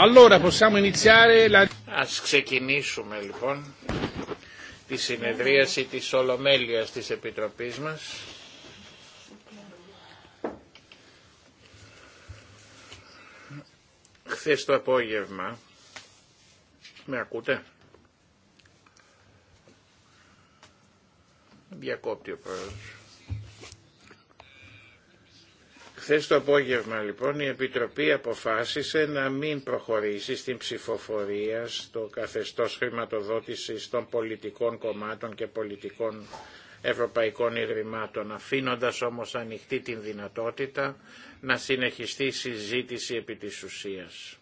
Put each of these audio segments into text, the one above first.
Allora Ας ξεκινήσουμε λοιπόν τη συνεδρίαση της Ολομέλειας της Επιτροπής μας. Χθες το απόγευμα, με ακούτε, διακόπτει ο πρόεδρος. Χθες το απόγευμα λοιπόν η Επιτροπή αποφάσισε να μην προχωρήσει στην ψηφοφορία στο καθεστώς χρηματοδότησης των πολιτικών κομμάτων και πολιτικών ευρωπαϊκών ιδρυμάτων, αφήνοντας όμως ανοιχτή την δυνατότητα να συνεχιστεί η συζήτηση επί της ουσίας.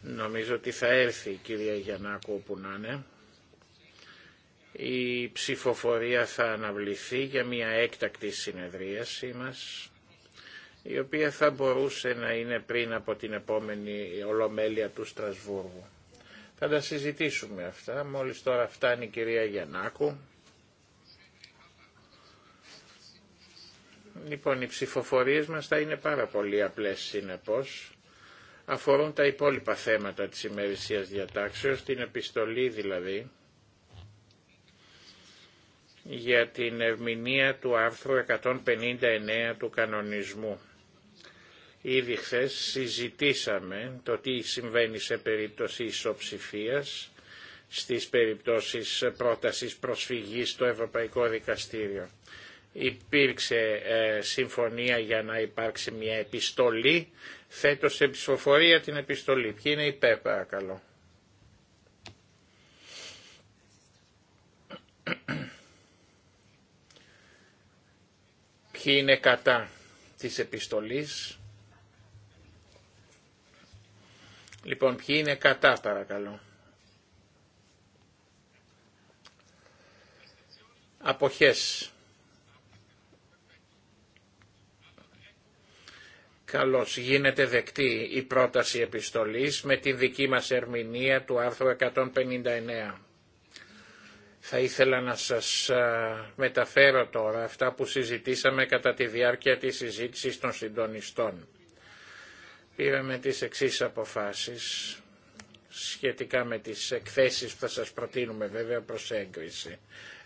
Νομίζω ότι θα έρθει η κυρία Γιαννάκου όπου να είναι. Η ψηφοφορία θα αναβληθεί για μια έκτακτη συνεδρίαση μας, η οποία θα μπορούσε να είναι πριν από την επόμενη ολομέλεια του Στρασβούργου. Θα τα συζητήσουμε αυτά. Μόλις τώρα φτάνει η κυρία Γιαννάκου. Λοιπόν, οι ψηφοφορίες μας θα είναι πάρα πολύ απλές συνεπώς. Αφορούν τα υπόλοιπα θέματα της ημερησίας διατάξεως, την επιστολή δηλαδή, για την ερμηνεία του άρθρου 159 του κανονισμού. Ήδη χθε συζητήσαμε το τι συμβαίνει σε περίπτωση ισοψηφίας στις περιπτώσεις πρότασης προσφυγής στο Ευρωπαϊκό Δικαστήριο. Υπήρξε ε, συμφωνία για να υπάρξει μια επιστολή. Θέτω σε ψηφοφορία την επιστολή. Ποιοι είναι υπέρ παρακαλώ. Ποιοι είναι κατά της επιστολής. Λοιπόν, ποιοι είναι κατά παρακαλώ. Αποχές. Καλώς γίνεται δεκτή η πρόταση επιστολής με τη δική μας ερμηνεία του άρθρου 159. Θα ήθελα να σας μεταφέρω τώρα αυτά που συζητήσαμε κατά τη διάρκεια της συζήτησης των συντονιστών. Πήραμε τις εξής αποφάσεις σχετικά με τις εκθέσεις που θα σας προτείνουμε βέβαια προς έγκριση.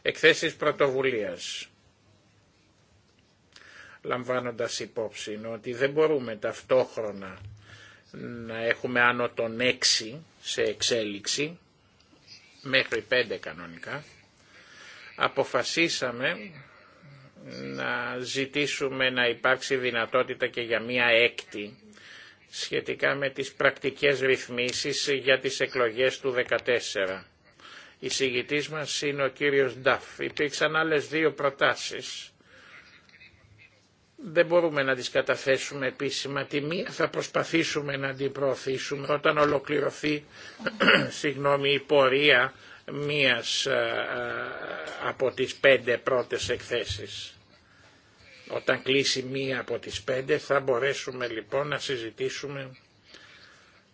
Εκθέσεις πρωτοβουλίας. Λαμβάνοντας υπόψη ότι δεν μπορούμε ταυτόχρονα να έχουμε άνω των έξι σε εξέλιξη μέχρι πέντε κανονικά, αποφασίσαμε να ζητήσουμε να υπάρξει δυνατότητα και για μία έκτη σχετικά με τις πρακτικές ρυθμίσεις για τις εκλογές του 2014. Η συγητής μας είναι ο κύριος Νταφ. Υπήρξαν άλλες δύο προτάσεις δεν μπορούμε να τις καταθέσουμε επίσημα. Τη μία θα προσπαθήσουμε να την προωθήσουμε όταν ολοκληρωθεί συγγνώμη, η πορεία μίας ε, ε, από τις πέντε πρώτες εκθέσεις. Όταν κλείσει μία από τις πέντε θα μπορέσουμε λοιπόν να συζητήσουμε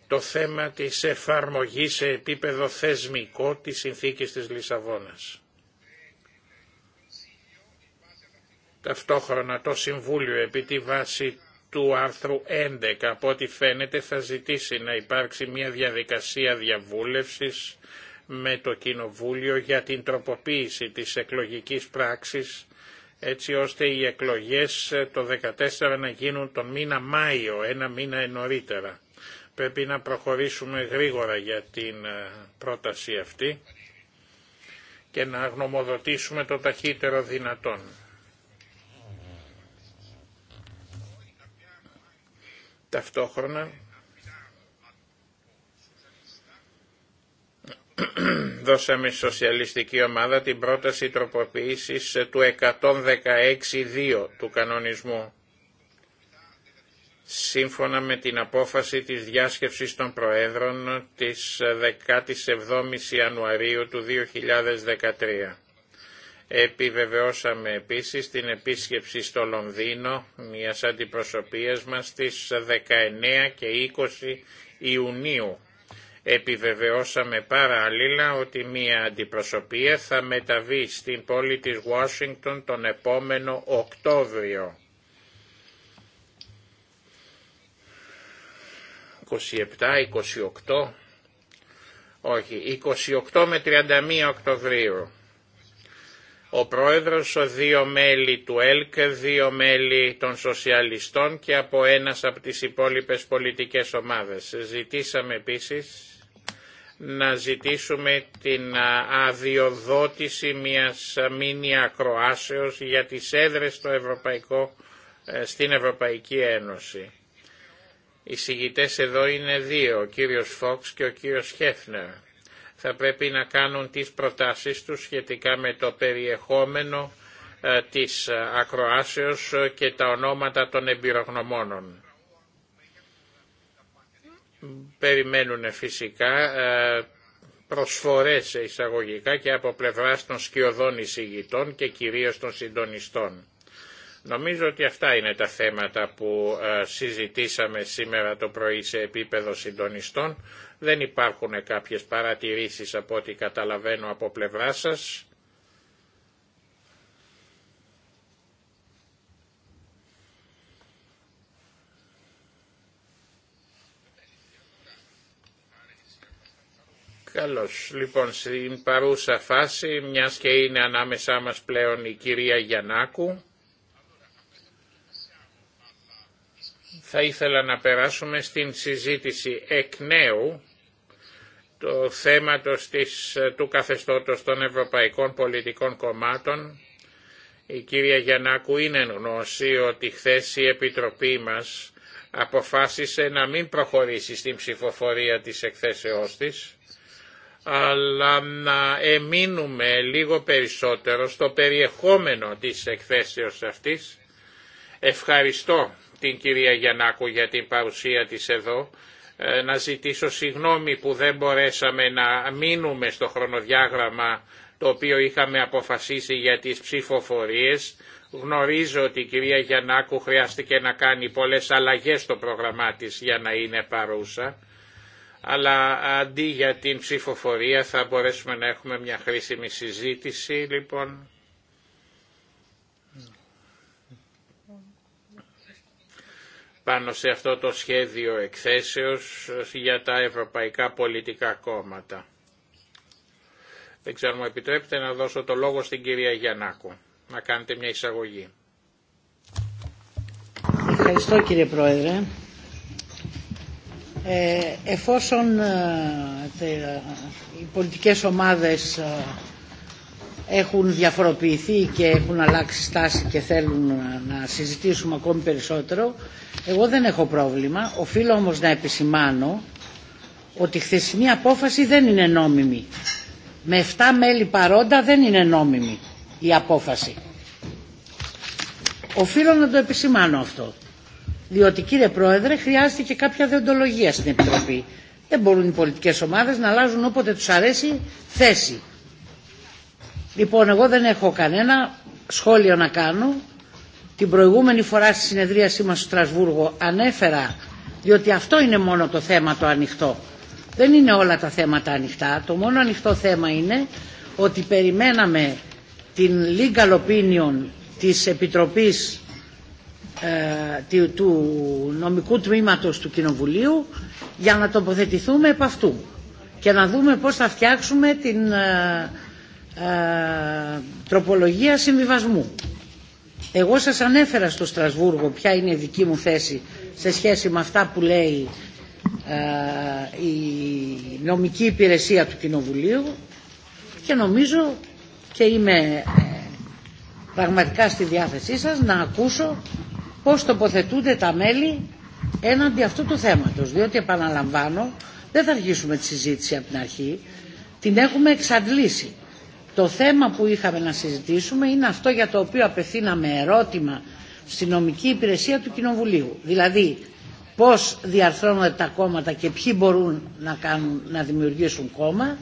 το θέμα της εφαρμογής σε επίπεδο θεσμικό της συνθήκης της Λισαβόνας. Ταυτόχρονα το Συμβούλιο επί τη βάση του άρθρου 11 από ό,τι φαίνεται θα ζητήσει να υπάρξει μια διαδικασία διαβούλευσης με το Κοινοβούλιο για την τροποποίηση της εκλογικής πράξης έτσι ώστε οι εκλογές ε, το 14 να γίνουν τον μήνα Μάιο, ένα μήνα νωρίτερα. Πρέπει να προχωρήσουμε γρήγορα για την ε, πρόταση αυτή και να γνωμοδοτήσουμε το ταχύτερο δυνατόν. ταυτόχρονα δώσαμε στη σοσιαλιστική ομάδα την πρόταση τροποποίησης του 116.2 του κανονισμού σύμφωνα με την απόφαση της διάσκεψης των Προέδρων της 17ης Ιανουαρίου του 2013. Επιβεβαιώσαμε επίσης την επίσκεψη στο Λονδίνο μιας αντιπροσωπείας μας στις 19 και 20 Ιουνίου. Επιβεβαιώσαμε παράλληλα ότι μια αντιπροσωπεία θα μεταβεί στην πόλη της Ουάσιγκτον τον επόμενο Οκτώβριο. 27, 28, όχι, 28 με 31 Οκτωβρίου ο πρόεδρος, δύο μέλη του ΕΛΚ, δύο μέλη των σοσιαλιστών και από ένας από τις υπόλοιπες πολιτικές ομάδες. Ζητήσαμε επίσης να ζητήσουμε την αδειοδότηση μιας μήνυα ακροάσεως για τις έδρες Ευρωπαϊκό, ε, στην Ευρωπαϊκή Ένωση. Οι συγητές εδώ είναι δύο, ο κύριος Φόξ και ο κύριος Χέφνερ θα πρέπει να κάνουν τις προτάσεις τους σχετικά με το περιεχόμενο ε, της ε, ακροάσεως και τα ονόματα των εμπειρογνωμόνων. Περιμένουν φυσικά ε, προσφορές εισαγωγικά και από πλευράς των σκιωδών εισηγητών και κυρίως των συντονιστών. Νομίζω ότι αυτά είναι τα θέματα που συζητήσαμε σήμερα το πρωί σε επίπεδο συντονιστών. Δεν υπάρχουν κάποιες παρατηρήσεις από ό,τι καταλαβαίνω από πλευρά σας. Καλώς. Λοιπόν, στην παρούσα φάση, μιας και είναι ανάμεσά μας πλέον η κυρία Γιαννάκου, θα ήθελα να περάσουμε στην συζήτηση εκ νέου το θέματος ε, του καθεστώτος των ευρωπαϊκών πολιτικών κομμάτων. Η κυρία Γιαννάκου είναι γνώση ότι χθε η Επιτροπή μας αποφάσισε να μην προχωρήσει στην ψηφοφορία της εκθέσεώς της, αλλά να εμείνουμε λίγο περισσότερο στο περιεχόμενο της εκθέσεως αυτής. Ευχαριστώ την κυρία Γιαννάκου για την παρουσία της εδώ ε, να ζητήσω συγγνώμη που δεν μπορέσαμε να μείνουμε στο χρονοδιάγραμμα το οποίο είχαμε αποφασίσει για τις ψηφοφορίες. Γνωρίζω ότι η κυρία Γιαννάκου χρειάστηκε να κάνει πολλές αλλαγές στο πρόγραμμά της για να είναι παρούσα, αλλά αντί για την ψηφοφορία θα μπορέσουμε να έχουμε μια χρήσιμη συζήτηση, λοιπόν. πάνω σε αυτό το σχέδιο εκθέσεως ε, για τα ευρωπαϊκά πολιτικά κόμματα. Δεν ξέρω, μου επιτρέπετε να δώσω το λόγο στην κυρία Γιαννάκου, να κάνετε μια εισαγωγή. Ευχαριστώ κύριε Πρόεδρε. Ε, εφόσον ε, ε, οι πολιτικές ομάδες έχουν διαφοροποιηθεί και έχουν αλλάξει στάση και θέλουν να συζητήσουμε ακόμη περισσότερο. Εγώ δεν έχω πρόβλημα. Οφείλω όμως να επισημάνω ότι η χθεσινή απόφαση δεν είναι νόμιμη. Με 7 μέλη παρόντα δεν είναι νόμιμη η απόφαση. Οφείλω να το επισημάνω αυτό. Διότι κύριε Πρόεδρε χρειάζεται και κάποια δεοντολογία στην Επιτροπή. Δεν μπορούν οι πολιτικές ομάδες να αλλάζουν όποτε τους αρέσει θέση. Λοιπόν, εγώ δεν έχω κανένα σχόλιο να κάνω. Την προηγούμενη φορά στη συνεδρίασή μας στο Στρασβούργο ανέφερα, διότι αυτό είναι μόνο το θέμα το ανοιχτό. Δεν είναι όλα τα θέματα ανοιχτά. Το μόνο ανοιχτό θέμα είναι ότι περιμέναμε την legal opinion της Επιτροπής ε, του νομικού τμήματος του Κοινοβουλίου για να τοποθετηθούμε επ' αυτού και να δούμε πώς θα φτιάξουμε την... Ε, ε, τροπολογία συμβιβασμού. Εγώ σας ανέφερα στο Στρασβούργο ποια είναι η δική μου θέση σε σχέση με αυτά που λέει ε, η νομική υπηρεσία του Κοινοβουλίου και νομίζω και είμαι ε, πραγματικά στη διάθεσή σας να ακούσω πώς τοποθετούνται τα μέλη έναντι αυτού του θέματος. Διότι επαναλαμβάνω, δεν θα αρχίσουμε τη συζήτηση από την αρχή, την έχουμε εξαντλήσει. Το θέμα που είχαμε να συζητήσουμε είναι αυτό για το οποίο απευθύναμε ερώτημα στη νομική υπηρεσία του Κοινοβουλίου. Δηλαδή, πώς διαρθρώνονται τα κόμματα και ποιοι μπορούν να, κάνουν, να δημιουργήσουν κόμμα,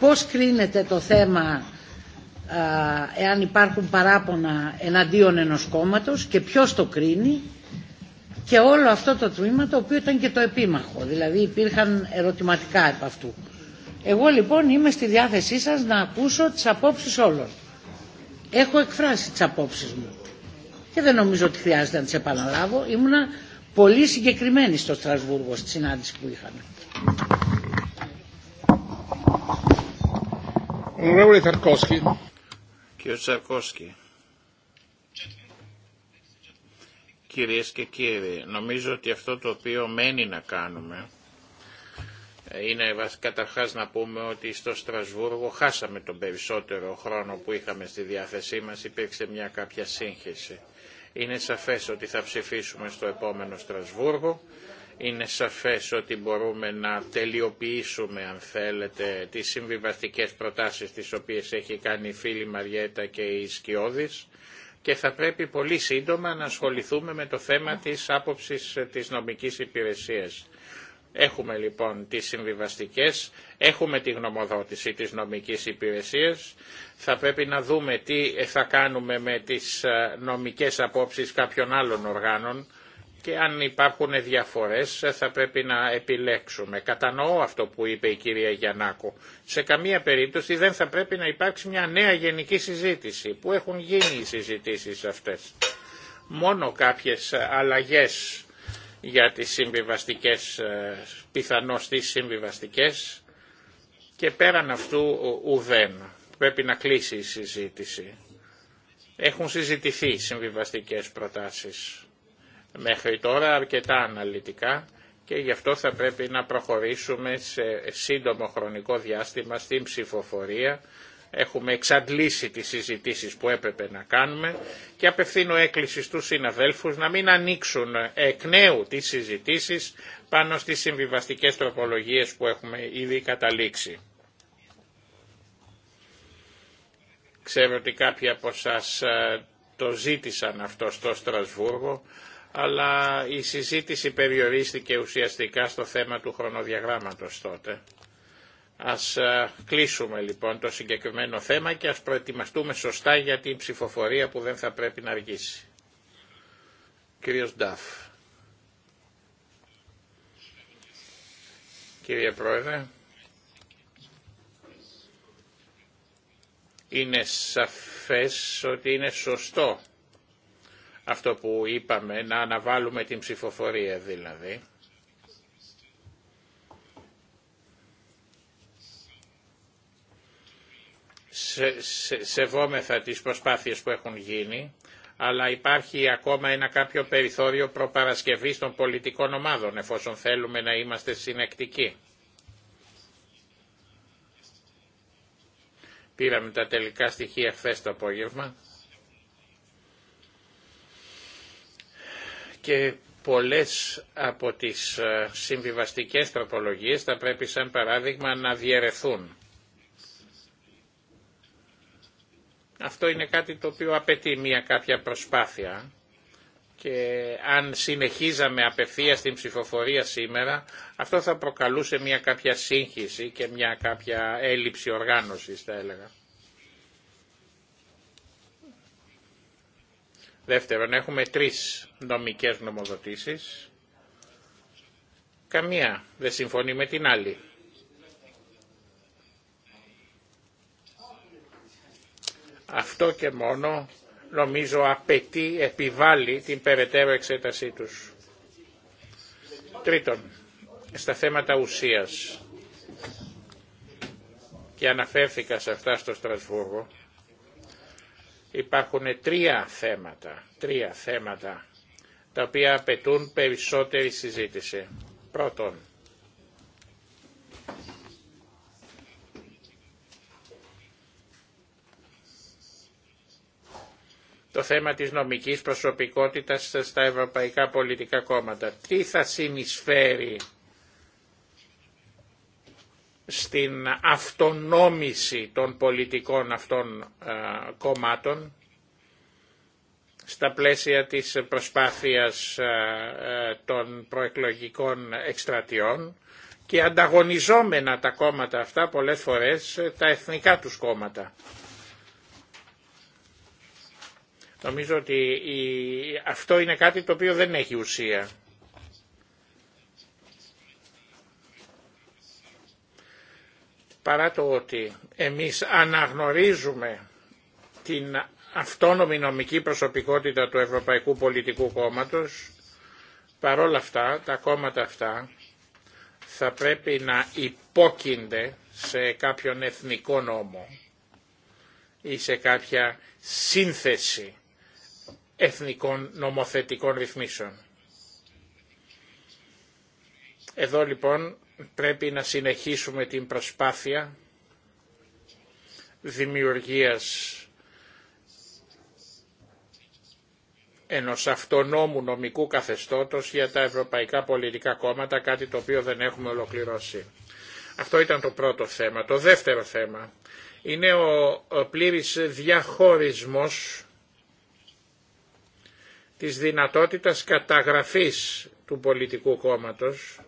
πώς κρίνεται το θέμα εάν υπάρχουν παράπονα εναντίον ενός κόμματος και ποιος το κρίνει και όλο αυτό το τμήμα το οποίο ήταν και το επίμαχο. Δηλαδή υπήρχαν ερωτηματικά επ' αυτού. Εγώ λοιπόν είμαι στη διάθεσή σας να ακούσω τις απόψεις όλων. Έχω εκφράσει τις απόψεις μου και δεν νομίζω ότι χρειάζεται να τις επαναλάβω. Ήμουνα πολύ συγκεκριμένη στο Στρασβούργο στη συνάντηση που είχαμε. Κύριε κυρίες και κύριοι, νομίζω ότι αυτό το οποίο μένει να κάνουμε είναι καταρχάς να πούμε ότι στο Στρασβούργο χάσαμε τον περισσότερο χρόνο που είχαμε στη διάθεσή μας, υπήρξε μια κάποια σύγχυση. Είναι σαφές ότι θα ψηφίσουμε στο επόμενο Στρασβούργο, είναι σαφές ότι μπορούμε να τελειοποιήσουμε, αν θέλετε, τις συμβιβαστικές προτάσεις τις οποίες έχει κάνει η φίλη Μαριέτα και η Σκιώδης και θα πρέπει πολύ σύντομα να ασχοληθούμε με το θέμα της άποψης της νομικής υπηρεσίας. Έχουμε λοιπόν τις συμβιβαστικές, έχουμε τη γνωμοδότηση της νομικής υπηρεσίας, θα πρέπει να δούμε τι θα κάνουμε με τις ε, νομικές απόψεις κάποιων άλλων οργάνων και αν υπάρχουν διαφορές ε, θα πρέπει να επιλέξουμε. Κατανοώ αυτό που είπε η κυρία Γιαννάκου. Σε καμία περίπτωση δεν θα πρέπει να υπάρξει μια νέα γενική συζήτηση που έχουν γίνει οι συζητήσεις αυτές. Μόνο κάποιες αλλαγές για τις συμβιβαστικές, ε, πιθανώς τις συμβιβαστικές και πέραν αυτού ουδέν. Πρέπει να κλείσει η συζήτηση. Έχουν συζητηθεί συμβιβαστικές προτάσεις μέχρι τώρα αρκετά αναλυτικά και γι' αυτό θα πρέπει να προχωρήσουμε σε σύντομο χρονικό διάστημα στην ψηφοφορία Έχουμε εξαντλήσει τις συζητήσεις που έπρεπε να κάνουμε και απευθύνω έκκληση στους συναδέλφους να μην ανοίξουν εκ νέου τις συζητήσεις πάνω στις συμβιβαστικές τροπολογίες που έχουμε ήδη καταλήξει. Ξέρω ότι κάποιοι από σας ε, το ζήτησαν αυτό στο Στρασβούργο, αλλά η συζήτηση περιορίστηκε ουσιαστικά στο θέμα του χρονοδιαγράμματος τότε. Ας ε, κλείσουμε λοιπόν το συγκεκριμένο θέμα και ας προετοιμαστούμε σωστά για την ψηφοφορία που δεν θα πρέπει να αργήσει. Κύριος Νταφ. Κύριε Πρόεδρε. Είναι σαφές ότι είναι σωστό αυτό που είπαμε, να αναβάλουμε την ψηφοφορία δηλαδή. σε, σεβόμεθα τις προσπάθειες που έχουν γίνει, αλλά υπάρχει ακόμα ένα κάποιο περιθώριο προπαρασκευής των πολιτικών ομάδων, εφόσον θέλουμε να είμαστε συνεκτικοί. Πήραμε τα τελικά στοιχεία χθε το απόγευμα και πολλές από τις ε, συμβιβαστικές τροπολογίες θα πρέπει σαν παράδειγμα να διαιρεθούν Αυτό είναι κάτι το οποίο απαιτεί μια κάποια προσπάθεια και αν συνεχίζαμε απευθεία στην ψηφοφορία σήμερα, αυτό θα προκαλούσε μια κάποια σύγχυση και μια κάποια έλλειψη οργάνωσης, θα έλεγα. Δεύτερον, έχουμε τρεις νομικές νομοδοτήσεις. Καμία δεν συμφωνεί με την άλλη. Αυτό και μόνο νομίζω απαιτεί, επιβάλλει την περαιτέρω εξέτασή τους. Τρίτον, στα θέματα ουσίας και αναφέρθηκα σε αυτά στο Στρασβούργο, υπάρχουν τρία θέματα, τρία θέματα τα οποία απαιτούν περισσότερη συζήτηση. Πρώτον, το θέμα της νομικής προσωπικότητας στα ευρωπαϊκά πολιτικά κόμματα. Τι θα συνεισφέρει στην αυτονόμηση των πολιτικών αυτών ε, κομμάτων στα πλαίσια της προσπάθειας ε, ε, των προεκλογικών εκστρατιών και ανταγωνιζόμενα τα κόμματα αυτά πολλές φορές τα εθνικά τους κόμματα. Νομίζω ότι αυτό είναι κάτι το οποίο δεν έχει ουσία. Παρά το ότι εμείς αναγνωρίζουμε την αυτόνομη νομική προσωπικότητα του Ευρωπαϊκού Πολιτικού Κόμματος, παρόλα αυτά τα κόμματα αυτά θα πρέπει να υπόκεινται σε κάποιον εθνικό νόμο ή σε κάποια σύνθεση εθνικών νομοθετικών ρυθμίσεων. Εδώ λοιπόν πρέπει να συνεχίσουμε την προσπάθεια δημιουργίας ενός αυτονόμου νομικού καθεστώτος για τα ευρωπαϊκά πολιτικά κόμματα, κάτι το οποίο δεν έχουμε ολοκληρώσει. Αυτό ήταν το πρώτο θέμα. Το δεύτερο θέμα είναι ο πλήρης διαχωρισμός της δυνατότητας καταγραφής του πολιτικού κόμματος.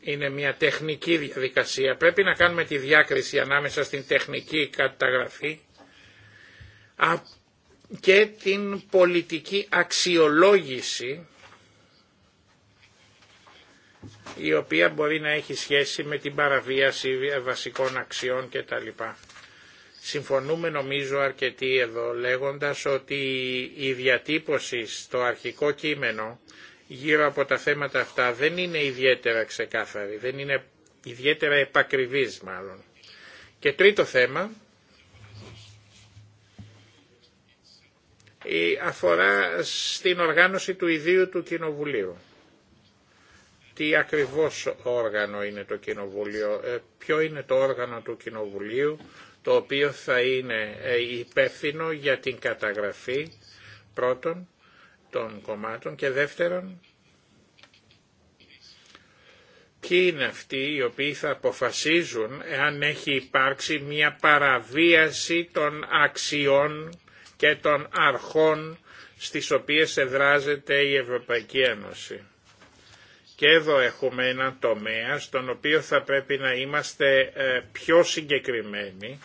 Είναι μια τεχνική διαδικασία. Πρέπει να κάνουμε τη διάκριση ανάμεσα στην τεχνική καταγραφή και την πολιτική αξιολόγηση η οποία μπορεί να έχει σχέση με την παραβίαση βασικών αξιών κτλ. Συμφωνούμε νομίζω αρκετοί εδώ λέγοντας ότι η διατύπωση στο αρχικό κείμενο γύρω από τα θέματα αυτά δεν είναι ιδιαίτερα ξεκάθαρη, δεν είναι ιδιαίτερα επακριβής μάλλον. Και τρίτο θέμα αφορά στην οργάνωση του ιδίου του Κοινοβουλίου. Τι ακριβώς όργανο είναι το Κοινοβούλιο, ε, ποιο είναι το όργανο του Κοινοβουλίου, το οποίο θα είναι ε, υπεύθυνο για την καταγραφή πρώτον των κομμάτων και δεύτερον ποιοι είναι αυτοί οι οποίοι θα αποφασίζουν εάν έχει υπάρξει μια παραβίαση των αξιών και των αρχών στις οποίες εδράζεται η Ευρωπαϊκή Ένωση. Και εδώ έχουμε ένα τομέα στον οποίο θα πρέπει να είμαστε ε, πιο συγκεκριμένοι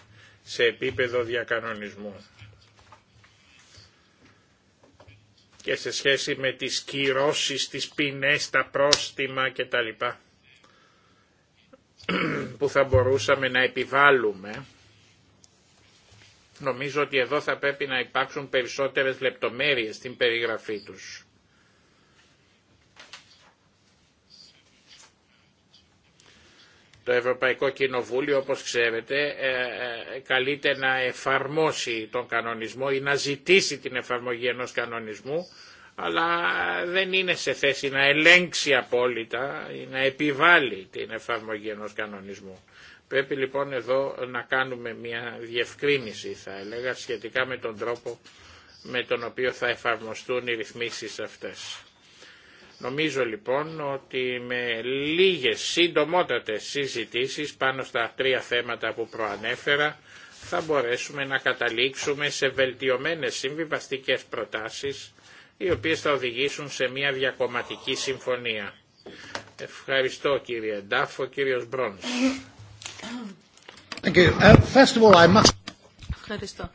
σε επίπεδο διακανονισμού. και σε σχέση με τις κυρώσεις, τις ποινές, τα πρόστιμα κτλ. που θα μπορούσαμε να επιβάλλουμε. Νομίζω ότι εδώ θα πρέπει να υπάρξουν περισσότερες λεπτομέρειες στην περιγραφή τους. Το Ευρωπαϊκό Κοινοβούλιο, όπως ξέρετε, ε, ε, καλείται να εφαρμόσει τον κανονισμό ή να ζητήσει την εφαρμογή ενός κανονισμού, αλλά δεν είναι σε θέση να ελέγξει απόλυτα ή να επιβάλλει την εφαρμογή ενός κανονισμού. Πρέπει λοιπόν εδώ να κάνουμε μια διευκρίνηση, θα έλεγα, σχετικά με τον τρόπο με τον οποίο θα εφαρμοστούν οι ρυθμίσεις αυτές. Νομίζω λοιπόν ότι με λίγες συντομότατες συζητήσεις πάνω στα τρία θέματα που προανέφερα θα μπορέσουμε να καταλήξουμε σε βελτιωμένες συμβιβαστικές προτάσεις οι οποίες θα οδηγήσουν σε μια διακομματική συμφωνία. Ευχαριστώ κύριε Ντάφο, κύριος Μπρόνς. Uh, Ευχαριστώ.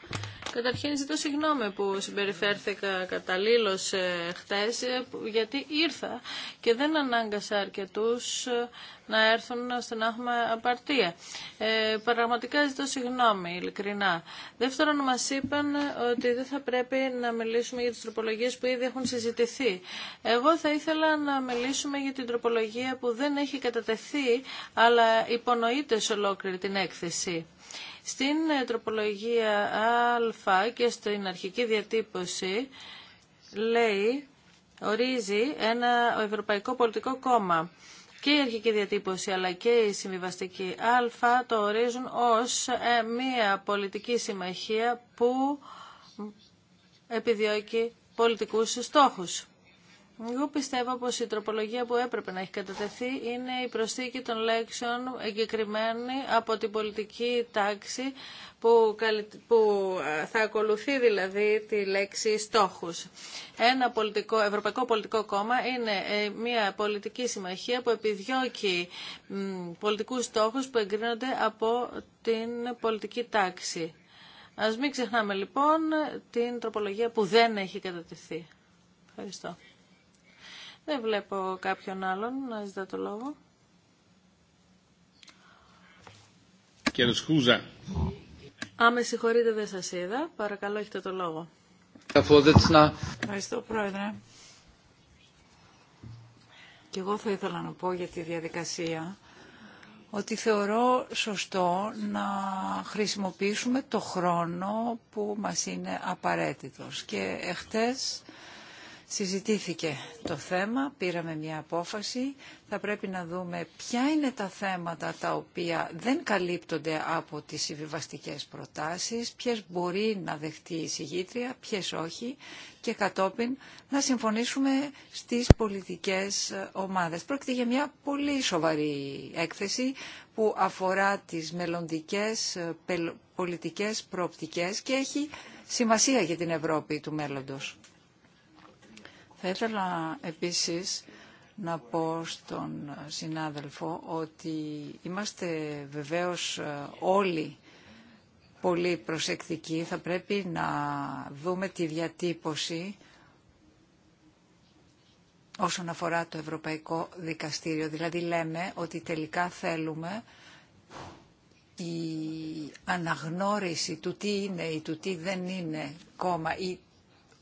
Καταρχήν ζητώ συγγνώμη που συμπεριφέρθηκα καταλήλως ε, χτες ε, γιατί ήρθα και δεν ανάγκασα αρκετούς ε, να έρθουν ώστε να έχουμε απαρτία. Ε, πραγματικά ζητώ συγγνώμη, ειλικρινά. Δεύτερον, μας είπαν ότι δεν θα πρέπει να μιλήσουμε για τις τροπολογίες που ήδη έχουν συζητηθεί. Εγώ θα ήθελα να μιλήσουμε για την τροπολογία που δεν έχει κατατεθεί, αλλά υπονοείται σε ολόκληρη την έκθεση. Στην ε, τροπολογία Α και στην αρχική διατύπωση λέει, ορίζει ένα Ευρωπαϊκό Πολιτικό Κόμμα. Και η αρχική διατύπωση αλλά και η συμβιβαστική Α το ορίζουν ως ε, μία πολιτική συμμαχία που επιδιώκει πολιτικούς στόχους. Εγώ πιστεύω πως η τροπολογία που έπρεπε να έχει κατατεθεί είναι η προσθήκη των λέξεων εγκεκριμένη από την πολιτική τάξη που, ε, θα ακολουθεί δηλαδή τη λέξη στόχους. Ένα πολιτικό, ευρωπαϊκό πολιτικό κόμμα είναι ε, μια πολιτική συμμαχία που επιδιώκει πολιτικούς στόχους που εγκρίνονται από την πολιτική τάξη. Ας μην ξεχνάμε λοιπόν την τροπολογία που δεν έχει κατατεθεί. Ευχαριστώ. Δεν βλέπω κάποιον άλλον να ζητά το λόγο. Κύριε Σκούζα. Α, με συγχωρείτε, δεν σας είδα. Παρακαλώ, έχετε το λόγο. Ευχαριστώ, Πρόεδρε. Και εγώ θα ήθελα να πω για τη διαδικασία ότι θεωρώ σωστό να χρησιμοποιήσουμε το χρόνο που μας είναι απαραίτητος. Και εχθές Συζητήθηκε το θέμα, πήραμε μια απόφαση. Θα πρέπει να δούμε ποια είναι τα θέματα τα οποία δεν καλύπτονται από τις συμβιβαστικέ προτάσεις, ποιες μπορεί να δεχτεί η συγγήτρια, ποιες όχι και κατόπιν να συμφωνήσουμε στις πολιτικές ομάδες. Πρόκειται για μια πολύ σοβαρή έκθεση που αφορά τις μελλοντικές ε, πολιτικές προοπτικές και έχει σημασία για την Ευρώπη του μέλλοντος. Θα ήθελα επίσης να πω στον συνάδελφο ότι είμαστε βεβαίως ε, όλοι πολύ προσεκτικοί. Θα πρέπει να δούμε τη διατύπωση όσον αφορά το Ευρωπαϊκό Δικαστήριο. Δηλαδή λέμε ότι τελικά θέλουμε η αναγνώριση του τι είναι ή του τι δεν είναι κόμμα ή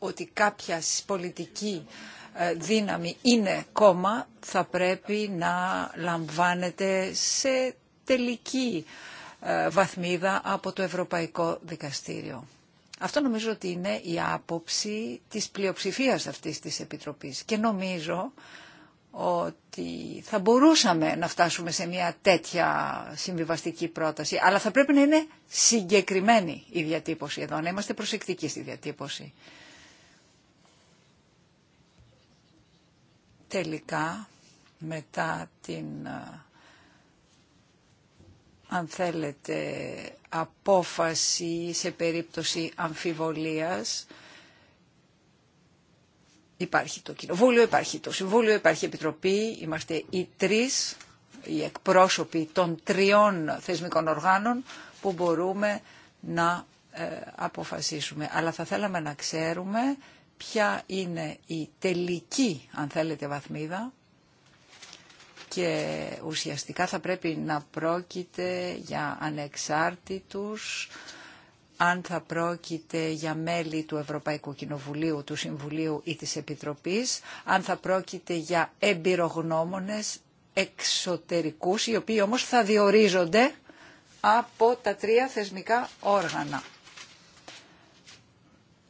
ότι κάποια πολιτική ε, δύναμη είναι κόμμα, θα πρέπει να λαμβάνεται σε τελική ε, βαθμίδα από το Ευρωπαϊκό Δικαστήριο. Αυτό νομίζω ότι είναι η άποψη της πλειοψηφίας αυτής της Επιτροπής και νομίζω ότι θα μπορούσαμε να φτάσουμε σε μια τέτοια συμβιβαστική πρόταση, αλλά θα πρέπει να είναι συγκεκριμένη η διατύπωση εδώ, να είμαστε προσεκτικοί στη διατύπωση. τελικά μετά την αν θέλετε απόφαση σε περίπτωση αμφιβολίας υπάρχει το Κοινοβούλιο, υπάρχει το Συμβούλιο, υπάρχει η Επιτροπή, είμαστε οι τρεις οι εκπρόσωποι των τριών θεσμικών οργάνων που μπορούμε να ε, αποφασίσουμε. Αλλά θα θέλαμε να ξέρουμε ποια είναι η τελική, αν θέλετε, βαθμίδα και ουσιαστικά θα πρέπει να πρόκειται για ανεξάρτητους, αν θα πρόκειται για μέλη του Ευρωπαϊκού Κοινοβουλίου, του Συμβουλίου ή της Επιτροπής, αν θα πρόκειται για εμπειρογνώμονες εξωτερικούς, οι οποίοι όμως θα διορίζονται από τα τρία θεσμικά όργανα.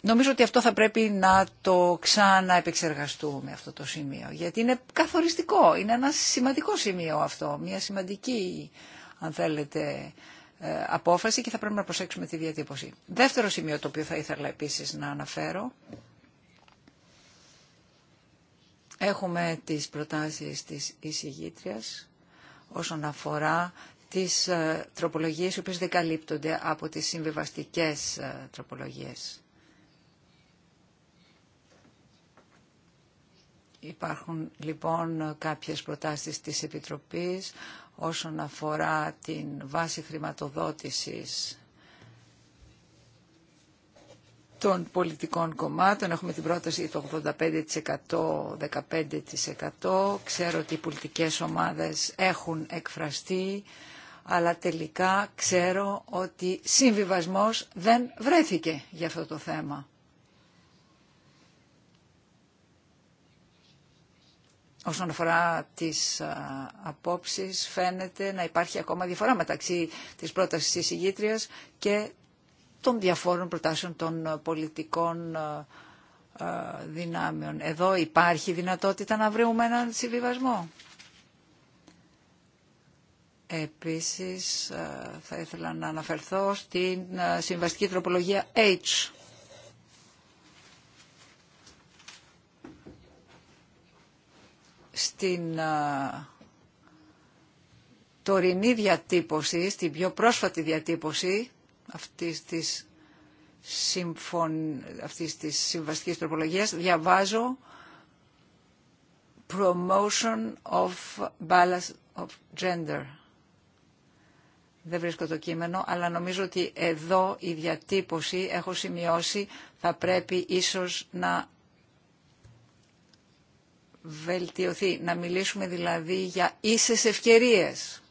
Νομίζω ότι αυτό θα πρέπει να το ξαναεπεξεργαστούμε αυτό το σημείο, γιατί είναι καθοριστικό, είναι ένα σημαντικό σημείο αυτό, μια σημαντική, αν θέλετε, ε, απόφαση και θα πρέπει να προσέξουμε τη διατύπωση. Δεύτερο σημείο το οποίο θα ήθελα επίσης να αναφέρω, έχουμε τις προτάσεις της εισηγήτριας όσον αφορά τις ε, τροπολογίες οι οποίες δεν καλύπτονται από τις συμβιβαστικές ε, τροπολογίες. Υπάρχουν λοιπόν κάποιες προτάσεις της Επιτροπής όσον αφορά την βάση χρηματοδότησης των πολιτικών κομμάτων. Έχουμε την πρόταση το 85%, 15%. Ξέρω ότι οι πολιτικές ομάδες έχουν εκφραστεί, αλλά τελικά ξέρω ότι συμβιβασμός δεν βρέθηκε για αυτό το θέμα. Όσον αφορά τις απόψεις, φαίνεται να υπάρχει ακόμα διαφορά μεταξύ της πρότασης της και των διαφόρων προτάσεων των πολιτικών δυνάμεων. Εδώ υπάρχει δυνατότητα να βρούμε έναν συμβιβασμό. Επίσης, θα ήθελα να αναφερθώ στην συμβαστική τροπολογία H. στην τωρινή διατύπωση, στην πιο πρόσφατη διατύπωση αυτής της, συμφων... αυτής της συμβαστικής τροπολογίας, διαβάζω «Promotion of balance of gender». Δεν βρίσκω το κείμενο, αλλά νομίζω ότι εδώ η διατύπωση, έχω σημειώσει, θα πρέπει ίσως να βελτιωθεί. Να μιλήσουμε δηλαδή για ίσες ευκαιρίες.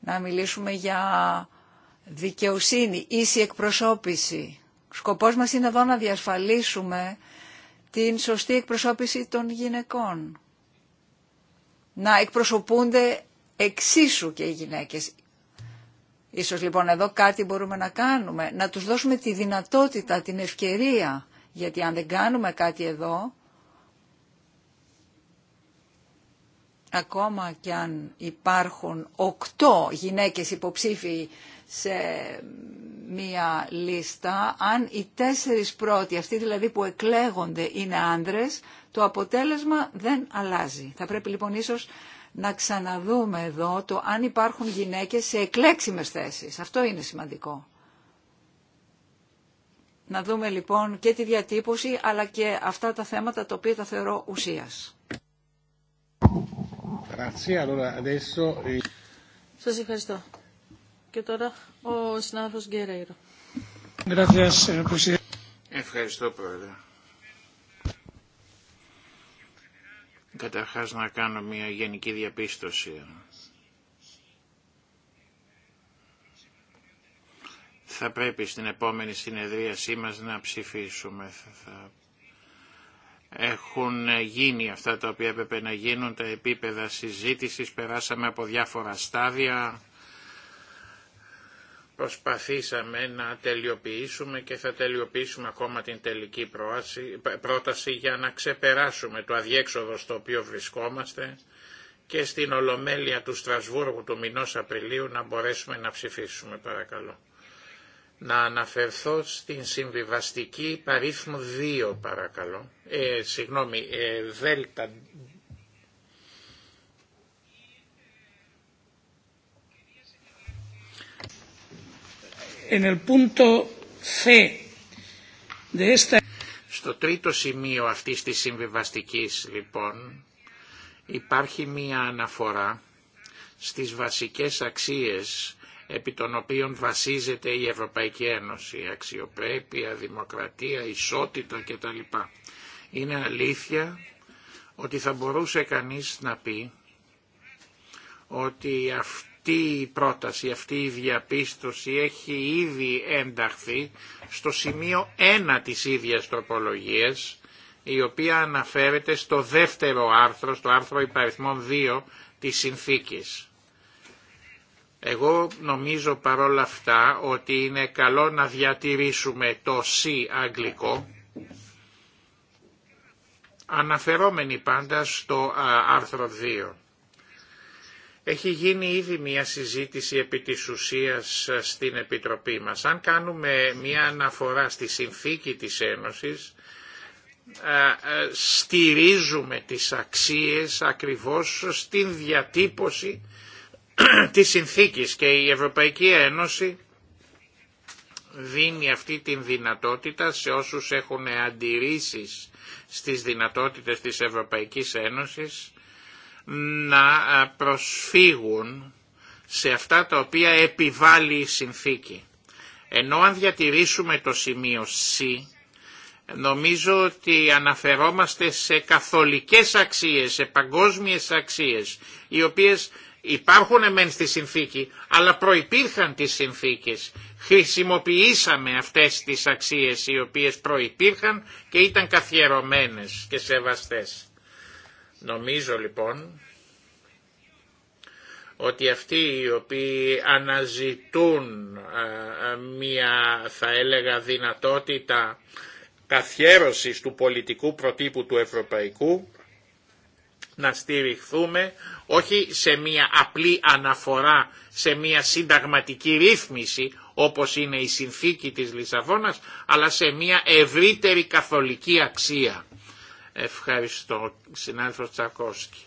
Να μιλήσουμε για δικαιοσύνη, ίση εκπροσώπηση. Σκοπός μας είναι εδώ να διασφαλίσουμε την σωστή εκπροσώπηση των γυναικών. Να εκπροσωπούνται εξίσου και οι γυναίκες. Ίσως λοιπόν εδώ κάτι μπορούμε να κάνουμε. Να τους δώσουμε τη δυνατότητα, την ευκαιρία. Γιατί αν δεν κάνουμε κάτι εδώ, ακόμα κι αν υπάρχουν οκτώ γυναίκες υποψήφοι σε μία λίστα, αν οι τέσσερις πρώτοι, αυτοί δηλαδή που εκλέγονται είναι άνδρες, το αποτέλεσμα δεν αλλάζει. Θα πρέπει λοιπόν ίσως να ξαναδούμε εδώ το αν υπάρχουν γυναίκες σε εκλέξιμες θέσεις. Αυτό είναι σημαντικό. Να δούμε λοιπόν και τη διατύπωση αλλά και αυτά τα θέματα τα οποία τα θεωρώ ουσίας. Eh, Σας ευχαριστώ. Και τώρα ο συνάδελφος Γκέραϊρο. Ευχαριστώ πρόεδρε. Καταρχάς να κάνω μια γενική διαπίστωση. Θα πρέπει στην επόμενη συνεδρίασή μας να ψηφίσουμε. Θα έχουν γίνει αυτά τα οποία έπρεπε να γίνουν, τα επίπεδα συζήτησης, περάσαμε από διάφορα στάδια, προσπαθήσαμε να τελειοποιήσουμε και θα τελειοποιήσουμε ακόμα την τελική πρόταση για να ξεπεράσουμε το αδιέξοδο στο οποίο βρισκόμαστε και στην Ολομέλεια του Στρασβούργου του μηνός Απριλίου να μπορέσουμε να ψηφίσουμε παρακαλώ να αναφερθώ στην συμβιβαστική παρίθμου 2 παρακαλώ. Ε, συγγνώμη, ε, δέλτα. Στο τρίτο σημείο αυτής της συμβιβαστικής λοιπόν υπάρχει μία αναφορά στις βασικές αξίες επί των οποίων βασίζεται η Ευρωπαϊκή Ένωση, αξιοπρέπεια, δημοκρατία, ισότητα κτλ. Είναι αλήθεια ότι θα μπορούσε κανείς να πει ότι αυτή η πρόταση, αυτή η διαπίστωση έχει ήδη ενταχθεί στο σημείο ένα της ίδιας τροπολογίας, η οποία αναφέρεται στο δεύτερο άρθρο, στο άρθρο υπαριθμών 2 της συνθήκης. Εγώ νομίζω παρόλα αυτά ότι είναι καλό να διατηρήσουμε το C αγγλικό, αναφερόμενοι πάντα στο άρθρο 2. Έχει γίνει ήδη μια συζήτηση επί της ουσίας στην Επιτροπή μας. Αν κάνουμε μια αναφορά στη συνθήκη της Ένωσης, στηρίζουμε τις αξίες ακριβώς στην διατύπωση τη συνθήκης και η Ευρωπαϊκή Ένωση δίνει αυτή την δυνατότητα σε όσους έχουν αντιρρήσεις στις δυνατότητες της Ευρωπαϊκής Ένωσης να προσφύγουν σε αυτά τα οποία επιβάλλει η συνθήκη. Ενώ αν διατηρήσουμε το σημείο C, νομίζω ότι αναφερόμαστε σε καθολικές αξίες, σε παγκόσμιες αξίες, οι οποίες Υπάρχουν μεν στη συνθήκη, αλλά προϋπήρχαν τις συνθήκες. Χρησιμοποιήσαμε αυτές τις αξίες οι οποίες προϋπήρχαν και ήταν καθιερωμένες και σεβαστές. Νομίζω λοιπόν ότι αυτοί οι οποίοι αναζητούν μια θα έλεγα δυνατότητα καθιέρωσης του πολιτικού προτύπου του ευρωπαϊκού να στηριχθούμε όχι σε μία απλή αναφορά, σε μία συνταγματική ρύθμιση όπως είναι η συνθήκη της Λισαβόνας, αλλά σε μία ευρύτερη καθολική αξία. Ευχαριστώ, συνάδελφος Τσακώσκη.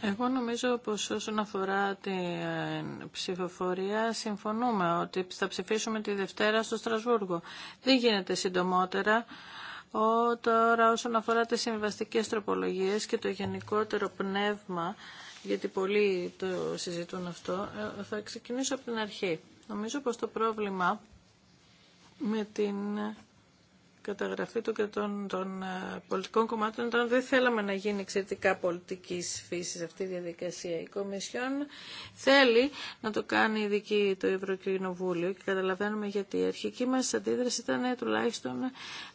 Εγώ νομίζω πως όσον αφορά την ψηφοφορία συμφωνούμε ότι θα ψηφίσουμε τη Δευτέρα στο Στρασβούργο. Δεν γίνεται συντομότερα. Ο, τώρα όσον αφορά τις συμβαστικές τροπολογίες και το γενικότερο πνεύμα, γιατί πολλοί το συζητούν αυτό, ε, θα ξεκινήσω από την αρχή. Νομίζω πως το πρόβλημα με την καταγραφή των, των ε, πολιτικών κομμάτων ότι δεν θέλαμε να γίνει εξαιρετικά πολιτική φύση αυτή η διαδικασία. Η Κομισιόν θέλει να το κάνει ειδική το Ευρωκοινοβούλιο και καταλαβαίνουμε γιατί η αρχική μα αντίδραση ήταν ε, τουλάχιστον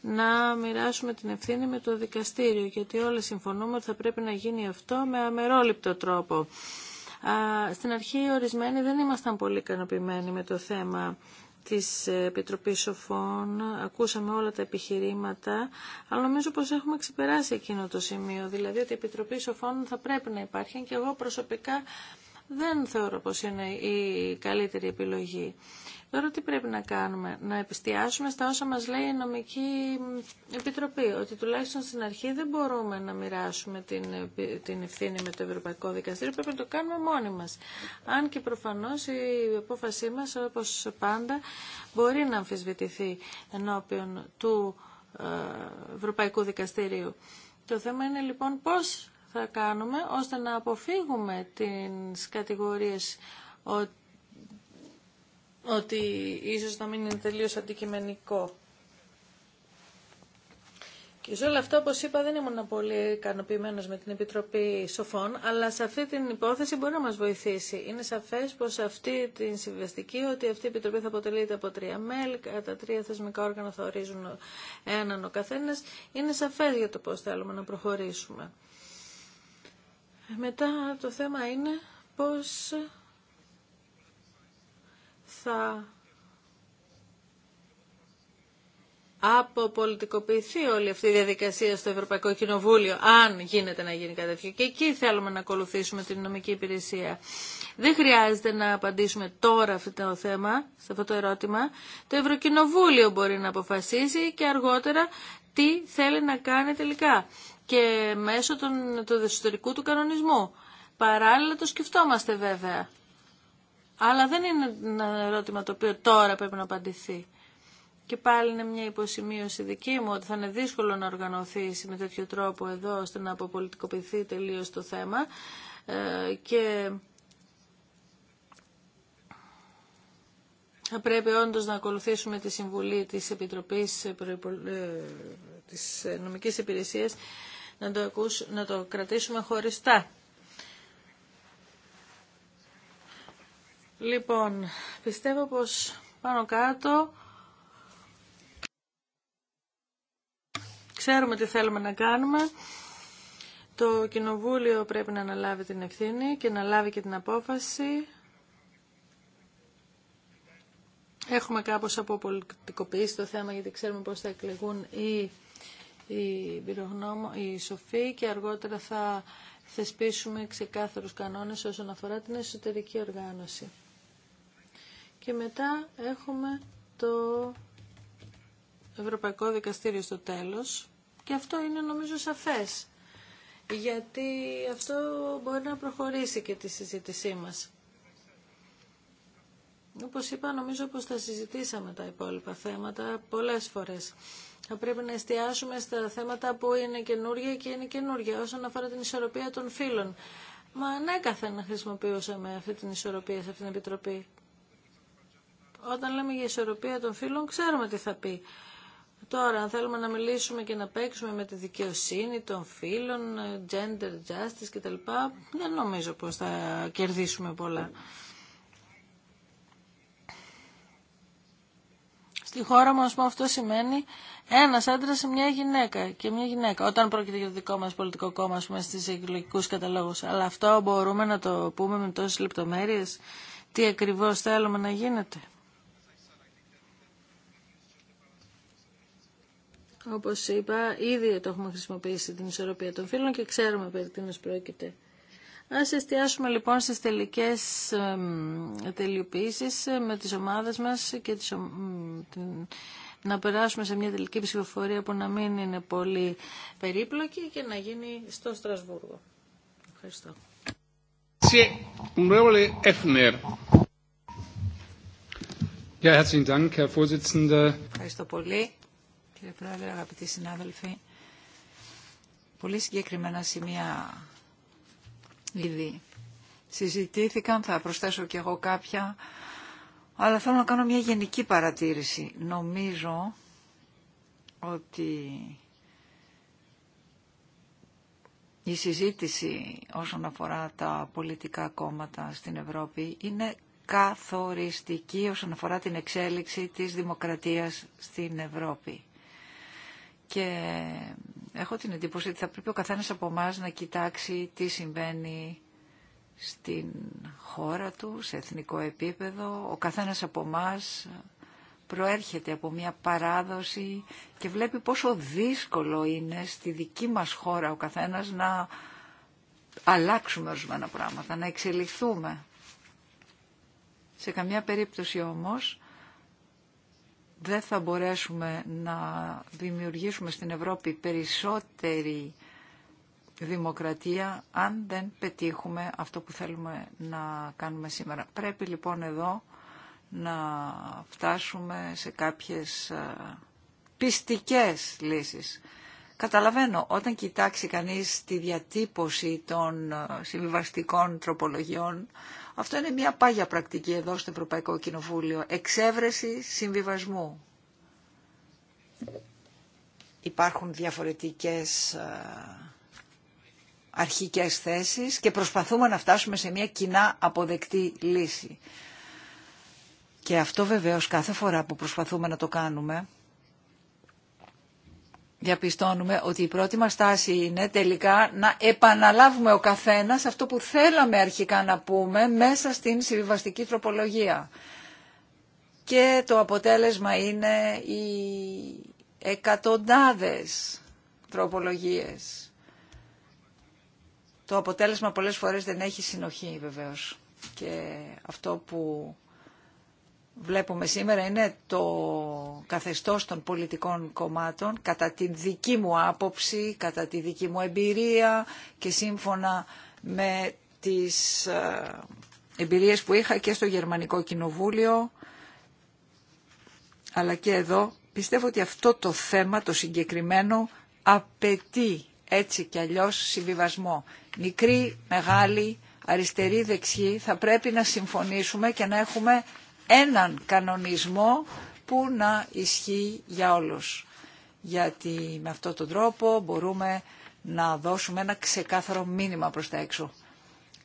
να μοιράσουμε την ευθύνη με το δικαστήριο γιατί όλοι συμφωνούμε ότι θα πρέπει να γίνει αυτό με αμερόληπτο τρόπο. Στην αρχή ορισμένοι δεν ήμασταν πολύ ικανοποιημένοι με το θέμα της Επιτροπής Σοφών, ακούσαμε όλα τα επιχειρήματα, αλλά νομίζω πως έχουμε ξεπεράσει εκείνο το σημείο, δηλαδή ότι η Επιτροπή Σοφών θα πρέπει να υπάρχει και εγώ προσωπικά δεν θεωρώ πως είναι η καλύτερη επιλογή. Τώρα τι πρέπει να κάνουμε, να επιστιάσουμε στα όσα μας λέει η νομική επιτροπή, ότι τουλάχιστον στην αρχή δεν μπορούμε να μοιράσουμε την, την ευθύνη με το Ευρωπαϊκό Δικαστήριο, πρέπει να το κάνουμε μόνοι μας. Αν και προφανώς η απόφασή μας, όπως πάντα, μπορεί να αμφισβητηθεί ενώπιον του ε, Ευρωπαϊκού Δικαστηρίου. Το θέμα είναι λοιπόν πώς θα κάνουμε ώστε να αποφύγουμε τις κατηγορίες ότι ότι ίσως να μην είναι τελείως αντικειμενικό. Και σε όλα αυτά, όπως είπα, δεν ήμουν πολύ ικανοποιημένος με την Επιτροπή Σοφών, αλλά σε αυτή την υπόθεση μπορεί να μας βοηθήσει. Είναι σαφές πως αυτή την συμβεστική ότι αυτή η Επιτροπή θα αποτελείται από τρία μέλη, τα τρία θεσμικά όργανα θα ορίζουν έναν ο καθένας, είναι σαφές για το πώς θέλουμε να προχωρήσουμε. Μετά το θέμα είναι πώς θα αποπολιτικοποιηθεί όλη αυτή η διαδικασία στο Ευρωπαϊκό Κοινοβούλιο, αν γίνεται να γίνει κάτι τέτοιο. Και εκεί θέλουμε να ακολουθήσουμε την νομική υπηρεσία. Δεν χρειάζεται να απαντήσουμε τώρα αυτό το θέμα, σε αυτό το ερώτημα. Το Ευρωκοινοβούλιο μπορεί να αποφασίσει και αργότερα τι θέλει να κάνει τελικά και μέσω του εσωτερικού του κανονισμού. Παράλληλα το σκεφτόμαστε βέβαια. Αλλά δεν είναι ένα ερώτημα το οποίο τώρα πρέπει να απαντηθεί. Και πάλι είναι μια υποσημείωση δική μου ότι θα είναι δύσκολο να οργανωθεί με τέτοιο τρόπο εδώ ώστε να αποπολιτικοποιηθεί τελείως το θέμα. Ε, και θα πρέπει όντως να ακολουθήσουμε τη συμβουλή της Επιτροπής ε, ε, της Νομικής Υπηρεσίας να το, να το κρατήσουμε χωριστά. Λοιπόν, πιστεύω πως πάνω κάτω ξέρουμε τι θέλουμε να κάνουμε. Το Κοινοβούλιο πρέπει να αναλάβει την ευθύνη και να λάβει και την απόφαση. Έχουμε κάπως αποπολιτικοποιήσει το θέμα γιατί ξέρουμε πώς θα εκλεγούν οι, οι, οι σοφοί και αργότερα θα θεσπίσουμε ξεκάθαρους κανόνες όσον αφορά την εσωτερική οργάνωση και μετά έχουμε το Ευρωπαϊκό Δικαστήριο στο τέλος και αυτό είναι νομίζω σαφές γιατί αυτό μπορεί να προχωρήσει και τη συζήτησή μας. Όπως είπα, νομίζω πως θα συζητήσαμε τα υπόλοιπα θέματα πολλές φορές. Θα πρέπει να εστιάσουμε στα θέματα που είναι καινούργια και είναι καινούργια όσον αφορά την ισορροπία των φύλων. Μα ανέκαθεν ναι, να χρησιμοποιούσαμε αυτή την ισορροπία σε αυτή την Επιτροπή. Όταν λέμε για ισορροπία των φύλων, ξέρουμε τι θα πει. Τώρα, αν θέλουμε να μιλήσουμε και να παίξουμε με τη δικαιοσύνη των φίλων, gender justice κτλ, δεν νομίζω πως θα κερδίσουμε πολλά. Στη χώρα μας αυτό σημαίνει ένα άντρα σε μια γυναίκα και μια γυναίκα. Όταν πρόκειται για το δικό μα πολιτικό κόμμα, α πούμε, στι εκλογικού καταλόγου. Αλλά αυτό μπορούμε να το πούμε με τόσε λεπτομέρειε. Τι ακριβώ θέλουμε να γίνεται. Όπως είπα, ήδη το έχουμε χρησιμοποιήσει την ισορροπία των φύλων και ξέρουμε περί τίνο πρόκειται. Ας εστιάσουμε λοιπόν στις τελικές τελειοποιήσεις ε, με τις ομάδες μας και να περάσουμε σε μια τελική ψηφοφορία που να μην είναι πολύ περίπλοκη και να γίνει στο Στρασβούργο. Ευχαριστώ. Ευχαριστώ πολύ. Κύριε Πρόεδρε, αγαπητοί συνάδελφοι, πολύ συγκεκριμένα σημεία ήδη συζητήθηκαν, θα προσθέσω και εγώ κάποια, αλλά θέλω να κάνω μια γενική παρατήρηση. Νομίζω ότι η συζήτηση όσον αφορά τα πολιτικά κόμματα στην Ευρώπη είναι καθοριστική όσον αφορά την εξέλιξη της δημοκρατίας στην Ευρώπη. Και έχω την εντύπωση ότι θα πρέπει ο καθένας από εμά να κοιτάξει τι συμβαίνει στην χώρα του, σε εθνικό επίπεδο. Ο καθένας από εμά προέρχεται από μια παράδοση και βλέπει πόσο δύσκολο είναι στη δική μας χώρα ο καθένας να αλλάξουμε ορισμένα πράγματα, να εξελιχθούμε. Σε καμιά περίπτωση όμως δεν θα μπορέσουμε να δημιουργήσουμε στην Ευρώπη περισσότερη δημοκρατία αν δεν πετύχουμε αυτό που θέλουμε να κάνουμε σήμερα. Πρέπει λοιπόν εδώ να φτάσουμε σε κάποιες ε, πιστικές λύσεις. Καταλαβαίνω, όταν κοιτάξει κανείς τη διατύπωση των ε, συμβιβαστικών τροπολογιών, αυτό είναι μια πάγια πρακτική εδώ στο Ευρωπαϊκό Κοινοβούλιο. Εξέβρεση συμβιβασμού. Υπάρχουν διαφορετικές ε, αρχικές θέσεις και προσπαθούμε να φτάσουμε σε μια κοινά αποδεκτή λύση. Και αυτό βεβαίως κάθε φορά που προσπαθούμε να το κάνουμε διαπιστώνουμε ότι η πρώτη μας τάση είναι τελικά να επαναλάβουμε ο καθένας αυτό που θέλαμε αρχικά να πούμε μέσα στην συμβιβαστική τροπολογία. Και το αποτέλεσμα είναι οι εκατοντάδες τροπολογίες. Το αποτέλεσμα πολλές φορές δεν έχει συνοχή βεβαίως. Και αυτό που βλέπουμε σήμερα είναι το καθεστώς των πολιτικών κομμάτων κατά τη δική μου άποψη, κατά τη δική μου εμπειρία και σύμφωνα με τις ε, εμπειρίες που είχα και στο Γερμανικό Κοινοβούλιο αλλά και εδώ πιστεύω ότι αυτό το θέμα το συγκεκριμένο απαιτεί έτσι κι αλλιώς συμβιβασμό. Μικρή, μεγάλη, αριστερή, δεξιή θα πρέπει να συμφωνήσουμε και να έχουμε έναν κανονισμό που να ισχύει για όλους. Γιατί με αυτόν τον τρόπο μπορούμε να δώσουμε ένα ξεκάθαρο μήνυμα προς τα έξω.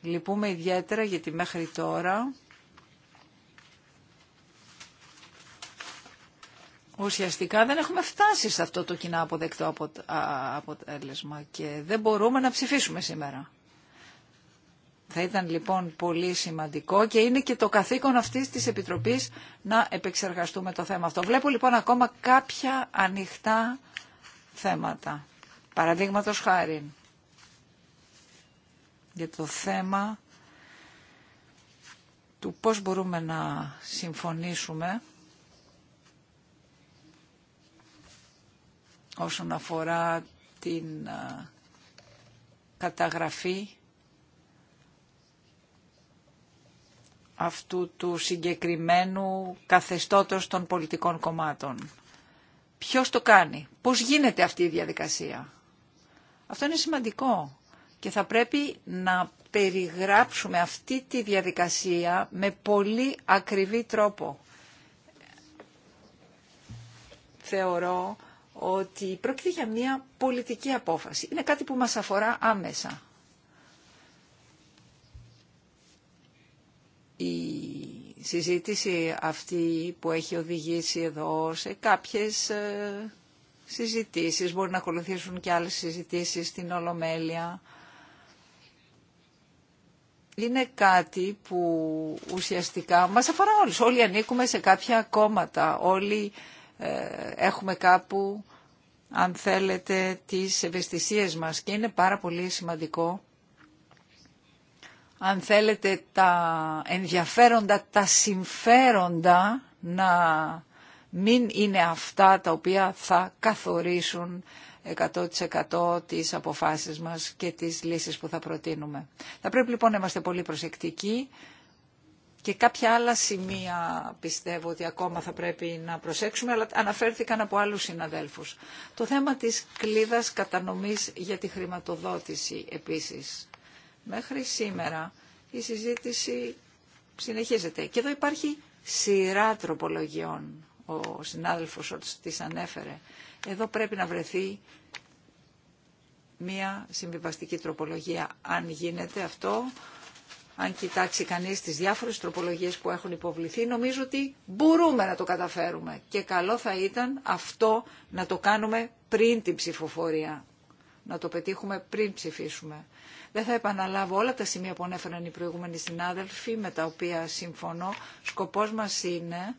Λυπούμε ιδιαίτερα γιατί μέχρι τώρα ουσιαστικά δεν έχουμε φτάσει σε αυτό το κοινά αποδεκτό αποτέλεσμα και δεν μπορούμε να ψηφίσουμε σήμερα. Θα ήταν λοιπόν πολύ σημαντικό και είναι και το καθήκον αυτής της Επιτροπής να επεξεργαστούμε το θέμα αυτό. Βλέπω λοιπόν ακόμα κάποια ανοιχτά θέματα. Παραδείγματο χάρη για το θέμα του πώς μπορούμε να συμφωνήσουμε όσον αφορά την καταγραφή αυτού του συγκεκριμένου καθεστώτος των πολιτικών κομμάτων. Ποιος το κάνει, πώς γίνεται αυτή η διαδικασία. Αυτό είναι σημαντικό και θα πρέπει να περιγράψουμε αυτή τη διαδικασία με πολύ ακριβή τρόπο. Θεωρώ ότι πρόκειται για μια πολιτική απόφαση. Είναι κάτι που μας αφορά άμεσα. η συζήτηση αυτή που έχει οδηγήσει εδώ σε κάποιες ε, συζητήσεις, μπορεί να ακολουθήσουν και άλλες συζητήσεις στην Ολομέλεια. Είναι κάτι που ουσιαστικά μας αφορά όλους. Όλοι ανήκουμε σε κάποια κόμματα, όλοι ε, έχουμε κάπου, αν θέλετε, τις ευαισθησίες μας και είναι πάρα πολύ σημαντικό αν θέλετε, τα ενδιαφέροντα, τα συμφέροντα να μην είναι αυτά τα οποία θα καθορίσουν 100% τις αποφάσεις μας και τις λύσεις που θα προτείνουμε. Θα πρέπει λοιπόν να είμαστε πολύ προσεκτικοί και κάποια άλλα σημεία πιστεύω ότι ακόμα θα πρέπει να προσέξουμε, αλλά αναφέρθηκαν από άλλους συναδέλφους. Το θέμα της κλίδας κατανομής για τη χρηματοδότηση επίσης. Μέχρι σήμερα η συζήτηση συνεχίζεται. Και εδώ υπάρχει σειρά τροπολογιών. Ο συνάδελφος ότι ανέφερε. Εδώ πρέπει να βρεθεί μία συμβιβαστική τροπολογία. Αν γίνεται αυτό, αν κοιτάξει κανείς τις διάφορες τροπολογίες που έχουν υποβληθεί, νομίζω ότι μπορούμε να το καταφέρουμε. Και καλό θα ήταν αυτό να το κάνουμε πριν την ψηφοφορία να το πετύχουμε πριν ψηφίσουμε. Δεν θα επαναλάβω όλα τα σημεία που ανέφεραν οι προηγούμενοι συνάδελφοι, με τα οποία συμφωνώ. Σκοπός μας είναι,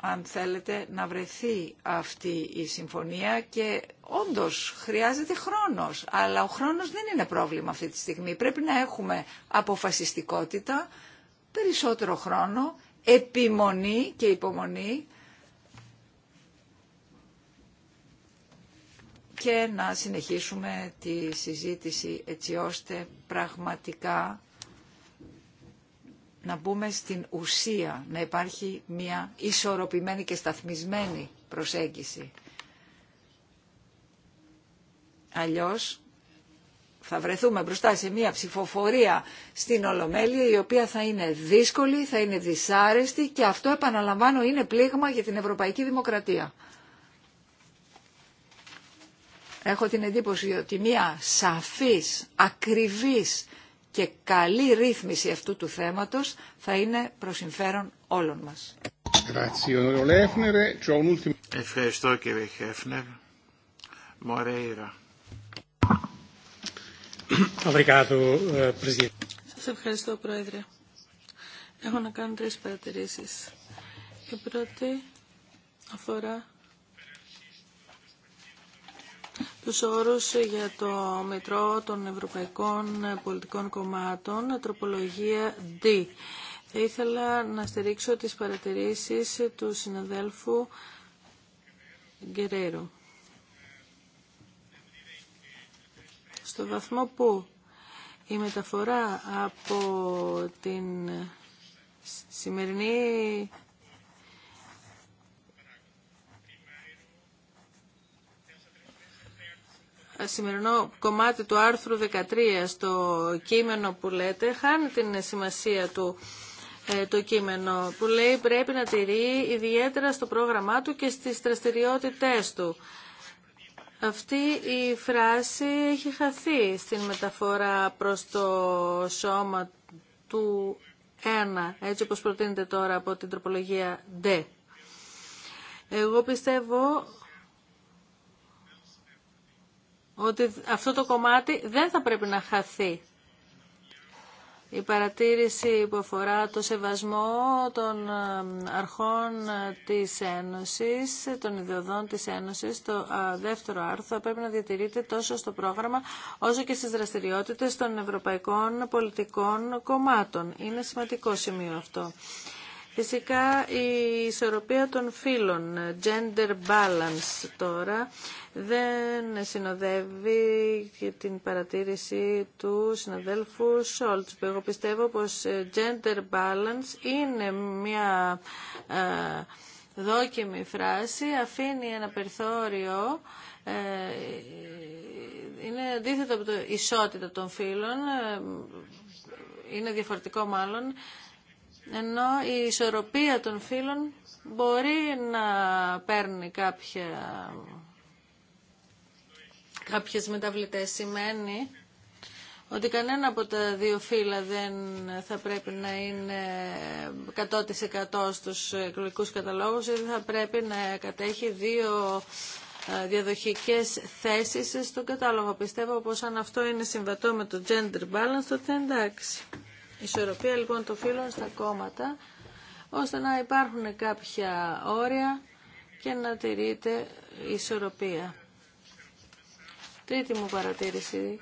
αν θέλετε, να βρεθεί αυτή η συμφωνία και όντως χρειάζεται χρόνος. Αλλά ο χρόνος δεν είναι πρόβλημα αυτή τη στιγμή. Πρέπει να έχουμε αποφασιστικότητα, περισσότερο χρόνο, επιμονή και υπομονή και να συνεχίσουμε τη συζήτηση έτσι ώστε πραγματικά να μπούμε στην ουσία, να υπάρχει μια ισορροπημένη και σταθμισμένη προσέγγιση. Αλλιώς θα βρεθούμε μπροστά σε μια ψηφοφορία στην Ολομέλεια η οποία θα είναι δύσκολη, θα είναι δυσάρεστη και αυτό επαναλαμβάνω είναι πλήγμα για την Ευρωπαϊκή Δημοκρατία. Έχω την εντύπωση ότι μία σαφής, ακριβής και καλή ρύθμιση αυτού του θέματος θα είναι προς συμφέρον όλων μας. Ευχαριστώ κύριε Χέφνερ. Μορέιρα. Ε, Σας ευχαριστώ Πρόεδρε. Έχω να κάνω τρεις παρατηρήσεις. Η πρώτη αφορά τους όρους για το Μητρό των Ευρωπαϊκών Πολιτικών Κομμάτων, τροπολογία D. Θα ήθελα να στηρίξω τις παρατηρήσεις του συναδέλφου Γκερέρο. Στο βαθμό που η μεταφορά από την σημερινή σημερινό κομμάτι του άρθρου 13 στο κείμενο που λέτε χάνει την σημασία του ε, το κείμενο που λέει πρέπει να τηρεί ιδιαίτερα στο πρόγραμμά του και στις δραστηριότητές του. Αυτή η φράση έχει χαθεί στην μεταφορά προς το σώμα του 1, έτσι όπως προτείνεται τώρα από την τροπολογία D. Εγώ πιστεύω ότι αυτό το κομμάτι δεν θα πρέπει να χαθεί. Η παρατήρηση που αφορά το σεβασμό των αρχών ε, της Ένωσης, των ιδιωδών της Ένωσης, το δεύτερο άρθρο πρέπει να διατηρείται τόσο στο πρόγραμμα όσο και στις δραστηριότητες των ευρωπαϊκών πολιτικών κομμάτων. Είναι σημαντικό σημείο αυτό. Φυσικά η ισορροπία των φύλων, gender balance τώρα, δεν συνοδεύει και την παρατήρηση του συναδέλφου Σόλτς εγώ πιστεύω πως gender balance είναι μια ε, δόκιμη φράση, αφήνει ένα περιθώριο ε, είναι αντίθετο από το ισότητα των φύλων, ε, είναι διαφορετικό μάλλον, ενώ η ισορροπία των φύλων μπορεί να παίρνει κάποια, κάποιες μεταβλητές. Σημαίνει ότι κανένα από τα δύο φύλλα δεν θα πρέπει να είναι 100% στους εκλογικούς καταλόγους ή δεν θα πρέπει να κατέχει δύο ε, διαδοχικές θέσεις στον κατάλογο. Πιστεύω πως αν αυτό είναι συμβατό με το gender balance, τότε εντάξει ισορροπία λοιπόν των φύλων στα κόμματα, ώστε να υπάρχουν κάποια όρια και να τηρείται η ισορροπία. Τρίτη μου παρατήρηση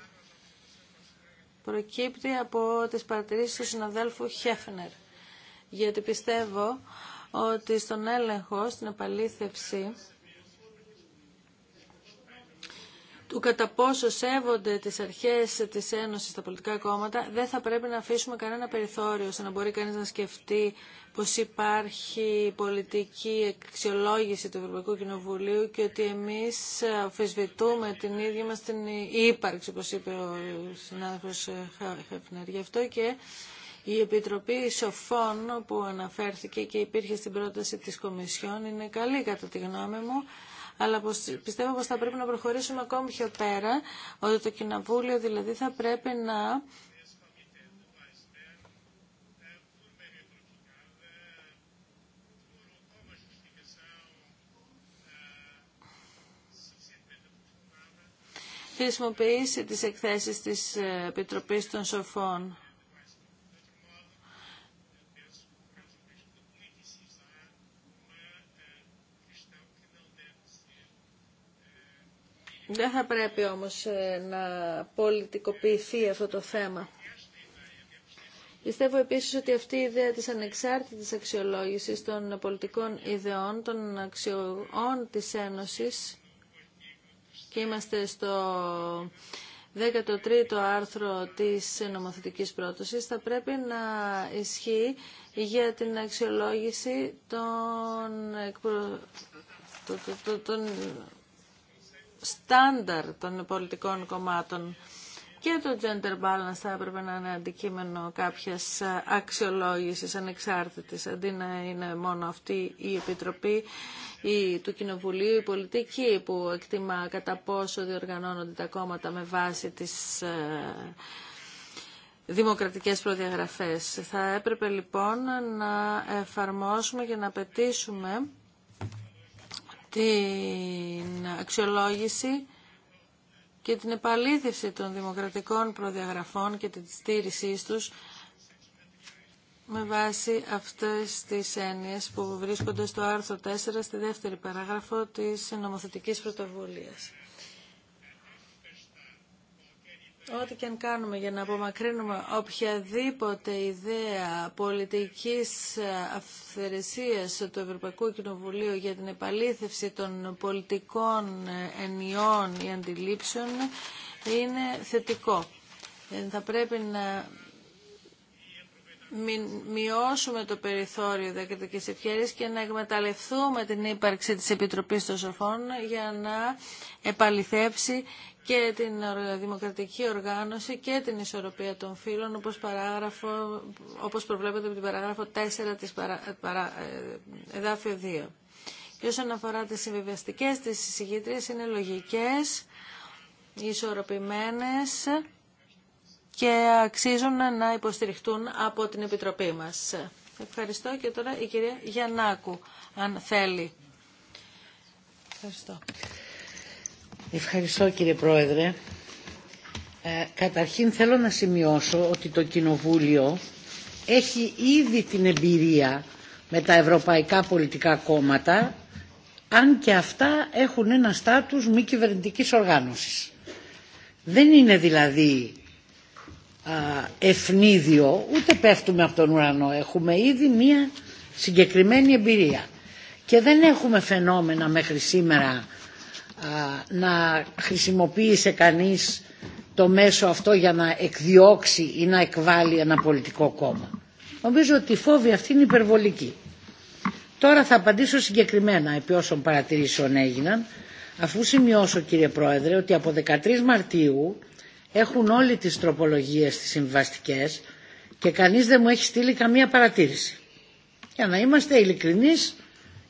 προκύπτει από τις παρατηρήσεις του συναδέλφου Χέφνερ, γιατί πιστεύω ότι στον έλεγχο, στην επαλήθευση, του κατά πόσο σέβονται τις αρχές της Ένωσης στα πολιτικά κόμματα, δεν θα πρέπει να αφήσουμε κανένα περιθώριο ώστε να μπορεί κανείς να σκεφτεί πως υπάρχει πολιτική αξιολόγηση του Ευρωπαϊκού Κοινοβουλίου και ότι εμείς αφισβητούμε την ίδια μας την ύπαρξη, όπως είπε ο συνάδελφος Χαφνερ. Γι' αυτό και η Επιτροπή Σοφών που αναφέρθηκε και υπήρχε στην πρόταση της Κομισιόν είναι καλή κατά τη γνώμη μου αλλά πιστεύω πως θα πρέπει να προχωρήσουμε ακόμη πιο πέρα, ότι το Κοινοβούλιο δηλαδή θα πρέπει να χρησιμοποιήσει τις εκθέσεις της Επιτροπής των Σοφών. Δεν θα πρέπει όμως ε, να πολιτικοποιηθεί αυτό το θέμα. Πιστεύω επίσης ότι αυτή η ιδέα της ανεξάρτητης αξιολόγησης των πολιτικών ιδεών, των αξιών της Ένωσης και είμαστε στο 13ο άρθρο της νομοθετικής πρότασης θα πρέπει να ισχύει για την αξιολόγηση των, στάνταρ των πολιτικών κομμάτων και το gender balance θα έπρεπε να είναι αντικείμενο κάποιας αξιολόγησης ανεξάρτητης, αντί να είναι μόνο αυτή η Επιτροπή η, του Κοινοβουλίου, η πολιτική που εκτιμά κατά πόσο διοργανώνονται τα κόμματα με βάση τις ε, δημοκρατικές προδιαγραφές. Θα έπρεπε λοιπόν να εφαρμόσουμε και να πετήσουμε την αξιολόγηση και την επαλήθευση των δημοκρατικών προδιαγραφών και τη στήρισή τους με βάση αυτές τις έννοιες που βρίσκονται στο άρθρο 4 στη δεύτερη παράγραφο της νομοθετικής πρωτοβουλίας. Ό,τι και αν κάνουμε για να απομακρύνουμε οποιαδήποτε ιδέα πολιτικής αυθαιρεσίας του Ευρωπαϊκού Κοινοβουλίου για την επαλήθευση των πολιτικών ενιών ή αντιλήψεων είναι θετικό. Ε, θα πρέπει να μειώσουμε το περιθώριο διακριτικής και να εκμεταλλευτούμε την ύπαρξη της Επιτροπής των Σοφών για να επαληθεύσει και την δημοκρατική οργάνωση και την ισορροπία των φύλων όπως, όπως προβλέπεται από την παράγραφο 4 της παρα, ε, εδάφιο 2. Και όσον αφορά τις συμβιβαστικές τις εισηγήτριες είναι λογικές, ισορροπημένες και αξίζουν να υποστηριχτούν από την Επιτροπή μας. Ευχαριστώ και τώρα η κυρία Γιαννάκου, αν θέλει. Ευχαριστώ. Ευχαριστώ κύριε Πρόεδρε. Ε, καταρχήν θέλω να σημειώσω ότι το Κοινοβούλιο έχει ήδη την εμπειρία με τα ευρωπαϊκά πολιτικά κόμματα αν και αυτά έχουν ένα στάτους μη κυβερνητικής οργάνωσης. Δεν είναι δηλαδή ευνίδιο, ούτε πέφτουμε από τον ουρανό. Έχουμε ήδη μία συγκεκριμένη εμπειρία. Και δεν έχουμε φαινόμενα μέχρι σήμερα να σε κανείς το μέσο αυτό για να εκδιώξει ή να εκβάλει ένα πολιτικό κόμμα. Νομίζω ότι η φόβη αυτή είναι υπερβολική. Τώρα θα απαντήσω συγκεκριμένα επί όσων παρατηρήσεων έγιναν, αφού σημειώσω κύριε Πρόεδρε ότι από 13 Μαρτίου έχουν όλοι τις τροπολογίες τις συμβαστικές και κανείς δεν μου έχει στείλει καμία παρατήρηση. Για να είμαστε ειλικρινείς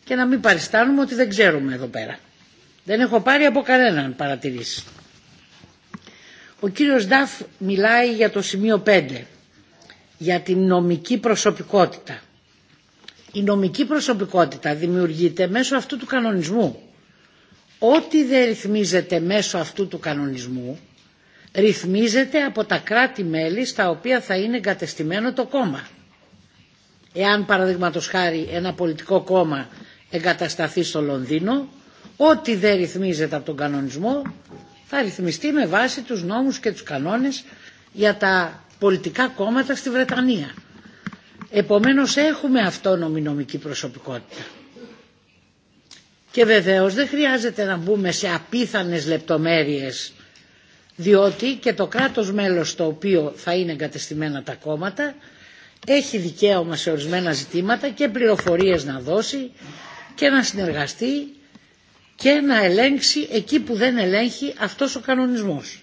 και να μην παριστάνουμε ότι δεν ξέρουμε εδώ πέρα. Δεν έχω πάρει από κανέναν παρατηρήσει. Ο κύριος Νταφ μιλάει για το σημείο 5, για την νομική προσωπικότητα. Η νομική προσωπικότητα δημιουργείται μέσω αυτού του κανονισμού. Ό,τι δεν ρυθμίζεται μέσω αυτού του κανονισμού ρυθμίζεται από τα κράτη-μέλη στα οποία θα είναι εγκατεστημένο το κόμμα. Εάν παραδείγματο χάρη ένα πολιτικό κόμμα εγκατασταθεί στο Λονδίνο, ό,τι δεν ρυθμίζεται από τον κανονισμό θα ρυθμιστεί με βάση τους νόμους και τους κανόνες για τα πολιτικά κόμματα στη Βρετανία. Επομένως έχουμε αυτόνομη νομική προσωπικότητα. Και βεβαίως δεν χρειάζεται να μπούμε σε απίθανες λεπτομέρειες διότι και το κράτος μέλος στο οποίο θα είναι εγκατεστημένα τα κόμματα έχει δικαίωμα σε ορισμένα ζητήματα και πληροφορίες να δώσει και να συνεργαστεί και να ελέγξει εκεί που δεν ελέγχει αυτός ο κανονισμός.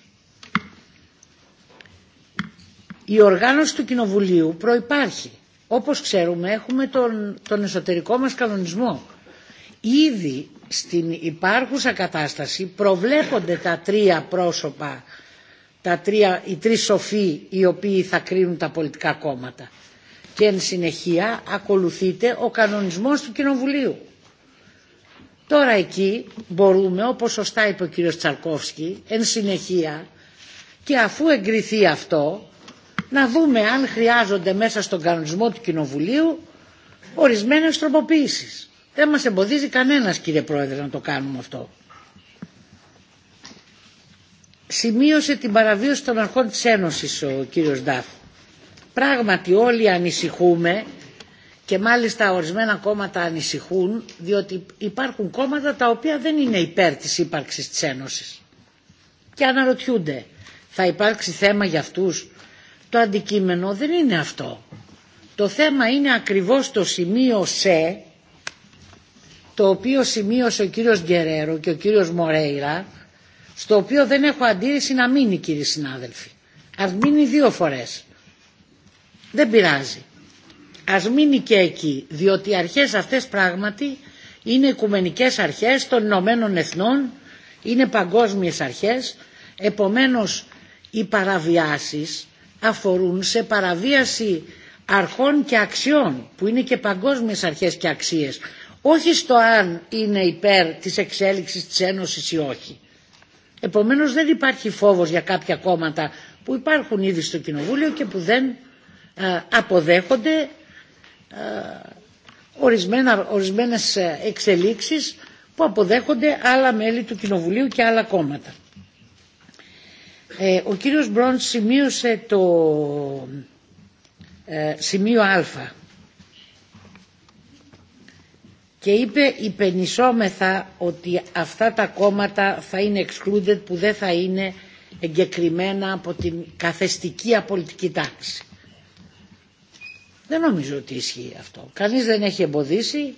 Η οργάνωση του Κοινοβουλίου προϋπάρχει. Όπως ξέρουμε έχουμε τον, τον εσωτερικό μας κανονισμό. Ήδη στην υπάρχουσα κατάσταση προβλέπονται τα τρία πρόσωπα, τα τρία, οι τρεις σοφοί οι οποίοι θα κρίνουν τα πολιτικά κόμματα. Και εν συνεχεία ακολουθείται ο κανονισμός του Κοινοβουλίου. Τώρα εκεί μπορούμε, όπως σωστά είπε ο κύριος Τσαρκόφσκι, εν συνεχεία και αφού εγκριθεί αυτό, να δούμε αν χρειάζονται μέσα στον κανονισμό του Κοινοβουλίου ορισμένες τροποποίησεις δεν μας εμποδίζει κανένας κύριε Πρόεδρε να το κάνουμε αυτό. Σημείωσε την παραβίωση των αρχών της Ένωσης ο κύριος Ντάφ. Πράγματι όλοι ανησυχούμε και μάλιστα ορισμένα κόμματα ανησυχούν διότι υπάρχουν κόμματα τα οποία δεν είναι υπέρ της ύπαρξης της Ένωσης. Και αναρωτιούνται θα υπάρξει θέμα για αυτούς. Το αντικείμενο δεν είναι αυτό. Το θέμα είναι ακριβώς το σημείο σε το οποίο σημείωσε ο κύριος Γκερέρο και ο κύριος Μορέιρα στο οποίο δεν έχω αντίρρηση να μείνει κύριοι συνάδελφοι. Ας μείνει δύο φορές. Δεν πειράζει. Ας μείνει και εκεί διότι οι αρχές αυτές πράγματι είναι οικουμενικές αρχές των Ηνωμένων Εθνών είναι παγκόσμιες αρχές επομένως οι παραβιάσεις αφορούν σε παραβίαση αρχών και αξιών που είναι και παγκόσμιες αρχές και αξίες όχι στο αν είναι υπέρ της εξέλιξης της Ένωσης ή όχι. Επομένως δεν υπάρχει φόβος για κάποια κόμματα που υπάρχουν ήδη στο Κοινοβούλιο και που δεν ε, αποδέχονται ε, ορισμένα, ορισμένες ε, εξελίξεις που αποδέχονται άλλα μέλη του Κοινοβουλίου και άλλα κόμματα. ο κύριος Μπρόντ σημείωσε το σημείο Α και είπε υπενισόμεθα ότι αυτά τα κόμματα θα είναι excluded που δεν θα είναι εγκεκριμένα από την καθεστική απολυτική τάξη. Δεν νομίζω ότι ισχύει αυτό. Κανείς δεν έχει εμποδίσει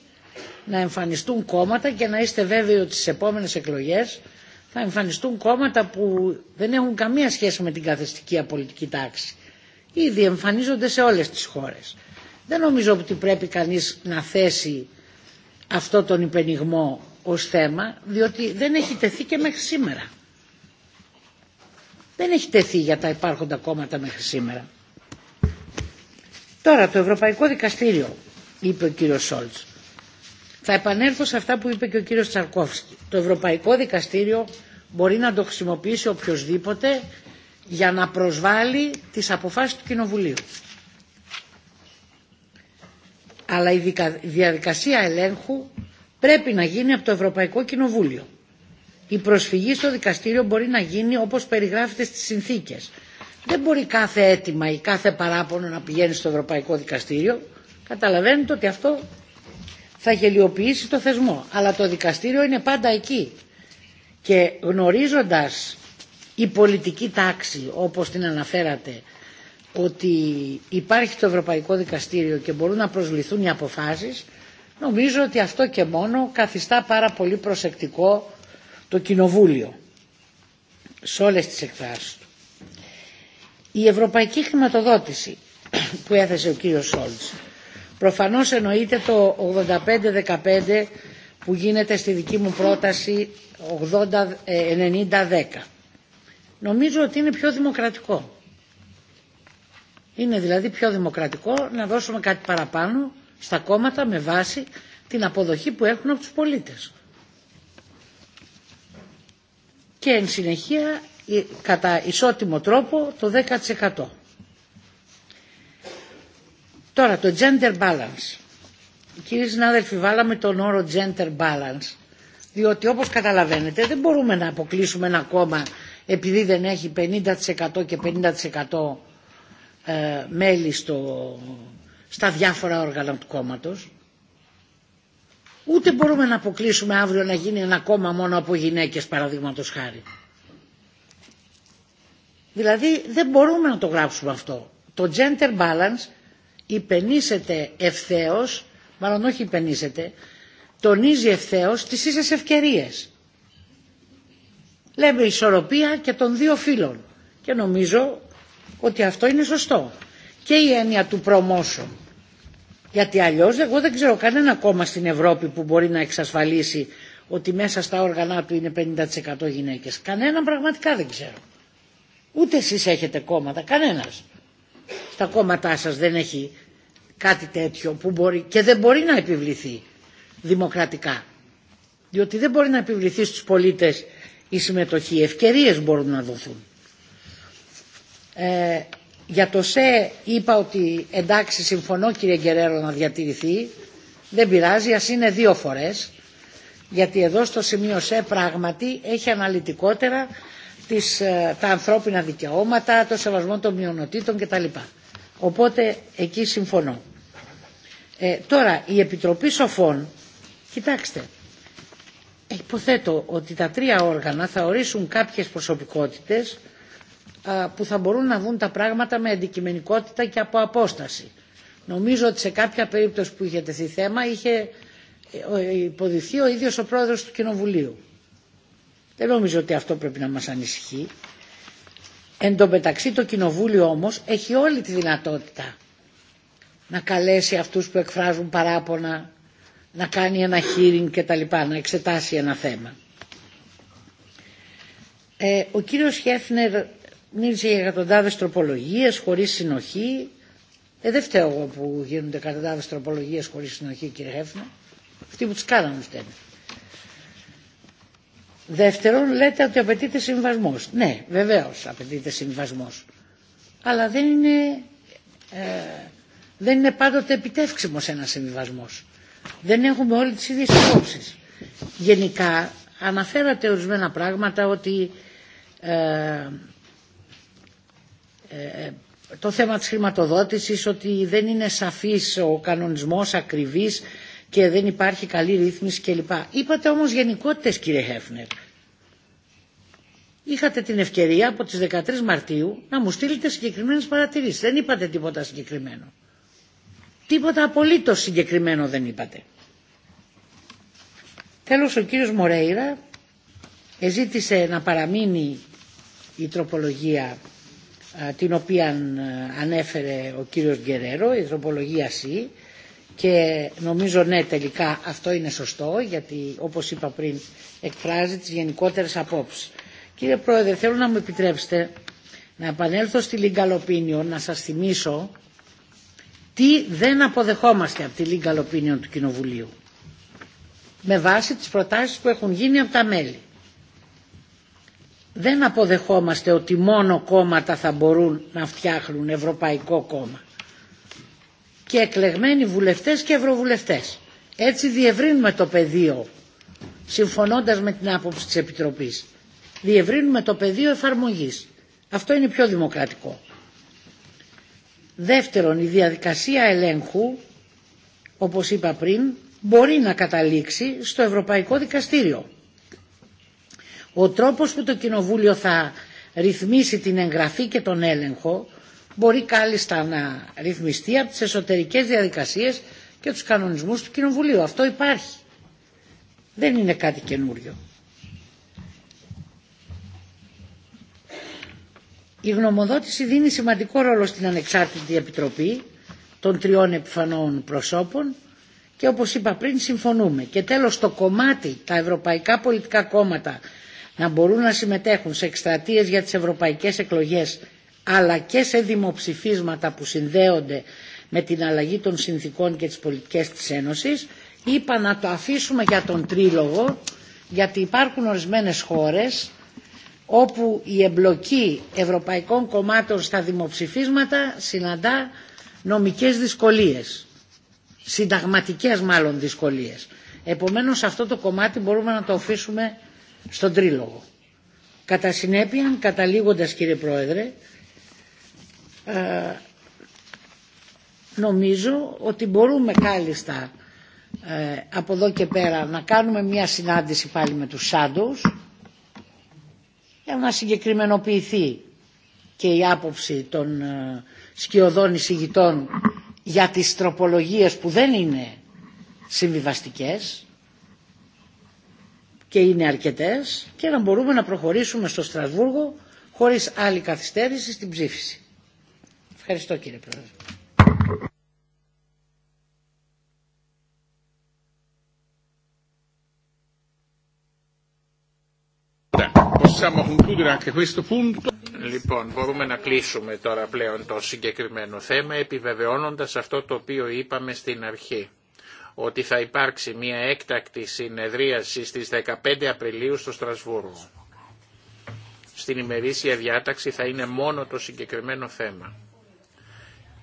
να εμφανιστούν κόμματα και να είστε βέβαιοι ότι στις επόμενες εκλογές θα εμφανιστούν κόμματα που δεν έχουν καμία σχέση με την καθεστική απολυτική τάξη. Ήδη εμφανίζονται σε όλες τις χώρες. Δεν νομίζω ότι πρέπει κανείς να θέσει αυτό τον υπενιγμό ως θέμα διότι δεν έχει τεθεί και μέχρι σήμερα. Δεν έχει τεθεί για τα υπάρχοντα κόμματα μέχρι σήμερα. Τώρα το Ευρωπαϊκό Δικαστήριο είπε ο κύριος Σόλτς. Θα επανέλθω σε αυτά που είπε και ο κύριος Τσαρκόφσκι. Το Ευρωπαϊκό Δικαστήριο μπορεί να το χρησιμοποιήσει οποιοδήποτε για να προσβάλλει τις αποφάσεις του Κοινοβουλίου αλλά η διαδικασία ελέγχου πρέπει να γίνει από το Ευρωπαϊκό Κοινοβούλιο. Η προσφυγή στο δικαστήριο μπορεί να γίνει όπως περιγράφεται στις συνθήκες. Δεν μπορεί κάθε αίτημα ή κάθε παράπονο να πηγαίνει στο Ευρωπαϊκό Δικαστήριο. Καταλαβαίνετε ότι αυτό θα γελιοποιήσει το θεσμό. Αλλά το δικαστήριο είναι πάντα εκεί. Και γνωρίζοντας η πολιτική τάξη όπως την αναφέρατε ότι υπάρχει το Ευρωπαϊκό Δικαστήριο και μπορούν να προσληθούν οι αποφάσεις, νομίζω ότι αυτό και μόνο καθιστά πάρα πολύ προσεκτικό το Κοινοβούλιο σε όλες τις εκφράσεις του. Η ευρωπαϊκή χρηματοδότηση που έθεσε ο κύριος Σόλτς προφανώς εννοείται το 85-15 που γίνεται στη δική μου πρόταση 90-10. Ε, νομίζω ότι είναι πιο δημοκρατικό είναι δηλαδή πιο δημοκρατικό να δώσουμε κάτι παραπάνω στα κόμματα με βάση την αποδοχή που έχουν από τους πολίτες. Και εν συνεχεία κατά ισότιμο τρόπο το 10%. Τώρα το gender balance. Κύριοι συνάδελφοι βάλαμε τον όρο gender balance διότι όπως καταλαβαίνετε δεν μπορούμε να αποκλείσουμε ένα κόμμα επειδή δεν έχει 50% και 50% ε, μέλη στο, στα διάφορα όργανα του κόμματος. Ούτε μπορούμε να αποκλείσουμε αύριο να γίνει ένα κόμμα μόνο από γυναίκες παραδείγματο χάρη. Δηλαδή δεν μπορούμε να το γράψουμε αυτό. Το gender balance υπενήσεται ευθέω, μάλλον όχι υπενήσεται, τονίζει ευθέω τις ίσες ευκαιρίες. Λέμε ισορροπία και των δύο φύλων. Και νομίζω ότι αυτό είναι σωστό. Και η έννοια του promotion. Γιατί αλλιώς εγώ δεν ξέρω κανένα κόμμα στην Ευρώπη που μπορεί να εξασφαλίσει ότι μέσα στα όργανα του είναι 50% γυναίκες. κανένα πραγματικά δεν ξέρω. Ούτε εσείς έχετε κόμματα, κανένας. Στα κόμματά σας δεν έχει κάτι τέτοιο που μπορεί και δεν μπορεί να επιβληθεί δημοκρατικά. Διότι δεν μπορεί να επιβληθεί στους πολίτες η συμμετοχή. Ευκαιρίες μπορούν να δοθούν. Ε, για το ΣΕ είπα ότι εντάξει συμφωνώ κύριε Γκερέρο να διατηρηθεί. Δεν πειράζει, ας είναι δύο φορές. Γιατί εδώ στο σημείο ΣΕ πράγματι έχει αναλυτικότερα τις, ε, τα ανθρώπινα δικαιώματα, το σεβασμό των μειονοτήτων κτλ. Οπότε εκεί συμφωνώ. Ε, τώρα, η Επιτροπή Σοφών, κοιτάξτε, υποθέτω ότι τα τρία όργανα θα ορίσουν κάποιες προσωπικότητες ε, που θα μπορούν να δουν τα πράγματα με αντικειμενικότητα και από απόσταση. Νομίζω ότι σε κάποια περίπτωση που είχε τεθεί θέμα είχε ε, υποδηθεί ο ίδιος ο πρόεδρος του Κοινοβουλίου. Δεν νομίζω ότι αυτό πρέπει να μας ανησυχεί. Εν τω μεταξύ το Κοινοβούλιο όμως έχει όλη τη δυνατότητα να καλέσει αυτούς που εκφράζουν παράπονα, να κάνει ένα hearing κτλ, να εξετάσει ένα θέμα. Ε, ο κύριος Χέφνερ μίλησε για εκατοντάδε τροπολογίε χωρί συνοχή. Ε, δεν φταίω εγώ που γίνονται εκατοντάδε τροπολογίε χωρί συνοχή, κύριε Χέφνα. Αυτοί που τι κάνανε φταίνε. Δεύτερον, λέτε ότι απαιτείται συμβασμό. Ναι, βεβαίω απαιτείται συμβασμό. Αλλά δεν είναι, ε, δεν είναι πάντοτε επιτεύξιμο ένα συμβιβασμό. Δεν έχουμε όλοι τι ίδιε απόψει. Γενικά, αναφέρατε ορισμένα πράγματα ότι ε, ε, ε, το θέμα της χρηματοδότησης ότι δεν είναι σαφής ο κανονισμός ακριβής και δεν υπάρχει καλή ρύθμιση κλπ. Είπατε όμως γενικότητες κύριε Χέφνερ. Είχατε την ευκαιρία από τις 13 Μαρτίου να μου στείλετε συγκεκριμένες παρατηρήσεις. Δεν είπατε τίποτα συγκεκριμένο. Τίποτα απολύτως συγκεκριμένο δεν είπατε. Τέλος ο κύριος Μορέιρα εζήτησε να παραμείνει η τροπολογία την οποία ανέφερε ο κύριος Γκερέρο, η τροπολογία C και νομίζω ναι τελικά αυτό είναι σωστό γιατί όπως είπα πριν εκφράζει τις γενικότερες απόψεις. Κύριε Πρόεδρε θέλω να μου επιτρέψετε να επανέλθω στη Λίγκα να σας θυμίσω τι δεν αποδεχόμαστε από τη Λίγκα του Κοινοβουλίου με βάση τις προτάσεις που έχουν γίνει από τα μέλη δεν αποδεχόμαστε ότι μόνο κόμματα θα μπορούν να φτιάχνουν ευρωπαϊκό κόμμα και εκλεγμένοι βουλευτές και ευρωβουλευτές. Έτσι διευρύνουμε το πεδίο, συμφωνώντας με την άποψη της Επιτροπής. Διευρύνουμε το πεδίο εφαρμογής. Αυτό είναι πιο δημοκρατικό. Δεύτερον, η διαδικασία ελέγχου, όπως είπα πριν, μπορεί να καταλήξει στο Ευρωπαϊκό Δικαστήριο ο τρόπος που το Κοινοβούλιο θα ρυθμίσει την εγγραφή και τον έλεγχο μπορεί κάλλιστα να ρυθμιστεί από τις εσωτερικές διαδικασίες και τους κανονισμούς του Κοινοβουλίου. Αυτό υπάρχει. Δεν είναι κάτι καινούριο. Η γνωμοδότηση δίνει σημαντικό ρόλο στην ανεξάρτητη επιτροπή των τριών επιφανών προσώπων και όπως είπα πριν συμφωνούμε. Και τέλος το κομμάτι, τα ευρωπαϊκά πολιτικά κόμματα να μπορούν να συμμετέχουν σε εκστρατείες για τις ευρωπαϊκές εκλογές αλλά και σε δημοψηφίσματα που συνδέονται με την αλλαγή των συνθήκων και τις πολιτικές της Ένωσης είπα να το αφήσουμε για τον τρίλογο γιατί υπάρχουν ορισμένες χώρες όπου η εμπλοκή ευρωπαϊκών κομμάτων στα δημοψηφίσματα συναντά νομικές δυσκολίες, συνταγματικές μάλλον δυσκολίες. Επομένως αυτό το κομμάτι μπορούμε να το αφήσουμε στον Τρίλογο. Κατά συνέπεια, καταλήγοντας κύριε Πρόεδρε, ε, νομίζω ότι μπορούμε κάλλιστα ε, από εδώ και πέρα να κάνουμε μια συνάντηση πάλι με τους Σάντους για να συγκεκριμενοποιηθεί και η άποψη των ε, σκιωδών εισηγητών για τις τροπολογίες που δεν είναι συμβιβαστικές και είναι αρκετές και να μπορούμε να προχωρήσουμε στο Στρασβούργο χωρίς άλλη καθυστέρηση στην ψήφιση. Ευχαριστώ κύριε Πρόεδρε. Λοιπόν, μπορούμε να κλείσουμε τώρα πλέον το συγκεκριμένο θέμα, επιβεβαιώνοντας αυτό το οποίο είπαμε στην αρχή ότι θα υπάρξει μια έκτακτη συνεδρίαση στις 15 Απριλίου στο Στρασβούργο. Στην ημερήσια διάταξη θα είναι μόνο το συγκεκριμένο θέμα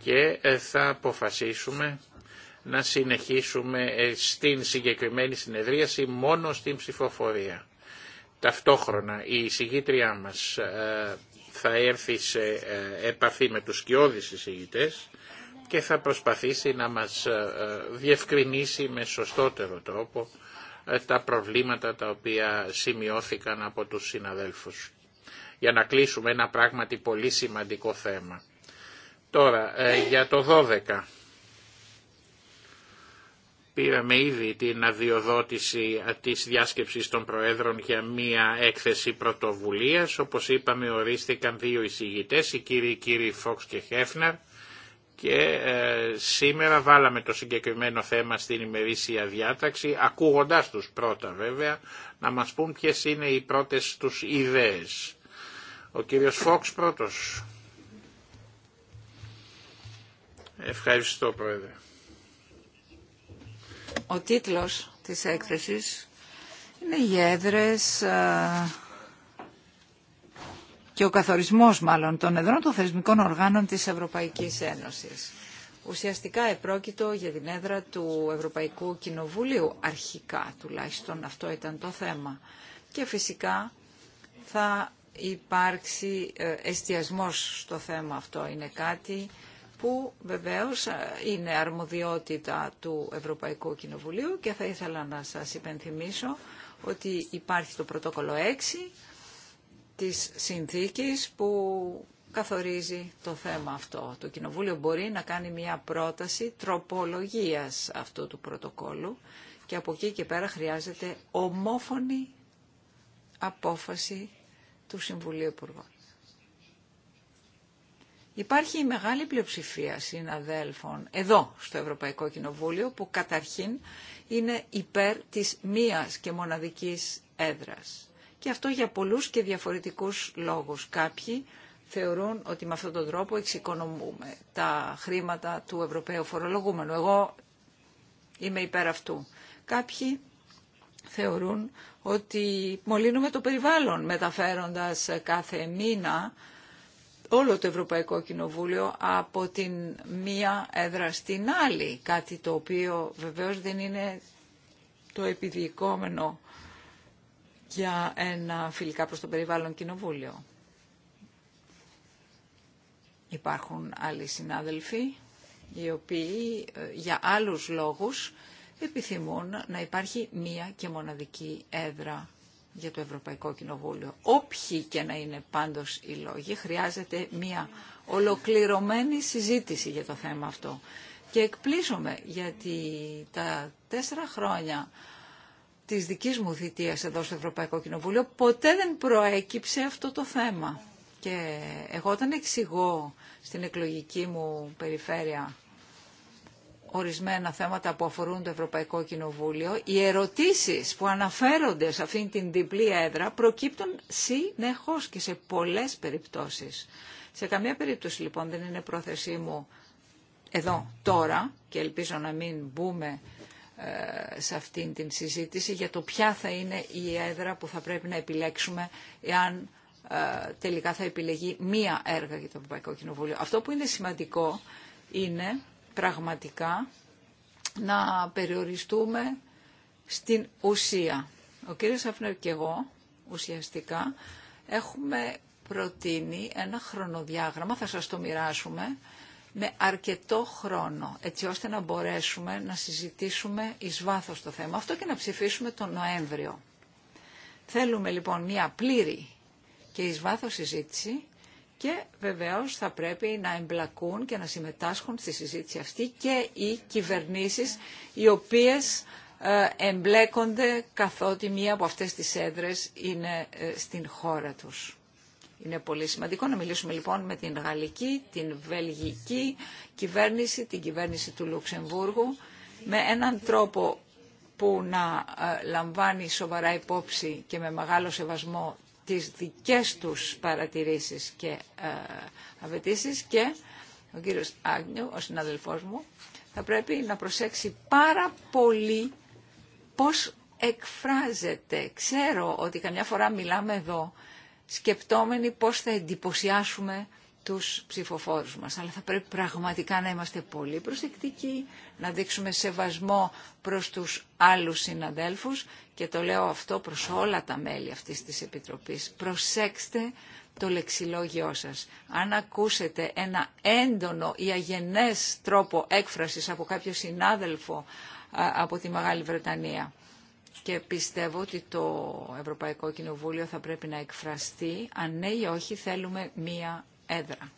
και ε, θα αποφασίσουμε να συνεχίσουμε ε, στην συγκεκριμένη συνεδρίαση μόνο στην ψηφοφορία. Ταυτόχρονα η εισηγήτριά μας ε, θα έρθει σε επαφή με τους σκιώδεις εισηγητές και θα προσπαθήσει να μας ε, ε, διευκρινίσει με σωστότερο τρόπο ε, τα προβλήματα τα οποία σημειώθηκαν από τους συναδέλφους. Για να κλείσουμε ένα πράγματι πολύ σημαντικό θέμα. Τώρα, για το 12. Πήραμε ήδη την αδειοδότηση της διάσκεψης των Προέδρων για μία έκθεση πρωτοβουλίας. Όπως είπαμε ορίστηκαν δύο εισηγητές, οι κύριοι κύριοι Φόξ και και ε, σήμερα βάλαμε το συγκεκριμένο θέμα στην ημερήσια διάταξη, ακούγοντας τους πρώτα βέβαια, να μας πούν ποιες είναι οι πρώτες τους ιδέες. Ο κύριος Φόξ πρώτος. Ευχαριστώ Πρόεδρε. Ο τίτλος της έκθεσης είναι «Γέδρες και ο καθορισμός μάλλον των εδρών των θεσμικών οργάνων της Ευρωπαϊκής Ένωσης. Ουσιαστικά επρόκειτο για την έδρα του Ευρωπαϊκού Κοινοβουλίου, αρχικά τουλάχιστον αυτό ήταν το θέμα. Και φυσικά θα υπάρξει ε, εστιασμός στο θέμα αυτό. Είναι κάτι που βεβαίως ε, είναι αρμοδιότητα του Ευρωπαϊκού Κοινοβουλίου και θα ήθελα να σας υπενθυμίσω ότι υπάρχει το πρωτόκολλο 6 της συνθήκης που καθορίζει το θέμα αυτό. Το Κοινοβούλιο μπορεί να κάνει μια πρόταση τροπολογίας αυτού του πρωτοκόλου και από εκεί και πέρα χρειάζεται ομόφωνη απόφαση του Συμβουλίου Υπουργών. Υπάρχει η μεγάλη πλειοψηφία συναδέλφων εδώ στο Ευρωπαϊκό Κοινοβούλιο που καταρχήν είναι υπέρ της μίας και μοναδικής έδρας και αυτό για πολλούς και διαφορετικούς λόγους. Κάποιοι θεωρούν ότι με αυτόν τον τρόπο εξοικονομούμε τα χρήματα του Ευρωπαίου φορολογούμενου. Εγώ είμαι υπέρ αυτού. Κάποιοι θεωρούν ότι μολύνουμε το περιβάλλον μεταφέροντας κάθε μήνα όλο το Ευρωπαϊκό Κοινοβούλιο από την μία έδρα στην άλλη, κάτι το οποίο βεβαίως δεν είναι το επιδικόμενο για ένα φιλικά προς το περιβάλλον κοινοβούλιο. Υπάρχουν άλλοι συνάδελφοι οι οποίοι ε, για άλλους λόγους επιθυμούν να υπάρχει μία και μοναδική έδρα για το Ευρωπαϊκό Κοινοβούλιο. Όποιοι και να είναι πάντως οι λόγοι, χρειάζεται μία ολοκληρωμένη συζήτηση για το θέμα αυτό. Και εκπλήσωμαι γιατί τα τέσσερα χρόνια της δικής μου θητείας εδώ στο Ευρωπαϊκό Κοινοβούλιο, ποτέ δεν προέκυψε αυτό το θέμα. Και εγώ όταν εξηγώ στην εκλογική μου περιφέρεια ορισμένα θέματα που αφορούν το Ευρωπαϊκό Κοινοβούλιο, οι ερωτήσεις που αναφέρονται σε αυτήν την διπλή έδρα προκύπτουν συνεχώς και σε πολλές περιπτώσεις. Σε καμία περίπτωση λοιπόν δεν είναι πρόθεσή μου εδώ τώρα και ελπίζω να μην μπούμε ε, σε αυτήν την συζήτηση για το ποια θα είναι η έδρα που θα πρέπει να επιλέξουμε εάν ε, τελικά θα επιλεγεί μία έργα για το Ευρωπαϊκό Κοινοβούλιο. Αυτό που είναι σημαντικό είναι πραγματικά να περιοριστούμε στην ουσία. Ο κύριος Αφνερ και εγώ ουσιαστικά έχουμε προτείνει ένα χρονοδιάγραμμα, θα σας το μοιράσουμε, με αρκετό χρόνο, έτσι ώστε να μπορέσουμε να συζητήσουμε εις βάθος το θέμα. Αυτό και να ψηφίσουμε τον Νοέμβριο. Θέλουμε λοιπόν μια πλήρη και εις βάθος συζήτηση και βεβαίως θα πρέπει να εμπλακούν και να συμμετάσχουν στη συζήτηση αυτή και οι κυβερνήσεις οι οποίες ε, εμπλέκονται καθότι μία από αυτές τις έδρες είναι ε, στην χώρα τους. Είναι πολύ σημαντικό να μιλήσουμε λοιπόν με την γαλλική, την βελγική κυβέρνηση, την κυβέρνηση του Λουξεμβούργου, με έναν τρόπο που να ε, λαμβάνει σοβαρά υπόψη και με μεγάλο σεβασμό τις δικές τους παρατηρήσεις και ε, απαιτήσει και ο κύριος Άγνιου, ο συναδελφός μου, θα πρέπει να προσέξει πάρα πολύ πώς εκφράζεται. Ξέρω ότι καμιά φορά μιλάμε εδώ σκεπτόμενοι πώς θα εντυπωσιάσουμε τους ψηφοφόρους μας. Αλλά θα πρέπει πραγματικά να είμαστε πολύ προσεκτικοί, να δείξουμε σεβασμό προς τους άλλους συναδέλφους και το λέω αυτό προς όλα τα μέλη αυτής της Επιτροπής. Προσέξτε το λεξιλόγιό σας. Αν ακούσετε ένα έντονο ή αγενές τρόπο έκφρασης από κάποιο συνάδελφο από τη Μεγάλη Βρετανία, και πιστεύω ότι το Ευρωπαϊκό Κοινοβούλιο θα πρέπει να εκφραστεί αν ναι ή όχι θέλουμε μία έδρα.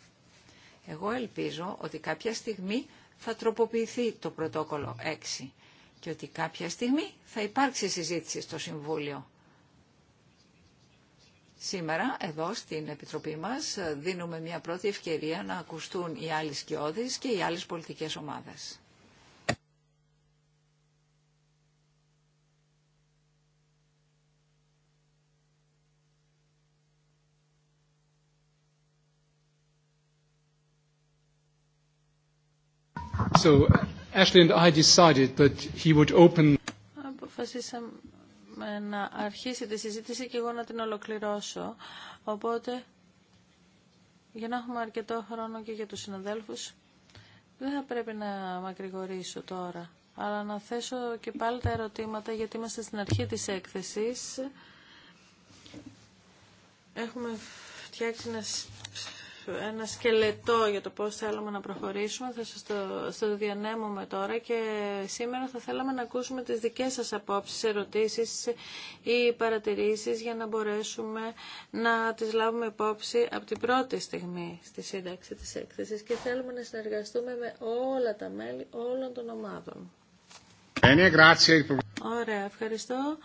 Εγώ ελπίζω ότι κάποια στιγμή θα τροποποιηθεί το πρωτόκολλο 6 και ότι κάποια στιγμή θα υπάρξει συζήτηση στο Συμβούλιο. Σήμερα εδώ στην Επιτροπή μας δίνουμε μια πρώτη ευκαιρία να ακουστούν οι άλλοι σκιώδεις και οι άλλες πολιτικές ομάδες. Αποφασίσαμε να αρχίσει τη συζήτηση και εγώ να την ολοκληρώσω. Οπότε, για να έχουμε αρκετό χρόνο και για τους συναδέλφους, δεν θα πρέπει να μακρηγορήσω τώρα, αλλά να θέσω και πάλι τα ερωτήματα, γιατί είμαστε στην αρχή της έκθεσης. Έχουμε φτιάξει ένα ένα σκελετό για το πώς θέλουμε να προχωρήσουμε. Θα σας το, διανέμουμε τώρα και σήμερα θα θέλαμε να ακούσουμε τις δικές σας απόψεις, ερωτήσεις ή παρατηρήσεις για να μπορέσουμε να τις λάβουμε υπόψη από την πρώτη στιγμή στη σύνταξη της έκθεσης και θέλουμε να συνεργαστούμε με όλα τα μέλη όλων των ομάδων. Ωραία, ευχαριστώ.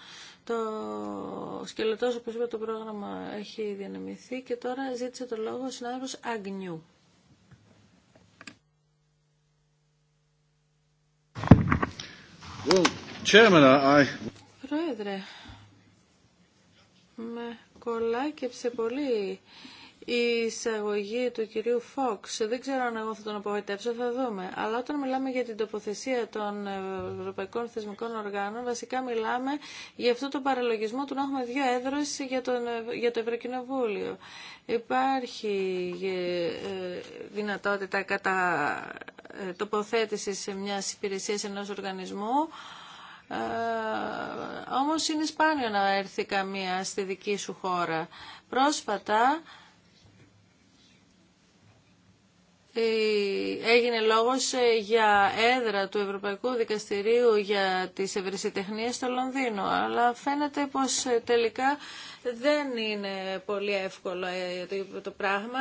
Το σκελετός, όπως είπα, το πρόγραμμα έχει διανεμηθεί και τώρα ζήτησε το λόγο ο συνάδελφος Αγνιού. Πρόεδρε, με κολλάκεψε πολύ η εισαγωγή του κυρίου Φόξ. Δεν ξέρω αν εγώ θα τον απογοητεύσω, θα δούμε. Αλλά όταν μιλάμε για την τοποθεσία των ευρωπαϊκών θεσμικών οργάνων, βασικά μιλάμε για αυτό το παραλογισμό του να έχουμε δύο έδρε για, για το Ευρωκοινοβούλιο. Υπάρχει ε, δυνατότητα κατά ε, τοποθέτησης μια υπηρεσία ενό οργανισμού, ε, όμως είναι σπάνιο να έρθει καμία στη δική σου χώρα. Πρόσφατα Ε, έγινε λόγος ε, για έδρα του Ευρωπαϊκού Δικαστηρίου για τις ευρεσιτεχνίες στο Λονδίνο, αλλά φαίνεται πως ε, τελικά δεν είναι πολύ εύκολο ε, το πράγμα.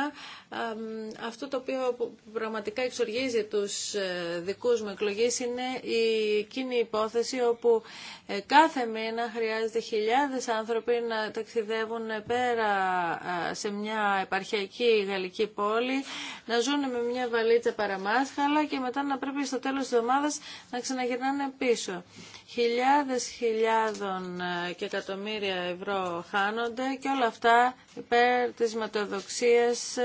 Αυτό το οποίο πραγματικά εξοργίζει τους ε, δικούς μου εκλογείς είναι η εκείνη υπόθεση όπου ε, κάθε μήνα χρειάζεται χιλιάδες άνθρωποι να ταξιδεύουν πέρα σε μια επαρχιακή γαλλική πόλη, να ζουν με μια βαλίτσα παραμάσχαλα και μετά να πρέπει στο τέλος της εβδομάδας να ξαναγυρνάνε πίσω χιλιάδες χιλιάδων ε, και εκατομμύρια ευρώ χάνονται και όλα αυτά υπέρ της ματοδοξίας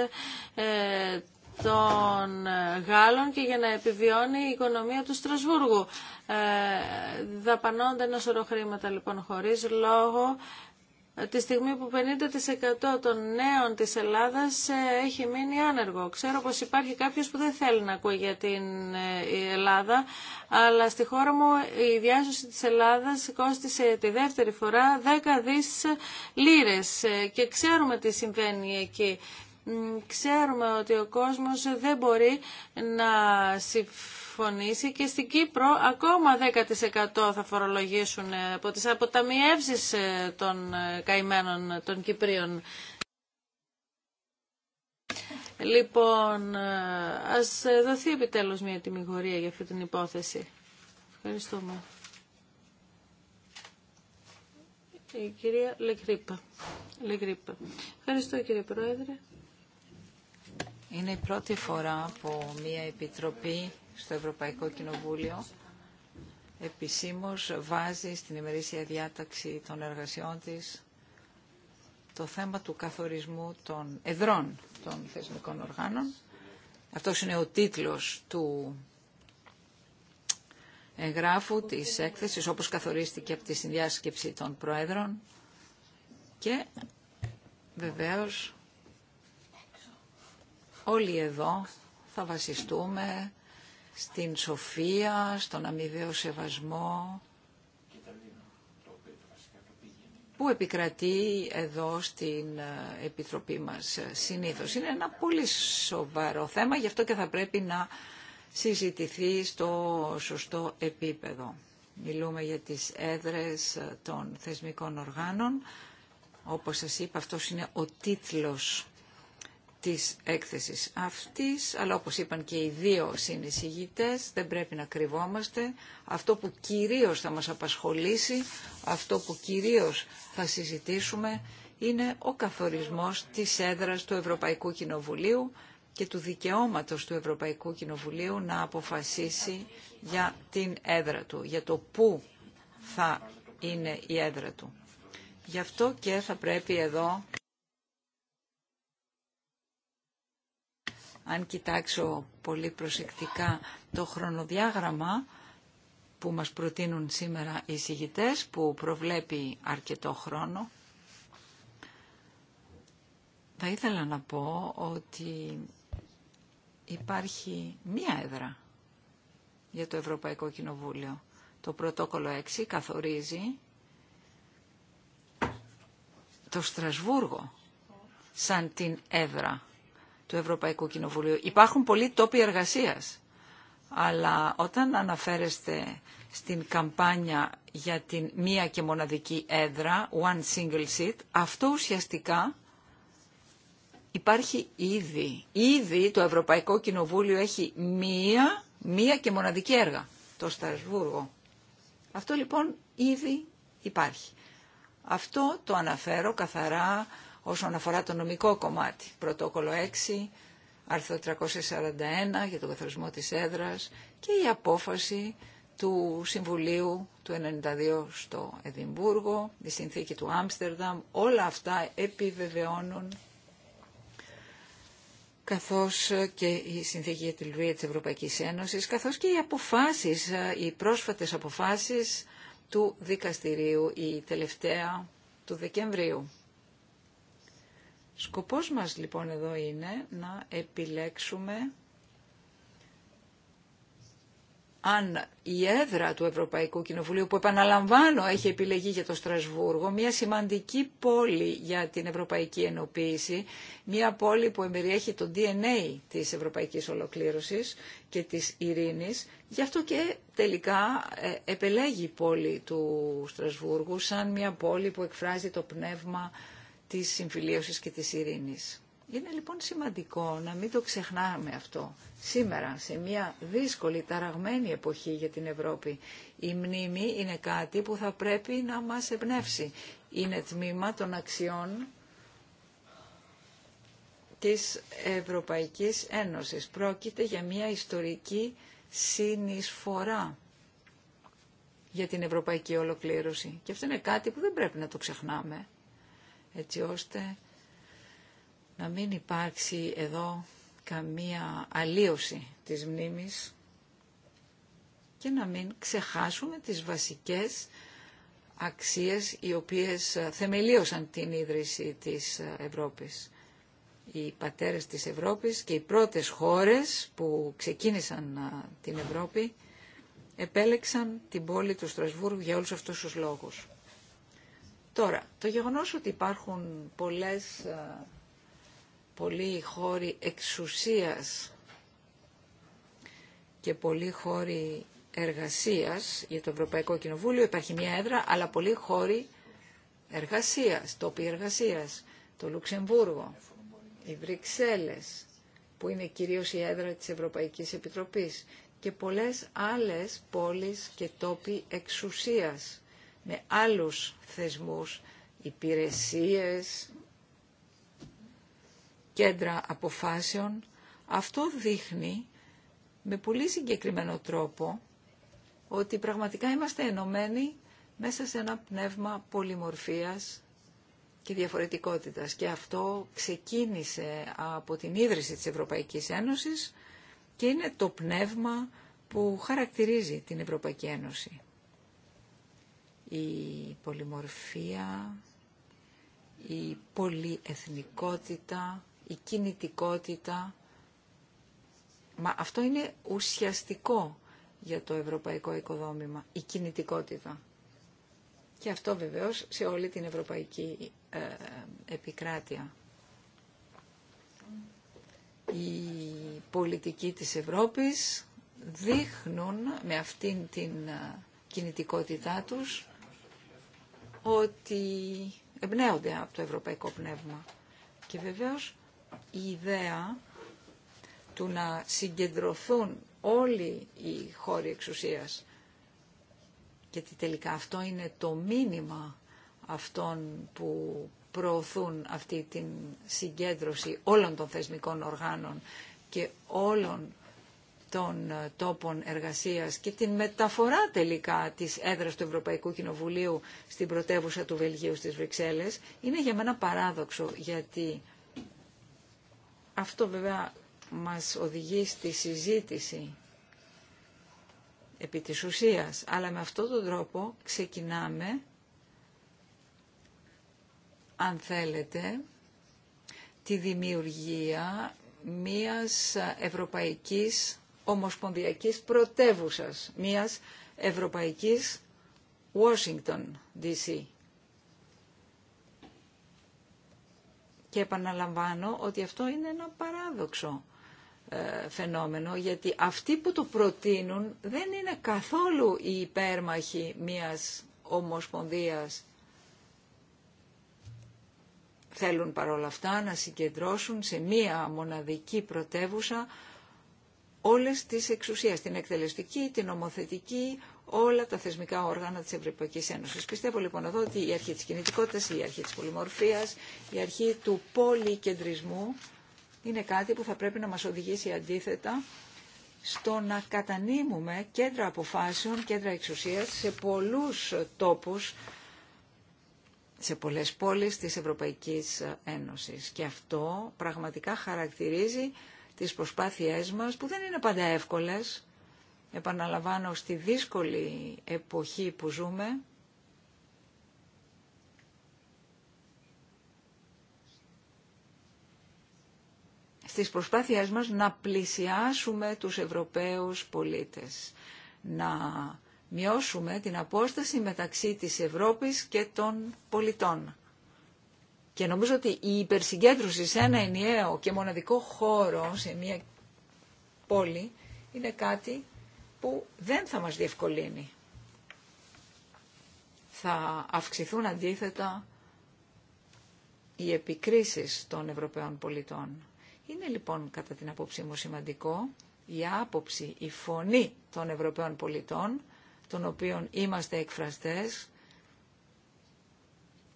ε, των ε, Γάλλων και για να επιβιώνει η οικονομία του Στρασβούργου. δαπανώνται ένα σωρό χρήματα λοιπόν χωρίς λόγο τη στιγμή που 50% των νέων της Ελλάδας ε, έχει μείνει άνεργο. Ξέρω πως υπάρχει κάποιος που δεν θέλει να ακούει για την ε, Ελλάδα, αλλά στη χώρα μου η διάσωση της Ελλάδας κόστησε τη δεύτερη φορά 10 δις λίρες ε, και ξέρουμε τι συμβαίνει εκεί. Ξέρουμε ότι ο κόσμος δεν μπορεί να συμφωνήσει και στην Κύπρο ακόμα 10% θα φορολογήσουν ε, από τις αποταμιεύσεις ε, των ε, καημένων των Κυπρίων. Λοιπόν, ας δοθεί επιτέλους μια τιμιγορία για αυτή την υπόθεση. Ευχαριστούμε. Η κυρία Λεγκρίπα. Λεγκρίπα. Ευχαριστώ κύριε Πρόεδρε. Είναι η πρώτη φορά που μια επιτροπή στο Ευρωπαϊκό Κοινοβούλιο επισήμως βάζει στην ημερήσια διάταξη των εργασιών της το θέμα του καθορισμού των εδρών των θεσμικών οργάνων. Αυτός είναι ο τίτλος του εγγράφου της έκθεσης, όπως καθορίστηκε από τη συνδιάσκεψη των Προέδρων και βεβαίως Όλοι εδώ θα βασιστούμε στην σοφία, στον αμοιβαίο σεβασμό που επικρατεί εδώ στην ε, Επιτροπή μας ε, συνήθως. Είναι ένα πολύ σοβαρό θέμα, γι' αυτό και θα πρέπει να συζητηθεί στο σωστό επίπεδο. Μιλούμε για τις έδρες ε, των θεσμικών οργάνων. Όπως σας είπα, αυτός είναι ο τίτλος της έκθεσης αυτής, αλλά όπως είπαν και οι δύο συνεισηγητές, δεν πρέπει να κρυβόμαστε. Αυτό που κυρίως θα μας απασχολήσει, αυτό που κυρίως θα συζητήσουμε, είναι ο καθορισμός της έδρας του Ευρωπαϊκού Κοινοβουλίου και του δικαιώματος του Ευρωπαϊκού Κοινοβουλίου να αποφασίσει για την έδρα του, για το πού θα είναι η έδρα του. Γι' αυτό και θα πρέπει εδώ Αν κοιτάξω πολύ προσεκτικά το χρονοδιάγραμμα που μας προτείνουν σήμερα οι συγητές, που προβλέπει αρκετό χρόνο, θα ήθελα να πω ότι υπάρχει μία έδρα για το Ευρωπαϊκό Κοινοβούλιο. Το πρωτόκολλο 6 καθορίζει το Στρασβούργο σαν την έδρα του Ευρωπαϊκού Κοινοβουλίου. Υπάρχουν πολλοί τόποι εργασίας, αλλά όταν αναφέρεστε στην καμπάνια για την μία και μοναδική έδρα, one single seat, αυτό ουσιαστικά υπάρχει ήδη. Ήδη το Ευρωπαϊκό Κοινοβούλιο έχει μία, μία και μοναδική έργα, το Στασβούργο. Αυτό λοιπόν ήδη υπάρχει. Αυτό το αναφέρω καθαρά όσον αφορά το νομικό κομμάτι. Πρωτόκολλο 6, άρθρο 341 για τον καθορισμό της έδρας και η απόφαση του Συμβουλίου του 92 στο Εδιμβούργο, η συνθήκη του Άμστερνταμ, όλα αυτά επιβεβαιώνουν καθώς και η συνθήκη για τη της Ευρωπαϊκής Ένωσης, καθώς και οι αποφάσεις, οι πρόσφατες αποφάσεις του δικαστηρίου, η τελευταία του Δεκεμβρίου. Σκοπός μας λοιπόν εδώ είναι να επιλέξουμε αν η έδρα του Ευρωπαϊκού Κοινοβουλίου που επαναλαμβάνω έχει επιλεγεί για το Στρασβούργο, μια σημαντική πόλη για την Ευρωπαϊκή Ενοποίηση, μια πόλη που εμπεριέχει το DNA της Ευρωπαϊκής Ολοκλήρωσης και της ειρήνης, γι' αυτό και τελικά ε, επελέγει η πόλη του Στρασβούργου σαν μια πόλη που εκφράζει το πνεύμα της συμφιλίωσης και της ειρήνης. Είναι λοιπόν σημαντικό να μην το ξεχνάμε αυτό. Σήμερα, σε μια δύσκολη, ταραγμένη εποχή για την Ευρώπη, η μνήμη είναι κάτι που θα πρέπει να μας εμπνεύσει. Είναι τμήμα των αξιών της Ευρωπαϊκής Ένωσης. Πρόκειται για μια ιστορική συνεισφορά για την ευρωπαϊκή ολοκλήρωση. Και αυτό είναι κάτι που δεν πρέπει να το ξεχνάμε έτσι ώστε να μην υπάρξει εδώ καμία αλλίωση της μνήμης και να μην ξεχάσουμε τις βασικές αξίες οι οποίες ε, θεμελίωσαν την ίδρυση της ε, Ευρώπης. Οι πατέρες της Ευρώπης και οι πρώτες χώρες που ξεκίνησαν ε, την Ευρώπη επέλεξαν την πόλη του Στρασβούργου για όλους αυτούς τους λόγους. Τώρα, το γεγονός ότι υπάρχουν πολλές, ε, πολλοί χώροι εξουσίας και πολλοί χώροι εργασίας για το Ευρωπαϊκό Κοινοβούλιο, υπάρχει μια έδρα, αλλά πολλοί χώροι εργασίας, τόποι εργασίας, το Λουξεμβούργο, οι Βρυξέλλες, που είναι κυρίως η έδρα της Ευρωπαϊκής Επιτροπής και πολλές άλλες πόλεις και τόποι εξουσίας με άλλους θεσμούς, υπηρεσίες, κέντρα αποφάσεων. Αυτό δείχνει με πολύ συγκεκριμένο τρόπο ότι πραγματικά είμαστε ενωμένοι μέσα σε ένα πνεύμα πολυμορφίας και διαφορετικότητας. Και αυτό ξεκίνησε από την ίδρυση της Ευρωπαϊκής Ένωσης και είναι το πνεύμα που χαρακτηρίζει την Ευρωπαϊκή Ένωση η πολυμορφία, η πολυεθνικότητα, η κινητικότητα. Μα αυτό είναι ουσιαστικό για το ευρωπαϊκό οικοδόμημα, η κινητικότητα. Και αυτό βεβαίως σε όλη την ευρωπαϊκή ε, επικράτεια. Οι πολιτικοί της Ευρώπης δείχνουν με αυτήν την ε, κινητικότητά τους ότι εμπνέονται από το ευρωπαϊκό πνεύμα. Και βεβαίως η ιδέα του να συγκεντρωθούν όλοι οι χώροι εξουσίας. Γιατί τελικά αυτό είναι το μήνυμα αυτών που προωθούν αυτή την συγκέντρωση όλων των θεσμικών οργάνων και όλων των ε, τόπων εργασίας και την μεταφορά τελικά της έδρας του Ευρωπαϊκού Κοινοβουλίου στην πρωτεύουσα του Βελγίου στις Βρυξέλλες είναι για μένα παράδοξο γιατί αυτό βέβαια μας οδηγεί στη συζήτηση επί της ουσίας, αλλά με αυτόν τον τρόπο ξεκινάμε, αν θέλετε, τη δημιουργία μίας ευρωπαϊκής ομοσπονδιακής πρωτεύουσας, μιας ευρωπαϊκής Washington DC. Και επαναλαμβάνω ότι αυτό είναι ένα παράδοξο ε, φαινόμενο, γιατί αυτοί που το προτείνουν δεν είναι καθόλου οι υπέρμαχοι μιας ομοσπονδίας. Θέλουν παρόλα αυτά να συγκεντρώσουν σε μία μοναδική πρωτεύουσα όλες τις εξουσίες, την εκτελεστική, την νομοθετική, όλα τα θεσμικά όργανα της Ευρωπαϊκής Ένωσης. Πιστεύω λοιπόν εδώ ότι η αρχή της κινητικότητας, η αρχή της πολυμορφίας, η αρχή του πολυκεντρισμού είναι κάτι που θα πρέπει να μας οδηγήσει αντίθετα στο να κατανείμουμε κέντρα αποφάσεων, κέντρα εξουσίας σε πολλούς τόπους, σε πολλές πόλεις της Ευρωπαϊκής Ένωσης. Και αυτό πραγματικά χαρακτηρίζει τις προσπάθειές μας, που δεν είναι πάντα εύκολες. Επαναλαμβάνω, στη δύσκολη εποχή που ζούμε, στις προσπάθειές μας να πλησιάσουμε τους Ευρωπαίους πολίτες, να μειώσουμε την απόσταση μεταξύ της Ευρώπης και των πολιτών. Και νομίζω ότι η υπερσυγκέντρωση σε ένα ενιαίο και μοναδικό χώρο, σε μια πόλη, είναι κάτι που δεν θα μας διευκολύνει. Θα αυξηθούν αντίθετα οι επικρίσεις των Ευρωπαίων πολιτών. Είναι λοιπόν κατά την απόψή μου σημαντικό η άποψη, η φωνή των Ευρωπαίων πολιτών, των οποίων είμαστε εκφραστές,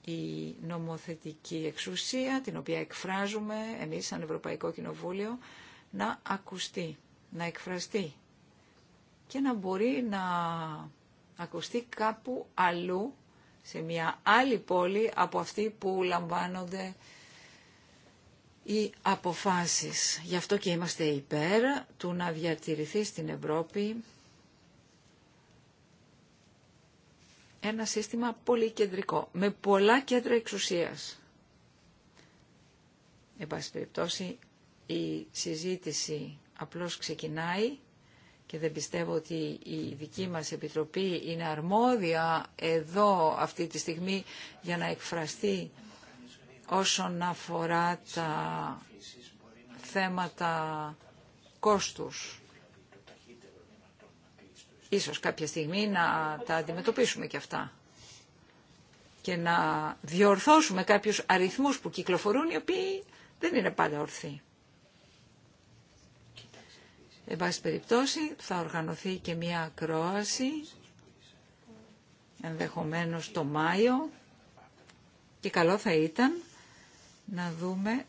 η νομοθετική εξουσία, την οποία εκφράζουμε εμείς σαν Ευρωπαϊκό Κοινοβούλιο, να ακουστεί, να εκφραστεί και να μπορεί να ακουστεί κάπου αλλού, σε μια άλλη πόλη από αυτή που λαμβάνονται οι αποφάσεις. Γι' αυτό και είμαστε υπέρ του να διατηρηθεί στην Ευρώπη ένα σύστημα πολυκεντρικό, με πολλά κέντρα εξουσίας. Εν πάση περιπτώσει, η συζήτηση απλώς ξεκινάει και δεν πιστεύω ότι η δική μας Επιτροπή είναι αρμόδια εδώ αυτή τη στιγμή για να εκφραστεί όσον αφορά τα θέματα κόστους. Ίσως κάποια στιγμή να τα αντιμετωπίσουμε και αυτά και να διορθώσουμε κάποιους αριθμούς που κυκλοφορούν οι οποίοι δεν είναι πάντα ορθοί. Εν πάση περιπτώσει θα οργανωθεί και μια ακρόαση ενδεχομένως το Μάιο και καλό θα ήταν να δούμε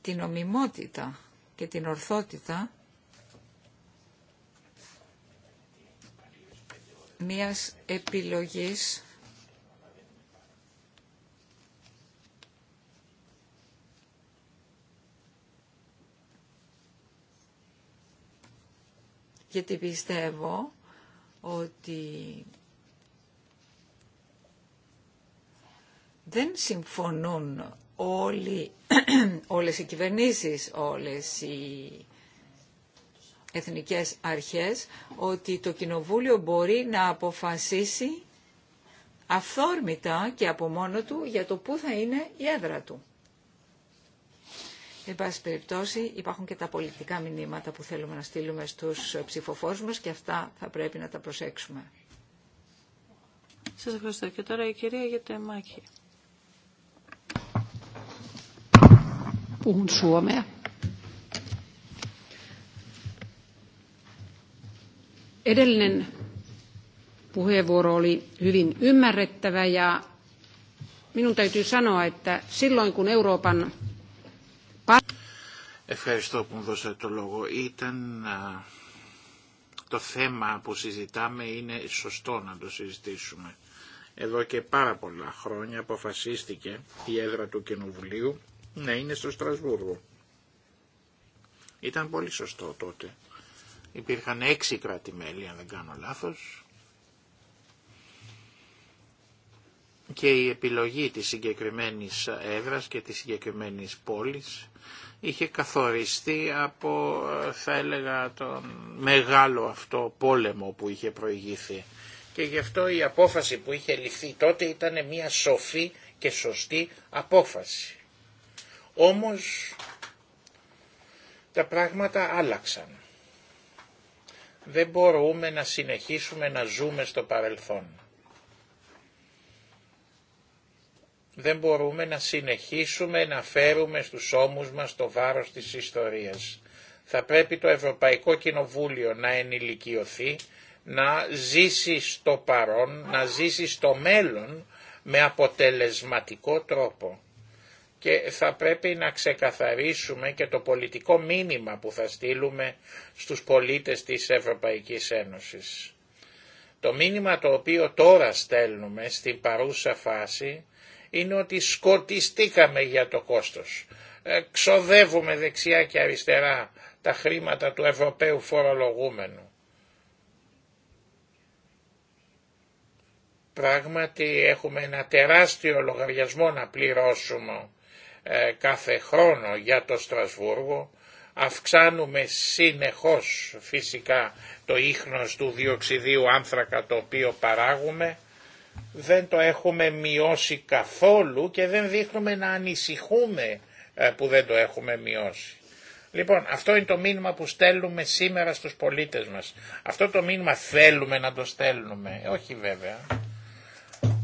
την ομιμότητα και την ορθότητα μιας επιλογής γιατί πιστεύω ότι δεν συμφωνούν όλοι, όλες οι κυβερνήσεις, όλες οι εθνικές αρχές, ότι το Κοινοβούλιο μπορεί να αποφασίσει αυθόρμητα και από μόνο του για το πού θα είναι η έδρα του. Εν πάση περιπτώσει υπάρχουν και τα πολιτικά μηνύματα που θέλουμε να στείλουμε στους ψηφοφόρους μας και αυτά θα πρέπει να τα προσέξουμε. Σας ευχαριστώ. Και τώρα η κυρία Γετεμάκη. puhun suomea. Edellinen puheenvuoro oli hyvin ymmärrettävä ja minun täytyy sanoa, että silloin kun Euroopan... Ευχαριστώ που μου δώσατε το λόγο. Ήταν το θέμα που συζητάμε είναι σωστό να το συζητήσουμε. Εδώ και πάρα πολλά χρόνια αποφασίστηκε η έδρα του Κοινοβουλίου ναι, είναι στο Στρασβούργο. Ήταν πολύ σωστό τότε. Υπήρχαν έξι κράτη-μέλη, αν δεν κάνω λάθος. Και η επιλογή της συγκεκριμένης έδρας και της συγκεκριμένης πόλης είχε καθοριστεί από, θα έλεγα, τον μεγάλο αυτό πόλεμο που είχε προηγήθει. Και γι' αυτό η απόφαση που είχε ληφθεί τότε ήταν μια σοφή και σωστή απόφαση. Όμως τα πράγματα άλλαξαν. Δεν μπορούμε να συνεχίσουμε να ζούμε στο παρελθόν. Δεν μπορούμε να συνεχίσουμε να φέρουμε στους ώμους μας το βάρος της ιστορίας. Θα πρέπει το Ευρωπαϊκό Κοινοβούλιο να ενηλικιωθεί, να ζήσει στο παρόν, να ζήσει στο μέλλον με αποτελεσματικό τρόπο και θα πρέπει να ξεκαθαρίσουμε και το πολιτικό μήνυμα που θα στείλουμε στους πολίτες της Ευρωπαϊκής Ένωσης. Το μήνυμα το οποίο τώρα στέλνουμε στην παρούσα φάση είναι ότι σκοτιστήκαμε για το κόστος. Ε, ξοδεύουμε δεξιά και αριστερά τα χρήματα του Ευρωπαίου φορολογούμενου. Πράγματι έχουμε ένα τεράστιο λογαριασμό να πληρώσουμε ε, κάθε χρόνο για το Στρασβούργο, αυξάνουμε συνεχώς φυσικά το ίχνος του διοξιδίου άνθρακα το οποίο παράγουμε, δεν το έχουμε μειώσει καθόλου και δεν δείχνουμε να ανησυχούμε ε, που δεν το έχουμε μειώσει. Λοιπόν, αυτό είναι το μήνυμα που στέλνουμε σήμερα στους πολίτες μας. Αυτό το μήνυμα θέλουμε να το στέλνουμε. Ε, όχι βέβαια.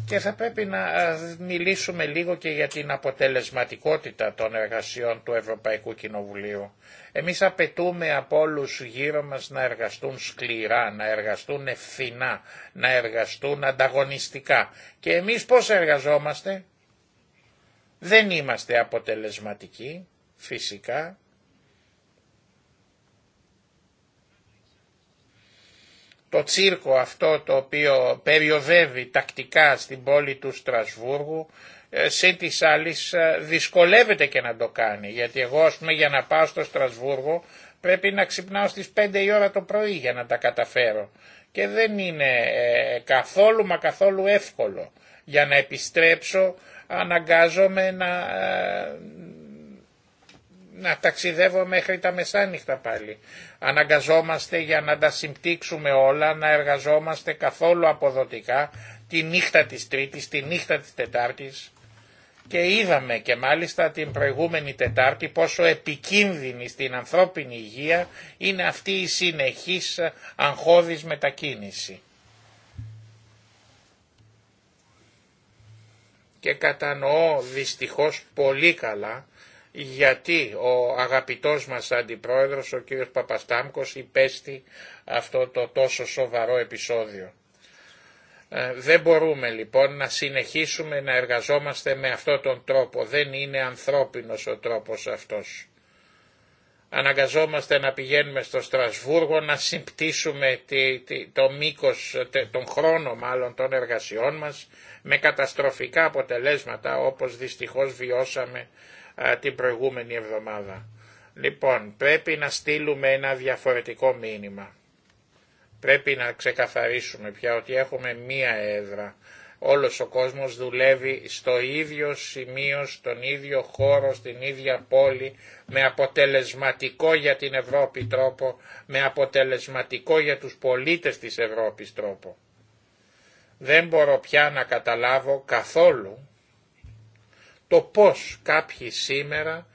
Και θα πρέπει να ε, μιλήσουμε λίγο και για την αποτελεσματικότητα των εργασιών του Ευρωπαϊκού Κοινοβουλίου. Εμείς απαιτούμε από όλους γύρω μας να εργαστούν σκληρά, να εργαστούν ευθυνά, να εργαστούν ανταγωνιστικά. Και εμείς πώς εργαζόμαστε. Δεν είμαστε αποτελεσματικοί, φυσικά, το τσίρκο αυτό το οποίο περιοδεύει τακτικά στην πόλη του Στρασβούργου ε, σε τις άλλη ε, δυσκολεύεται και να το κάνει γιατί εγώ ας πούμε για να πάω στο Στρασβούργο πρέπει να ξυπνάω στις 5 η ώρα το πρωί για να τα καταφέρω και δεν είναι ε, καθόλου μα καθόλου εύκολο για να επιστρέψω αναγκάζομαι να να ταξιδεύω μέχρι τα μεσάνυχτα πάλι. Αναγκαζόμαστε για να τα συμπτύξουμε όλα, να εργαζόμαστε καθόλου αποδοτικά τη νύχτα της Τρίτης, τη νύχτα της Τετάρτης και είδαμε και μάλιστα την προηγούμενη Τετάρτη πόσο επικίνδυνη στην ανθρώπινη υγεία είναι αυτή η συνεχής αγχώδης μετακίνηση. Και κατανοώ δυστυχώς πολύ καλά γιατί ο αγαπητός μας αντιπρόεδρος, ο κύριος Παπαστάμκος, υπέστη αυτό το τόσο σοβαρό επεισόδιο. Ε, δεν μπορούμε λοιπόν να συνεχίσουμε να εργαζόμαστε με αυτόν τον τρόπο. Δεν είναι ανθρώπινος ο τρόπος αυτός. Αναγκαζόμαστε να πηγαίνουμε στο Στρασβούργο να συμπτήσουμε το μήκος, τον χρόνο μάλλον των εργασιών μας με καταστροφικά αποτελέσματα όπως δυστυχώς βιώσαμε την προηγούμενη εβδομάδα. Λοιπόν, πρέπει να στείλουμε ένα διαφορετικό μήνυμα. Πρέπει να ξεκαθαρίσουμε πια ότι έχουμε μία έδρα. Όλος ο κόσμος δουλεύει στο ίδιο σημείο, στον ίδιο χώρο, στην ίδια πόλη, με αποτελεσματικό για την Ευρώπη τρόπο, με αποτελεσματικό για τους πολίτες της Ευρώπης τρόπο. Δεν μπορώ πια να καταλάβω καθόλου το πώς κάποιοι σήμερα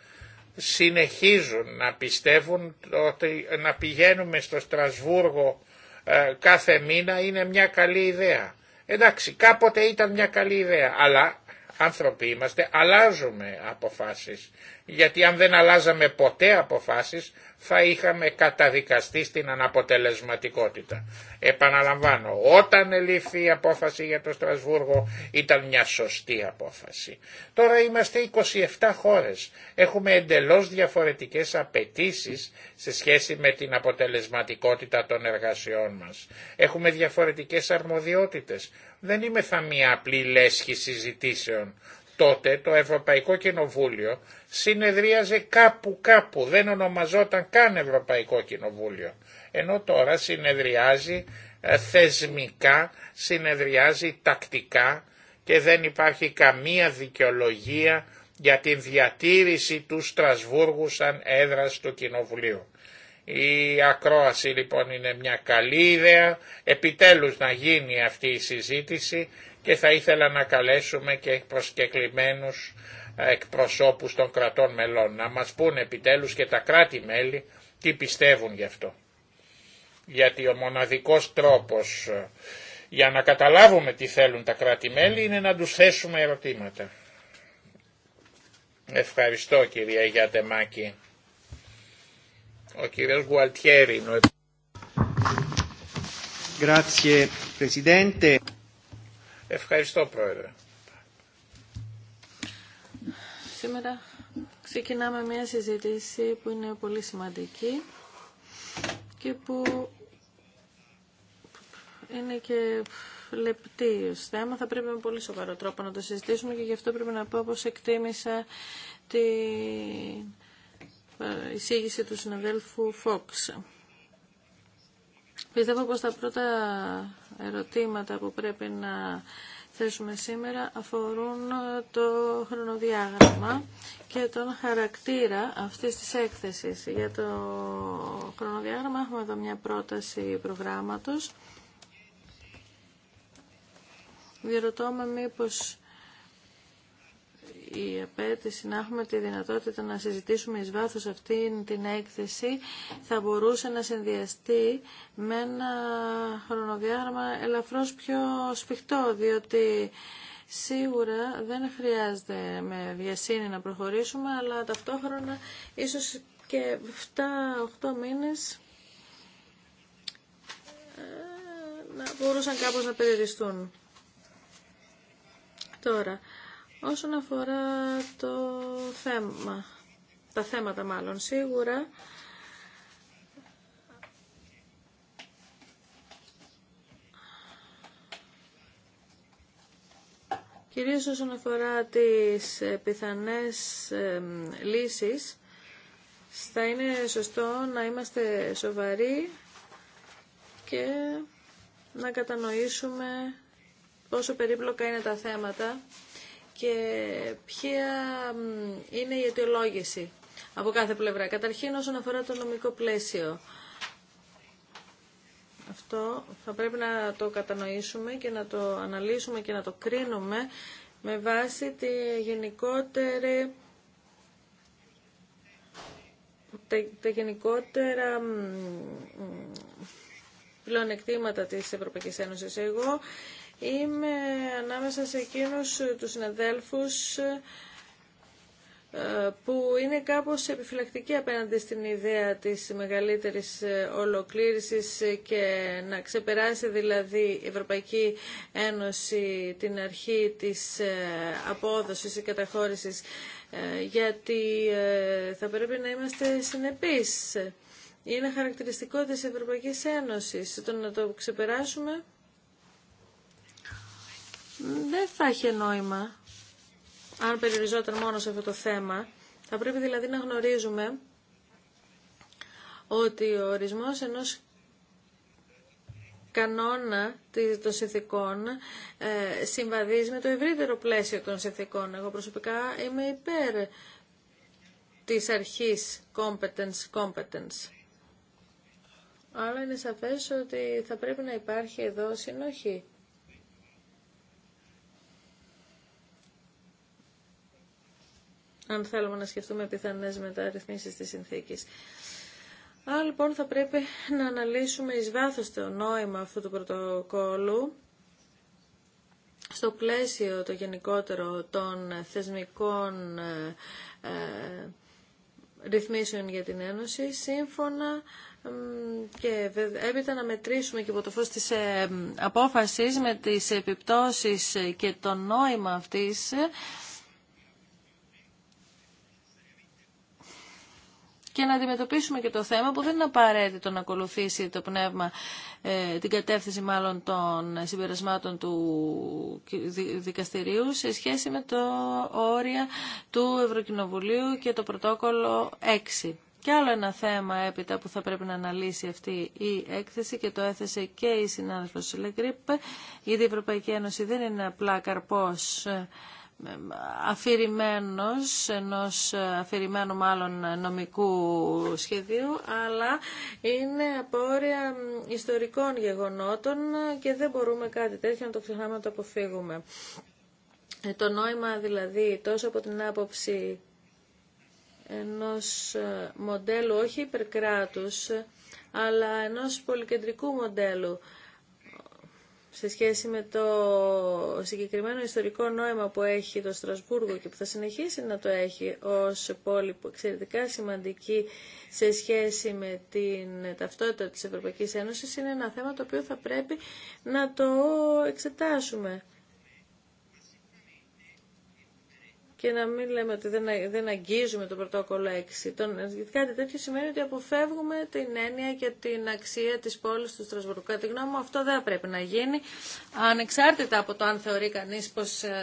συνεχίζουν να πιστεύουν ότι να πηγαίνουμε στο Στρασβούργο ε, κάθε μήνα είναι μια καλή ιδέα. Εντάξει, κάποτε ήταν μια καλή ιδέα, αλλά άνθρωποι είμαστε, αλλάζουμε αποφάσεις. Γιατί αν δεν αλλάζαμε ποτέ αποφάσεις θα είχαμε καταδικαστεί στην αναποτελεσματικότητα. Επαναλαμβάνω, όταν ελήφθη η απόφαση για το Στρασβούργο ήταν μια σωστή απόφαση. Τώρα είμαστε 27 χώρες. Έχουμε εντελώς διαφορετικές απαιτήσεις σε σχέση με την αποτελεσματικότητα των εργασιών μας. Έχουμε διαφορετικές αρμοδιότητες. Δεν είμαι θα μια απλή λέσχη συζητήσεων τότε το Ευρωπαϊκό Κοινοβούλιο συνεδρίαζε κάπου κάπου, δεν ονομαζόταν καν Ευρωπαϊκό Κοινοβούλιο, ενώ τώρα συνεδριάζει ε, θεσμικά, συνεδριάζει τακτικά και δεν υπάρχει καμία δικαιολογία για την διατήρηση του Στρασβούργου σαν έδρας του Κοινοβουλίου. Η ακρόαση λοιπόν είναι μια καλή ιδέα, επιτέλους να γίνει αυτή η συζήτηση και θα ήθελα να καλέσουμε και προσκεκλημένους ε, εκπροσώπους των κρατών μελών να μας πούν επιτέλους και τα κράτη-μέλη τι πιστεύουν γι' αυτό. Γιατί ο μοναδικός τρόπος ε, για να καταλάβουμε τι θέλουν τα κράτη-μέλη είναι να τους θέσουμε ερωτήματα. Ευχαριστώ κυρία Γιάτεμάκη. Ο κύριος Γουαλτιέρη. Grazie Presidente. Ευχαριστώ Πρόεδρε. Σήμερα ξεκινάμε μια συζήτηση που είναι πολύ σημαντική και που είναι και λεπτή θέμα. Θα πρέπει με πολύ σοβαρό τρόπο να το συζητήσουμε και γι' αυτό πρέπει να πω πως εκτίμησα την εισήγηση του συναδέλφου Φόξ. Πιστεύω πως τα πρώτα ερωτήματα που πρέπει να θέσουμε σήμερα αφορούν το χρονοδιάγραμμα και τον χαρακτήρα αυτής της έκθεσης. Για το χρονοδιάγραμμα έχουμε εδώ μια πρόταση προγράμματος. Διερωτώ με μήπως η απέτηση να έχουμε τη δυνατότητα να συζητήσουμε εις βάθος αυτήν την έκθεση θα μπορούσε να συνδυαστεί με ένα χρονοδιάγραμμα ελαφρώς πιο σφιχτό, διότι σίγουρα δεν χρειάζεται με βιασύνη να προχωρήσουμε, αλλά ταυτόχρονα ίσως και 7-8 μήνες ε, να μπορούσαν κάπως να περιοριστούν. Τώρα, Όσον αφορά το θέμα, τα θέματα μάλλον σίγουρα, κυρίως όσον αφορά τις ε, πιθανές ε, λύσεις, θα είναι σωστό να είμαστε σοβαροί και να κατανοήσουμε πόσο περίπλοκα είναι τα θέματα και ποια είναι η αιτιολόγηση από κάθε πλευρά. Καταρχήν όσον αφορά το νομικό πλαίσιο. Αυτό θα πρέπει να το κατανοήσουμε και να το αναλύσουμε και να το κρίνουμε με βάση τη γενικότερη τα, τα γενικότερα πλεονεκτήματα της Ευρωπαϊκής Ένωσης. Εγώ Είμαι ανάμεσα σε εκείνους τους συναδέλφους ε, που είναι κάπως επιφυλακτικοί απέναντι στην ιδέα της μεγαλύτερης ε, ολοκλήρησης και να ξεπεράσει δηλαδή η Ευρωπαϊκή Ένωση την αρχή της ε, απόδοσης ή καταχώρησης γιατί θα πρέπει να είμαστε συνεπείς. Είναι χαρακτηριστικό της Ευρωπαϊκής Ένωσης το να το ξεπεράσουμε δεν θα είχε νόημα αν περιοριζόταν μόνο σε αυτό το θέμα. Θα πρέπει δηλαδή να γνωρίζουμε ότι ο ορισμός ενός κανόνα των συνθηκών ε, συμβαδίζει με το ευρύτερο πλαίσιο των συνθηκών. Εγώ προσωπικά είμαι υπέρ της αρχής competence competence. Άρα είναι σαφές ότι θα πρέπει να υπάρχει εδώ συνοχή. αν θέλουμε να σκεφτούμε πιθανές μεταρρυθμίσεις της συνθήκης. Άρα λοιπόν θα πρέπει να αναλύσουμε εις βάθος το νόημα αυτού του πρωτοκόλου στο πλαίσιο το γενικότερο των θεσμικών ε, ε ρυθμίσεων για την Ένωση, σύμφωνα και έπειτα να μετρήσουμε και από το φως της ε, απόφασης με τις επιπτώσεις και το νόημα αυτής και να αντιμετωπίσουμε και το θέμα που δεν είναι απαραίτητο να ακολουθήσει το πνεύμα, ε, την κατεύθυνση μάλλον των συμπερασμάτων του δικαστηρίου σε σχέση με το όρια του Ευρωκοινοβουλίου και το πρωτόκολλο 6. Και άλλο ένα θέμα έπειτα που θα πρέπει να αναλύσει αυτή η έκθεση και το έθεσε και η συνάδελφος Λεγκρίπ, γιατί η Ευρωπαϊκή Ένωση δεν είναι απλά καρπός ε, αφηρημένος, ενός αφηρημένου μάλλον νομικού σχεδίου, αλλά είναι απόρρια ιστορικών γεγονότων και δεν μπορούμε κάτι τέτοιο να το ξεχνάμε να το αποφύγουμε. Ε, το νόημα δηλαδή τόσο από την άποψη ενός ε, μοντέλου όχι υπερκράτους, αλλά ενός πολυκεντρικού μοντέλου σε σχέση με το συγκεκριμένο ιστορικό νόημα που έχει το Στρασβούργο και που θα συνεχίσει να το έχει ως πόλη που εξαιρετικά σημαντική σε σχέση με την ταυτότητα της Ευρωπαϊκής Ένωσης είναι ένα θέμα το οποίο θα πρέπει να το εξετάσουμε. και να μην λέμε ότι δεν, δεν αγγίζουμε το πρωτόκολλο 6. Τον, κάτι τέτοιο σημαίνει ότι αποφεύγουμε την έννοια και την αξία της πόλης του Στρασβουργού. Κατά τη γνώμη μου αυτό δεν πρέπει να γίνει, ανεξάρτητα από το αν θεωρεί κανείς πως ε,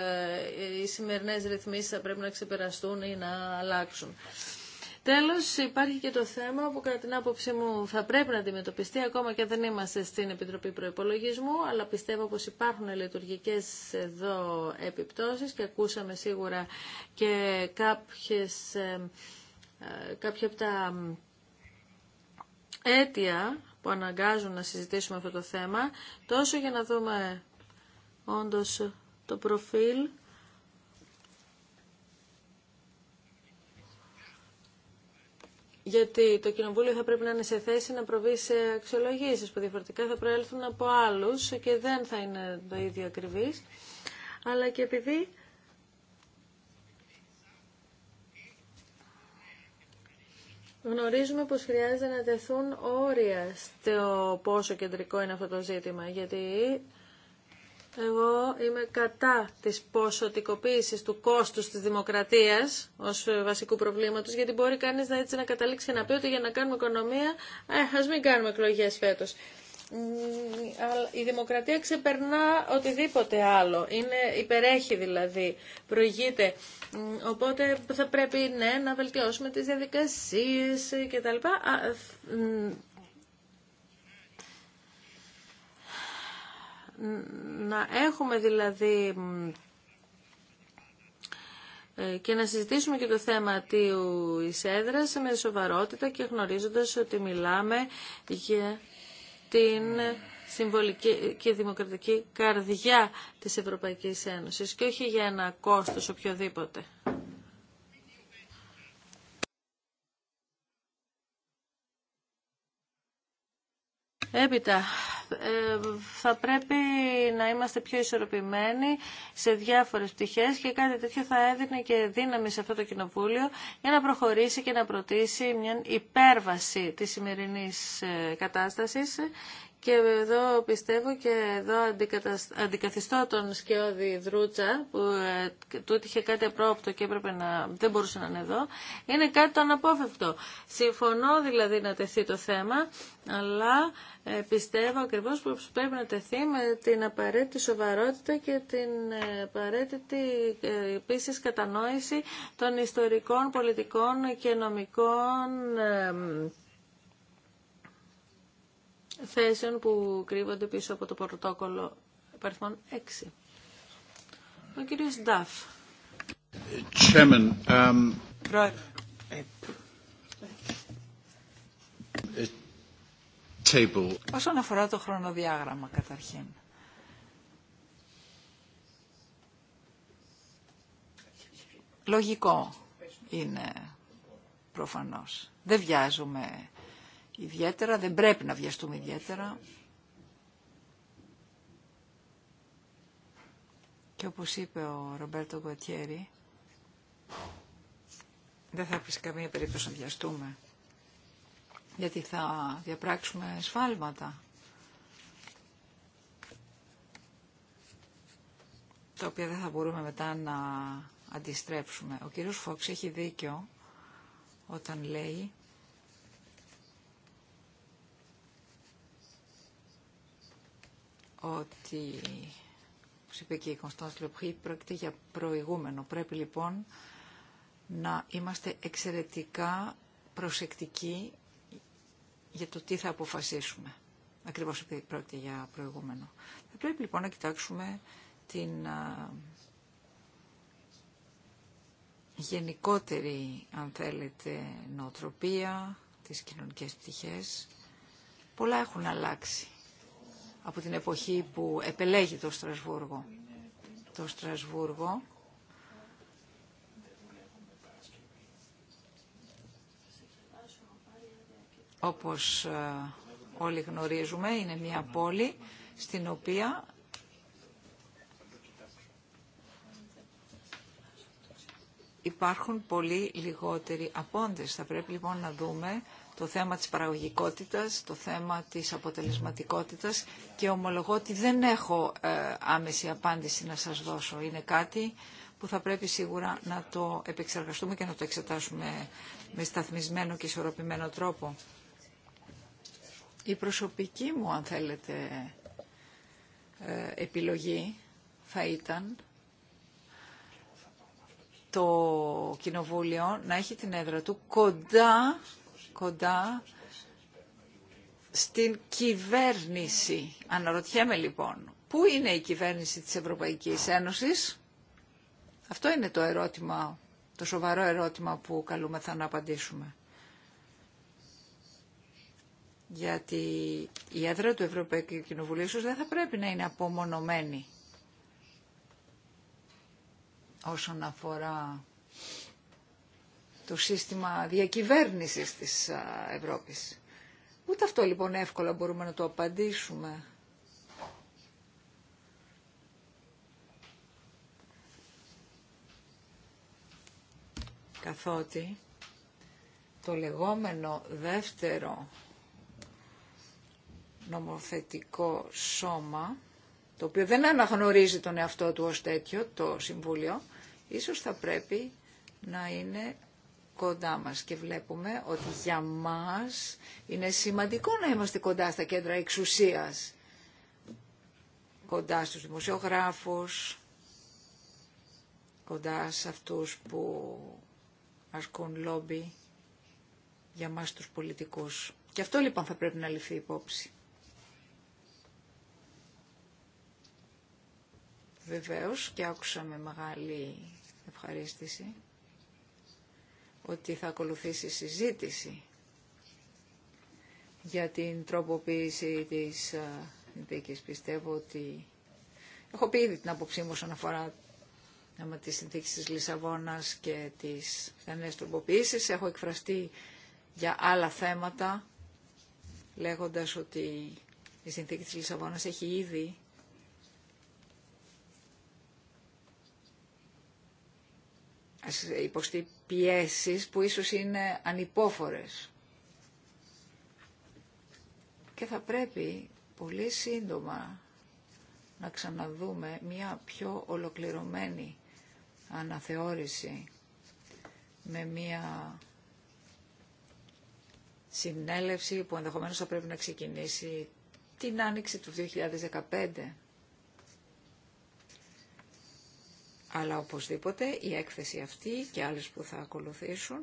οι σημερινές ρυθμίσεις θα πρέπει να ξεπεραστούν ή να αλλάξουν. Τέλος, υπάρχει και το θέμα που κατά την άποψή μου θα πρέπει να αντιμετωπιστεί, ακόμα και δεν είμαστε στην Επιτροπή Προϋπολογισμού, αλλά πιστεύω πως υπάρχουν λειτουργικές εδώ επιπτώσεις και ακούσαμε σίγουρα και κάποιες, ε, ε, κάποια από τα αίτια που αναγκάζουν να συζητήσουμε αυτό το θέμα, τόσο για να δούμε όντως το προφίλ γιατί το Κοινοβούλιο θα πρέπει να είναι σε θέση να προβεί σε αξιολογήσεις που διαφορετικά θα προέλθουν από άλλους και δεν θα είναι το ίδιο ακριβή. αλλά και επειδή Γνωρίζουμε πως χρειάζεται να τεθούν όρια στο πόσο κεντρικό είναι αυτό το ζήτημα, γιατί εγώ είμαι κατά της ποσοτικοποίησης του κόστους της δημοκρατίας ως βασικού προβλήματος, γιατί μπορεί κανείς να έτσι να καταλήξει να πει ότι για να κάνουμε οικονομία, Α ε, ας μην κάνουμε εκλογέ φέτος. Η δημοκρατία ξεπερνά οτιδήποτε άλλο, είναι υπερέχει δηλαδή, προηγείται. Οπότε θα πρέπει ναι, να βελτιώσουμε τις διαδικασίες κτλ. να έχουμε δηλαδή ε, και να συζητήσουμε και το θέμα του εισέδρας με σοβαρότητα και γνωρίζοντας ότι μιλάμε για την συμβολική και δημοκρατική καρδιά της Ευρωπαϊκής Ένωσης και όχι για ένα κόστος οποιοδήποτε. Έπειτα, θα πρέπει να είμαστε πιο ισορροπημένοι σε διάφορες πτυχές και κάτι τέτοιο θα έδινε και δύναμη σε αυτό το κοινοβούλιο για να προχωρήσει και να προτίσει μια υπέρβαση της σημερινής ε, κατάστασης και εδώ πιστεύω και εδώ αντικαθιστώ τον Σκιώδη Δρούτσα που ε, του είχε κάτι απρόπτω και έπρεπε να, δεν μπορούσε να είναι εδώ. Είναι κάτι το αναπόφευκτο. Συμφωνώ δηλαδή να τεθεί το θέμα, αλλά ε, πιστεύω ακριβώς που πρέπει να τεθεί με την απαραίτητη σοβαρότητα και την ε, απαραίτητη ε, επίσης κατανόηση των ιστορικών, πολιτικών και νομικών ε, θέσεων που κρύβονται πίσω από το πρωτόκολλο παριθμών 6. Ο κύριος Νταφ. Chairman, um... Table. Όσον αφορά το χρονοδιάγραμμα καταρχήν. Λογικό είναι προφανώς. Δεν βιάζουμε ιδιαίτερα, δεν πρέπει να βιαστούμε ιδιαίτερα. Και όπως είπε ο Ρομπέρτο Γκουατιέρη, δεν θα σε καμία περίπτωση να βιαστούμε. Γιατί θα διαπράξουμε σφάλματα. Τα οποία δεν θα μπορούμε μετά να αντιστρέψουμε. Ο κύριος Φόξ έχει δίκιο όταν λέει ότι, όπως είπε και η Κωνσταντς Λεπχή, πρόκειται για προηγούμενο. Πρέπει λοιπόν να είμαστε εξαιρετικά προσεκτικοί για το τι θα αποφασίσουμε. Ακριβώς επειδή πρόκειται για προηγούμενο. Θα πρέπει λοιπόν να κοιτάξουμε την γενικότερη, αν θέλετε, νοοτροπία, τις κοινωνικές πτυχές. Πολλά έχουν αλλάξει από την εποχή που επελέγει το Στρασβούργο. Το Στρασβούργο όπως ε, όλοι γνωρίζουμε είναι μια πόλη στην οποία υπάρχουν πολύ λιγότεροι απόντες. Θα πρέπει λοιπόν να δούμε το θέμα της παραγωγικότητας, το θέμα της αποτελεσματικότητας και ομολογώ ότι δεν έχω ε, άμεση απάντηση να σας δώσω. Είναι κάτι που θα πρέπει σίγουρα να το επεξεργαστούμε και να το εξετάσουμε με σταθμισμένο και ισορροπημένο τρόπο. Η προσωπική μου, αν θέλετε, ε, επιλογή θα ήταν το Κοινοβούλιο να έχει την έδρα του κοντά κοντά στην κυβέρνηση. Αναρωτιέμαι λοιπόν, πού είναι η κυβέρνηση της Ευρωπαϊκής Ένωσης. Αυτό είναι το ερώτημα, το σοβαρό ερώτημα που καλούμεθα να απαντήσουμε. Γιατί η έδρα του Ευρωπαϊκού Κοινοβουλίου δεν θα πρέπει να είναι απομονωμένη όσον αφορά το σύστημα διακυβέρνησης της Ευρώπης. Ούτε αυτό λοιπόν εύκολα μπορούμε να το απαντήσουμε. Καθότι το λεγόμενο δεύτερο νομοθετικό σώμα, το οποίο δεν αναγνωρίζει τον εαυτό του ως τέτοιο, το Συμβούλιο, ίσως θα πρέπει να είναι κοντά μας και βλέπουμε ότι για μας είναι σημαντικό να είμαστε κοντά στα κέντρα εξουσίας, κοντά στους δημοσιογράφους, κοντά σε αυτούς που ασκούν λόμπι για μας τους πολιτικούς. Και αυτό λοιπόν θα πρέπει να ληφθεί υπόψη. Βεβαίως και άκουσα με μεγάλη ευχαρίστηση ότι θα ακολουθήσει συζήτηση για την τροποποίηση της συνθήκης. Πιστεύω ότι έχω πει ήδη την άποψή μου όσον αφορά με τις συνθήκες της Λισαβόνας και τις πιθανές τροποποίησεις. Έχω εκφραστεί για άλλα θέματα λέγοντας ότι η συνθήκη της Λισαβόνας έχει ήδη υποστεί πιέσεις που ίσως είναι ανυπόφορες. Και θα πρέπει πολύ σύντομα να ξαναδούμε μια πιο ολοκληρωμένη αναθεώρηση με μια συνέλευση που ενδεχομένως θα πρέπει να ξεκινήσει την άνοιξη του 2015. Αλλά οπωσδήποτε η έκθεση αυτή και άλλες που θα ακολουθήσουν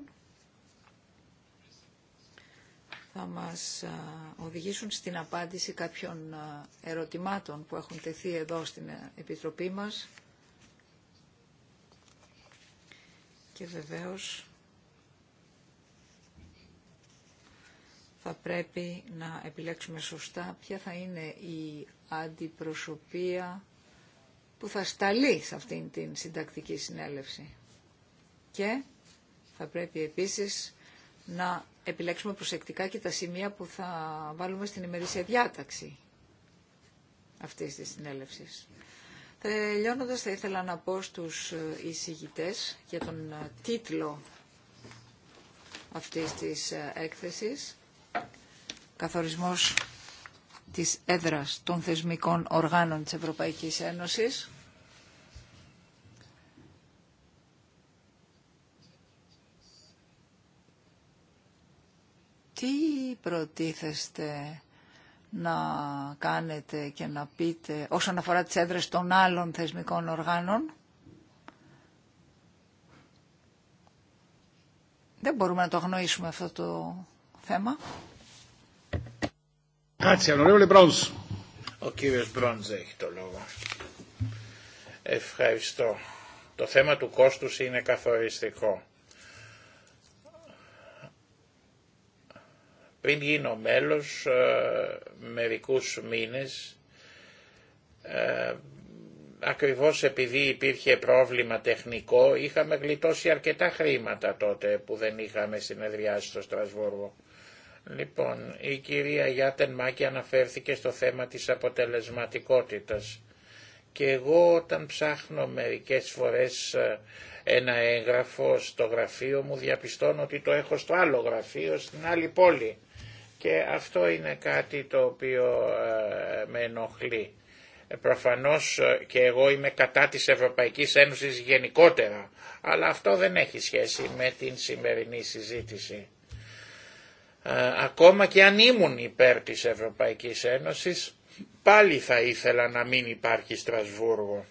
θα μας οδηγήσουν στην απάντηση κάποιων ερωτημάτων που έχουν τεθεί εδώ στην Επιτροπή μας και βεβαίως θα πρέπει να επιλέξουμε σωστά ποια θα είναι η αντιπροσωπεία που θα σταλεί σε αυτήν την συντακτική συνέλευση. Και θα πρέπει επίσης να επιλέξουμε προσεκτικά και τα σημεία που θα βάλουμε στην ημερήσια διάταξη αυτής της συνέλευσης. Τελειώνοντας θα ήθελα να πω στους ε, εισηγητές για τον ε, τίτλο αυτής της ε, έκθεσης «Καθορισμός της έδρας των θεσμικών οργάνων της Ευρωπαϊκής Ένωσης. Τι προτίθεστε να κάνετε και να πείτε όσον αφορά τις έδρες των άλλων θεσμικών οργάνων. Δεν μπορούμε να το αγνοήσουμε αυτό το θέμα. Ο κύριος Μπρόντζ έχει το λόγο. Ευχαριστώ. Το θέμα του κόστους είναι καθοριστικό. Πριν γίνω μέλος, ε, μερικούς μήνες, ε, ακριβώς επειδή υπήρχε πρόβλημα τεχνικό, είχαμε γλιτώσει αρκετά χρήματα τότε που δεν είχαμε συνεδριάσει στο Στρασβούργο. Λοιπόν, η κυρία Γιάτεν Μάκη αναφέρθηκε στο θέμα της αποτελεσματικότητας και εγώ όταν ψάχνω μερικές φορές ε, ένα έγγραφο στο γραφείο μου διαπιστώνω ότι το έχω στο άλλο γραφείο στην άλλη πόλη και αυτό είναι κάτι το οποίο ε, με ενοχλεί. Ε, προφανώς και εγώ είμαι κατά της Ευρωπαϊκής Ένωσης γενικότερα, αλλά αυτό δεν έχει σχέση με την σημερινή συζήτηση. Ε, ακόμα και αν ήμουν υπέρ της Ευρωπαϊκής Ένωσης, πάλι θα ήθελα να μην υπάρχει Στρασβούργο.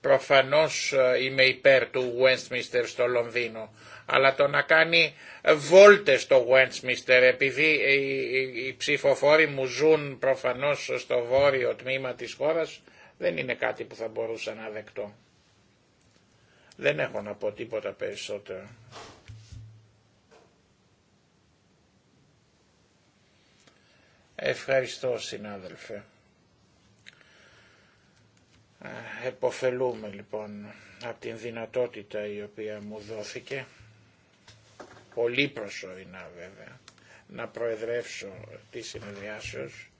Προφανώς ε, είμαι υπέρ του Westminster στο Λονδίνο, αλλά το να κάνει βόλτες στο Westminster, επειδή οι ψηφοφόροι μου ζουν προφανώς στο βόρειο τμήμα της χώρας, δεν είναι κάτι που θα μπορούσα να δεκτώ. Δεν έχω να πω τίποτα περισσότερο. Ευχαριστώ συνάδελφε. Εποφελούμε λοιπόν από την δυνατότητα η οποία μου δόθηκε, πολύ προσωρινά βέβαια, να προεδρεύσω τη συνεδριάσεως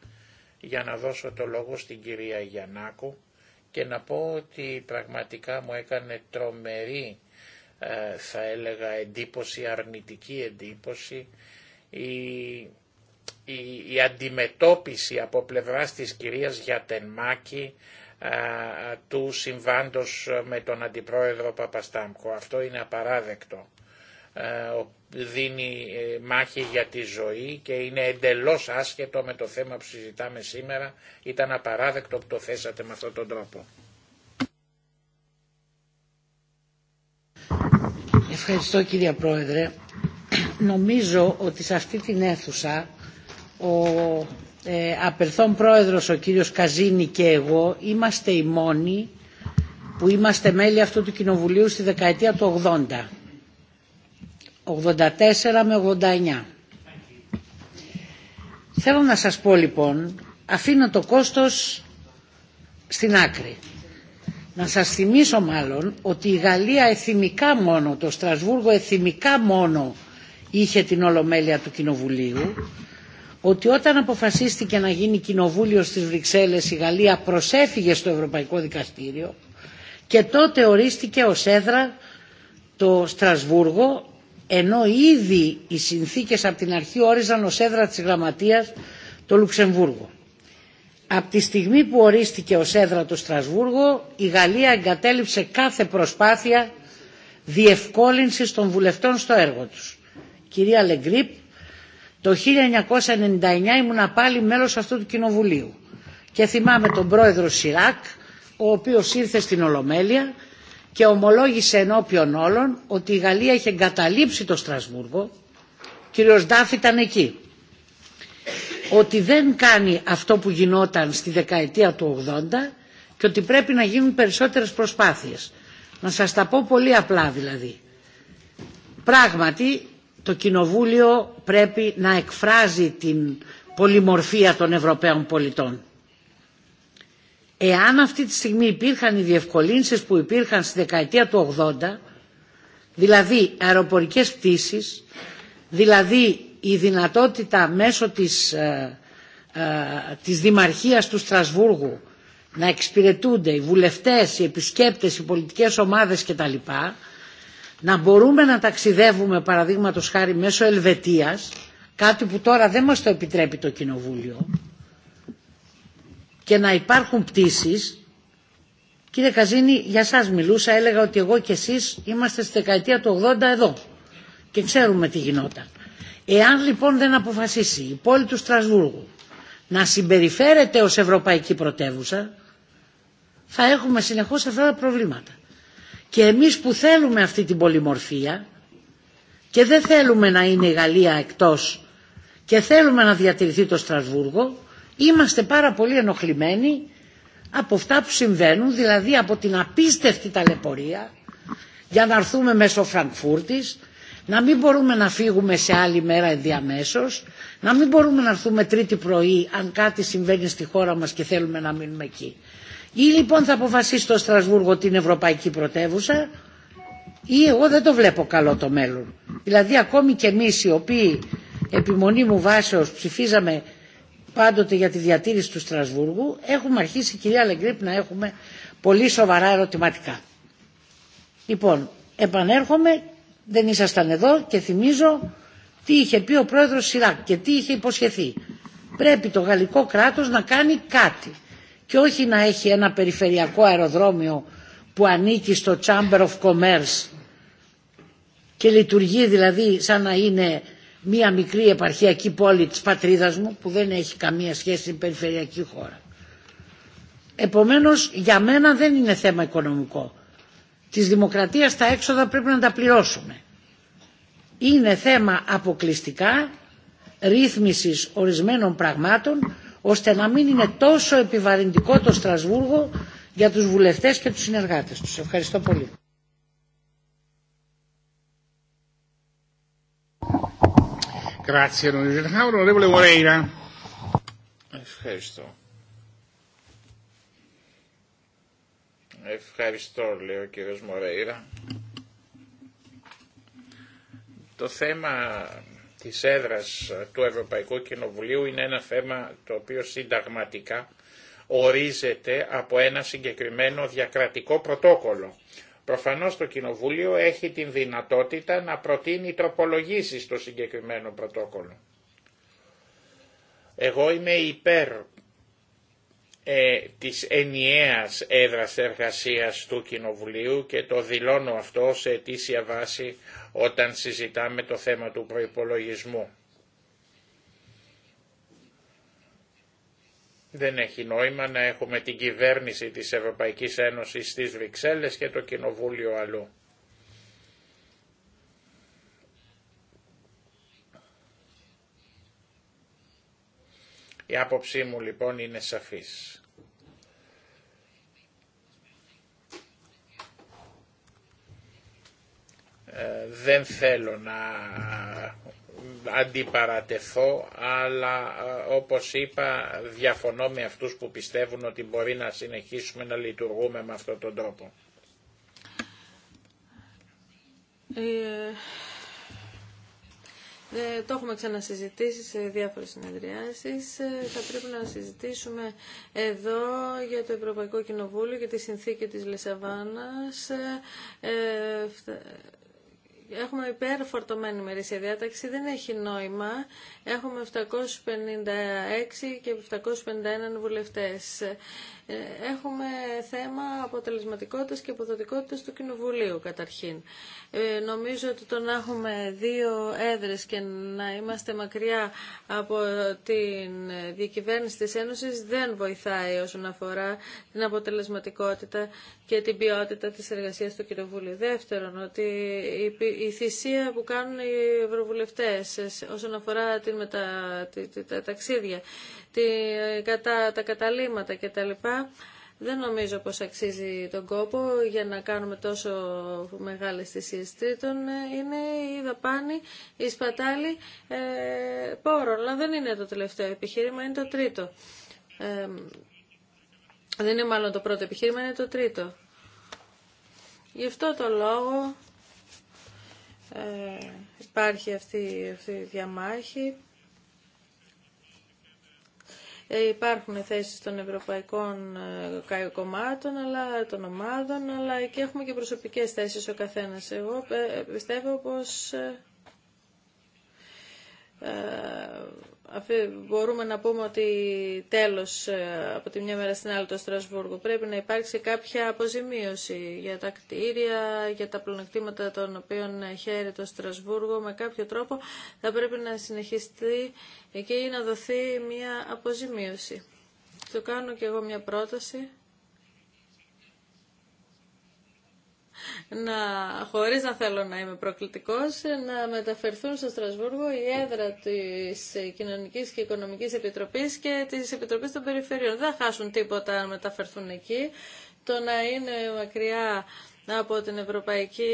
για να δώσω το λόγο στην κυρία Γιαννάκου και να πω ότι πραγματικά μου έκανε τρομερή ε, θα έλεγα εντύπωση, αρνητική εντύπωση η η, αντιμετώπιση από πλευράς της κυρίας Γιατενμάκη του συμβάντος με τον αντιπρόεδρο Παπαστάμκο. Αυτό είναι απαράδεκτο. Δίνει ε, μάχη για τη ζωή και είναι εντελώς άσχετο με το θέμα που συζητάμε σήμερα. Ήταν απαράδεκτο που το θέσατε με αυτόν τον τρόπο. Ευχαριστώ κύριε Πρόεδρε. Νομίζω ότι σε αυτή την αίθουσα ο ε, Απερθών πρόεδρος ο κύριος Καζίνη και εγώ είμαστε οι μόνοι που είμαστε μέλη αυτού του κοινοβουλίου στη δεκαετία του 80. 84 με 89. Θέλω να σας πω λοιπόν, αφήνω το κόστος στην άκρη. Να σας θυμίσω μάλλον ότι η Γαλλία εθιμικά μόνο, το Στρασβούργο εθιμικά μόνο είχε την ολομέλεια του Κοινοβουλίου ότι όταν αποφασίστηκε να γίνει κοινοβούλιο στις Βρυξέλλες η Γαλλία προσέφυγε στο Ευρωπαϊκό Δικαστήριο και τότε ορίστηκε ως έδρα το Στρασβούργο ενώ ήδη οι συνθήκες από την αρχή όριζαν ως έδρα της Γραμματείας το Λουξεμβούργο. Από τη στιγμή που ορίστηκε ως έδρα το Στρασβούργο η Γαλλία εγκατέλειψε κάθε προσπάθεια διευκόλυνσης των βουλευτών στο έργο τους. Κυρία Λεγκρίπ, το 1999 ήμουν πάλι μέλος αυτού του κοινοβουλίου και θυμάμαι τον πρόεδρο Σιράκ ο οποίος ήρθε στην Ολομέλεια και ομολόγησε ενώπιον όλων ότι η Γαλλία είχε εγκαταλείψει το Στρασβούργο κύριος Ντάφ ήταν εκεί ότι δεν κάνει αυτό που γινόταν στη δεκαετία του 80 και ότι πρέπει να γίνουν περισσότερες προσπάθειες. Να σας τα πω πολύ απλά δηλαδή. Πράγματι το Κοινοβούλιο πρέπει να εκφράζει την πολυμορφία των Ευρωπαίων πολιτών. Εάν αυτή τη στιγμή υπήρχαν οι διευκολύνσεις που υπήρχαν στη δεκαετία του 80, δηλαδή αεροπορικές πτήσεις, δηλαδή η δυνατότητα μέσω της, ε, ε, της Δημαρχίας του Στρασβούργου να εξυπηρετούνται οι βουλευτές, οι επισκέπτες, οι πολιτικές ομάδες κτλ να μπορούμε να ταξιδεύουμε παραδείγματο χάρη μέσω Ελβετίας, κάτι που τώρα δεν μας το επιτρέπει το Κοινοβούλιο, και να υπάρχουν πτήσεις. Κύριε Καζίνη, για σας μιλούσα, έλεγα ότι εγώ και εσείς είμαστε στη δεκαετία του 80 εδώ και ξέρουμε τι γινόταν. Εάν λοιπόν δεν αποφασίσει η πόλη του Στρασβούργου να συμπεριφέρεται ως ευρωπαϊκή πρωτεύουσα, θα έχουμε συνεχώς αυτά τα προβλήματα. Και εμείς που θέλουμε αυτή την πολυμορφία και δεν θέλουμε να είναι η Γαλλία εκτός και θέλουμε να διατηρηθεί το Στρασβούργο, είμαστε πάρα πολύ ενοχλημένοι από αυτά που συμβαίνουν, δηλαδή από την απίστευτη ταλαιπωρία για να έρθουμε μέσω Φραγκφούρτης, να μην μπορούμε να φύγουμε σε άλλη μέρα ενδιαμέσως, να μην μπορούμε να έρθουμε τρίτη πρωί αν κάτι συμβαίνει στη χώρα μας και θέλουμε να μείνουμε εκεί. Ή λοιπόν θα αποφασίσει το Στρασβούργο την Ευρωπαϊκή Πρωτεύουσα ή εγώ δεν το βλέπω καλό το μέλλον. Δηλαδή ακόμη και εμείς οι οποίοι επιμονή μου βάσεως ψηφίζαμε πάντοτε για τη διατήρηση του Στρασβούργου έχουμε αρχίσει κυρία Λεγκρίπ να έχουμε πολύ σοβαρά ερωτηματικά. Λοιπόν, επανέρχομαι, δεν ήσασταν εδώ και θυμίζω τι είχε πει ο πρόεδρος Σιράκ και τι είχε υποσχεθεί. Πρέπει το γαλλικό κράτος να κάνει κάτι και όχι να έχει ένα περιφερειακό αεροδρόμιο που ανήκει στο Chamber of Commerce και λειτουργεί δηλαδή σαν να είναι μία μικρή επαρχιακή πόλη της πατρίδας μου που δεν έχει καμία σχέση με περιφερειακή χώρα. Επομένως για μένα δεν είναι θέμα οικονομικό. Της δημοκρατίας τα έξοδα πρέπει να τα πληρώσουμε. Είναι θέμα αποκλειστικά ρύθμισης ορισμένων πραγμάτων ώστε να μην είναι τόσο επιβαρυντικό το Στρασβούργο για τους βουλευτές και τους συνεργάτες τους. Ευχαριστώ πολύ. Ευχαριστώ. Ευχαριστώ, λέει ο κύριος Μορέιρα. Το θέμα της έδρας ε, του Ευρωπαϊκού Κοινοβουλίου είναι ένα θέμα το οποίο συνταγματικά ορίζεται από ένα συγκεκριμένο διακρατικό πρωτόκολλο. Προφανώς το Κοινοβούλιο έχει την δυνατότητα να προτείνει τροπολογήσεις στο συγκεκριμένο πρωτόκολλο. Εγώ είμαι υπέρ ε, της ενιαίας έδρας εργασίας του Κοινοβουλίου και το δηλώνω αυτό σε αιτήσια βάση όταν συζητάμε το θέμα του προϋπολογισμού. Δεν έχει νόημα να έχουμε την κυβέρνηση της Ευρωπαϊκής Ένωσης στις Βρυξέλλες και το Κοινοβούλιο αλλού. Η άποψή μου λοιπόν είναι σαφής. Ε, δεν θέλω να αντιπαρατεθώ, αλλά ε, όπως είπα διαφωνώ με αυτούς που πιστεύουν ότι μπορεί να συνεχίσουμε να λειτουργούμε με αυτόν τον τρόπο. Ε, ε, το έχουμε ξανασυζητήσει σε διάφορες συνεδριάσεις. Ε, θα πρέπει να συζητήσουμε εδώ για το Ευρωπαϊκό Κοινοβούλιο, και τη συνθήκη της Λισαβάνας. Ε, έχουμε υπερφορτωμένη ημερήσια διάταξη, δεν έχει νόημα. Έχουμε 756 και 751 βουλευτές. Ε, έχουμε θέμα αποτελεσματικότητας και αποδοτικότητας του Κοινοβουλίου καταρχήν. Ε, νομίζω ότι το να έχουμε δύο έδρες και να είμαστε μακριά από την διακυβέρνηση της Ένωσης δεν βοηθάει όσον αφορά την αποτελεσματικότητα και την ποιότητα της εργασίας του Κοινοβούλου. Δεύτερον, ότι η θυσία που κάνουν οι ευρωβουλευτές όσον αφορά την μετα... τα ταξίδια, κατά... τα καταλήμματα κτλ. Δεν νομίζω πως αξίζει τον κόπο για να κάνουμε τόσο μεγάλες θυσίες. Τρίτον, είναι η δαπάνη, η σπατάλη ε, πόρων. Αλλά δεν είναι το τελευταίο επιχείρημα, είναι το τρίτο. Ε, δεν είναι μάλλον το πρώτο επιχείρημα, είναι το τρίτο. Γι' αυτό το λόγο ε, υπάρχει αυτή, η διαμάχη. Ε, υπάρχουν θέσεις των ευρωπαϊκών ε, κομμάτων, αλλά των ομάδων, αλλά και έχουμε και προσωπικές θέσεις ο καθένας. Εγώ ε, πιστεύω πως ε, ε, μπορούμε να πούμε ότι τέλος ε, από τη μια μέρα στην άλλη το Στρασβούργο πρέπει να υπάρξει κάποια αποζημίωση για τα κτίρια, για τα πλονεκτήματα των οποίων χαίρεται το Στρασβούργο με κάποιο τρόπο θα πρέπει να συνεχιστεί εκεί να δοθεί μια αποζημίωση. Το κάνω και εγώ μια πρόταση να, χωρίς να θέλω να είμαι προκλητικός, να μεταφερθούν στο Στρασβούργο η έδρα της Κοινωνικής και Οικονομικής Επιτροπής και της Επιτροπής των Περιφερειών. Δεν θα χάσουν τίποτα αν μεταφερθούν εκεί. Το να είναι μακριά από την Ευρωπαϊκή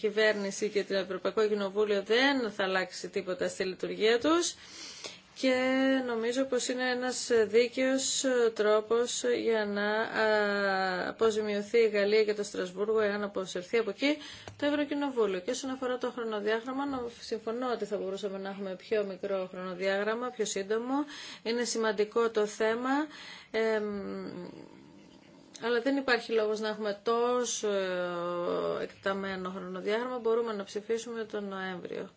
Κυβέρνηση και την Ευρωπαϊκό Κοινοβούλιο δεν θα αλλάξει τίποτα στη λειτουργία τους και νομίζω πως είναι ένας δίκαιος τρόπος για να αποζημιωθεί η Γαλλία και το Στρασβούργο εάν αποσυρθεί από εκεί το Ευρωκοινοβούλιο. Και όσον αφορά το χρονοδιάγραμμα, συμφωνώ ότι θα μπορούσαμε να έχουμε πιο μικρό χρονοδιάγραμμα, πιο σύντομο. Είναι σημαντικό το θέμα. αλλά δεν υπάρχει λόγος να έχουμε τόσο εκταμένο χρονοδιάγραμμα. Μπορούμε να ψηφίσουμε τον Νοέμβριο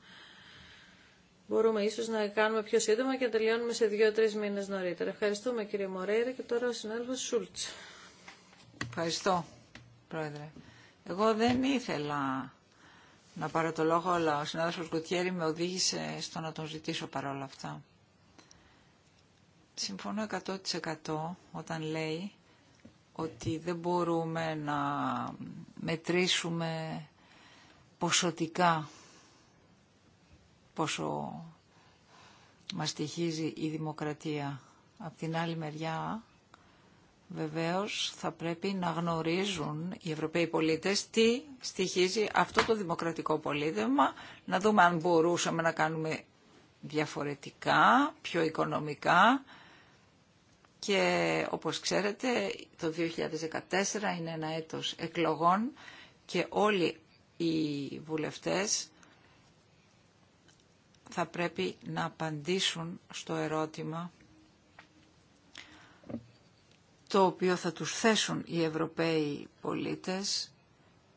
μπορούμε ίσως να κάνουμε πιο σύντομα και να τελειώνουμε σε δυο τρει μήνες νωρίτερα. Ευχαριστούμε κύριε Μορέιρα και τώρα ο συνάδελφος Σούλτς. Ευχαριστώ, Πρόεδρε. Εγώ δεν ήθελα να πάρω το λόγο, αλλά ο συνάδελφος Κουτιέρη με οδήγησε στο να τον ζητήσω παρόλα αυτά. Συμφωνώ 100% όταν λέει ότι δεν μπορούμε να μετρήσουμε ποσοτικά πόσο μας στοιχίζει η δημοκρατία. Απ' την άλλη μεριά, βεβαίως, θα πρέπει να γνωρίζουν οι Ευρωπαίοι πολίτες τι στοιχίζει αυτό το δημοκρατικό πολίτευμα, να δούμε αν μπορούσαμε να κάνουμε διαφορετικά, πιο οικονομικά και όπως ξέρετε το 2014 είναι ένα έτος εκλογών και όλοι οι βουλευτές θα πρέπει να απαντήσουν στο ερώτημα το οποίο θα τους θέσουν οι Ευρωπαίοι πολίτες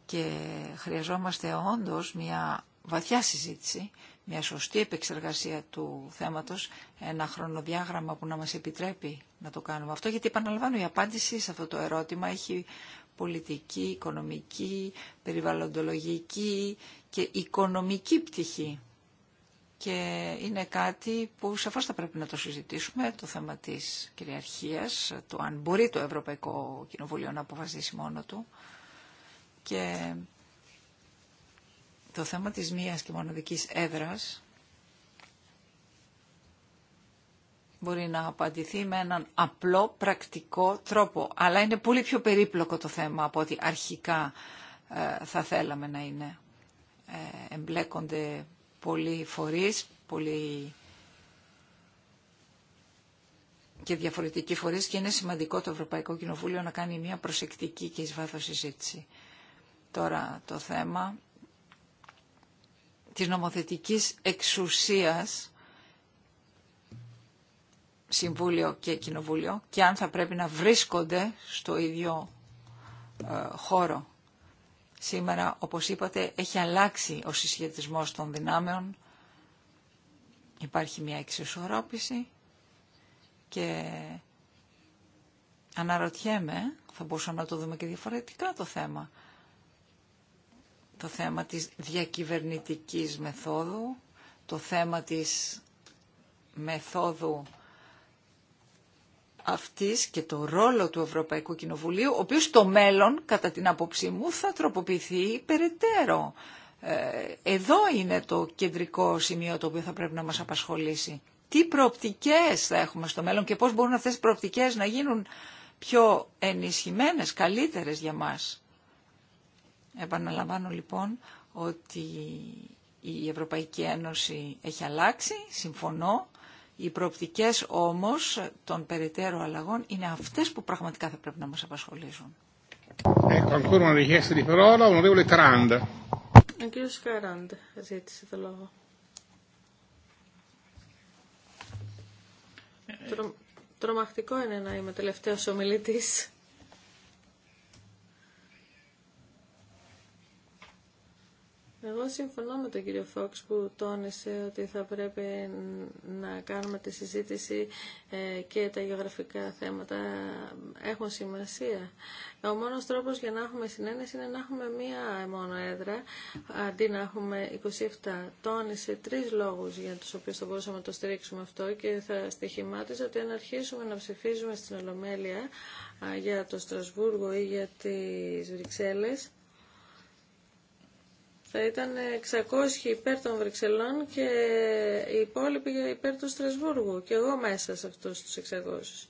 και χρειαζόμαστε όντως μια βαθιά συζήτηση, μια σωστή επεξεργασία του θέματος, ένα χρονοδιάγραμμα που να μας επιτρέπει να το κάνουμε αυτό, γιατί επαναλαμβάνω η απάντηση σε αυτό το ερώτημα έχει πολιτική, οικονομική, περιβαλλοντολογική και οικονομική πτυχή και είναι κάτι που σαφώς θα πρέπει να το συζητήσουμε, το θέμα της κυριαρχίας, το αν μπορεί το Ευρωπαϊκό Κοινοβούλιο να αποφασίσει μόνο του και το θέμα της μίας και μοναδικής έδρας μπορεί να απαντηθεί με έναν απλό πρακτικό τρόπο. Αλλά είναι πολύ πιο περίπλοκο το θέμα από ότι αρχικά ε, θα θέλαμε να είναι. Ε, εμπλέκονται πολλοί φορείς, πολλοί και διαφορετικοί φορείς και είναι σημαντικό το Ευρωπαϊκό Κοινοβούλιο να κάνει μια προσεκτική και εις συζήτηση. Τώρα το θέμα της νομοθετικής εξουσίας Συμβούλιο και Κοινοβούλιο και αν θα πρέπει να βρίσκονται στο ίδιο ε, χώρο. Σήμερα, όπως είπατε, έχει αλλάξει ο συσχετισμός των δυνάμεων. Υπάρχει μια εξισορρόπηση και αναρωτιέμαι, θα μπορούσαμε να το δούμε και διαφορετικά το θέμα, το θέμα της διακυβερνητικής μεθόδου, το θέμα της μεθόδου αυτής και το ρόλο του Ευρωπαϊκού Κοινοβουλίου, ο οποίος στο μέλλον, κατά την άποψή μου, θα τροποποιηθεί περαιτέρω. Ε, εδώ είναι το κεντρικό σημείο το οποίο θα πρέπει να μας απασχολήσει. Τι προοπτικές θα έχουμε στο μέλλον και πώς μπορούν αυτές οι προοπτικές να γίνουν πιο ενισχυμένες, καλύτερες για μας. Επαναλαμβάνω λοιπόν ότι η Ευρωπαϊκή Ένωση έχει αλλάξει, συμφωνώ, οι προοπτικές όμως των περαιτέρω αλλαγών είναι αυτές που πραγματικά θα πρέπει να μας απασχολήσουν. Ε, ε, ε. Τρομακτικό είναι να είμαι τελευταίος ομιλητής. Εγώ συμφωνώ με τον κύριο Φόξ που τόνισε ότι θα πρέπει να κάνουμε τη συζήτηση ε, και τα γεωγραφικά θέματα έχουν σημασία. Ο μόνος τρόπος για να έχουμε συνένεση είναι να έχουμε μία μόνο έδρα αντί να έχουμε 27. Τόνισε τρεις λόγους για τους οποίους θα μπορούσαμε να το στηρίξουμε αυτό και θα στοιχημάτιζα ότι αν αρχίσουμε να ψηφίζουμε στην Ολομέλεια για το Στρασβούργο ή για τις Βρυξέλλες θα ήταν 600 υπέρ των Βρυξελών και οι υπόλοιποι υπέρ του Στρασβούργου και εγώ μέσα σε αυτούς τους 600.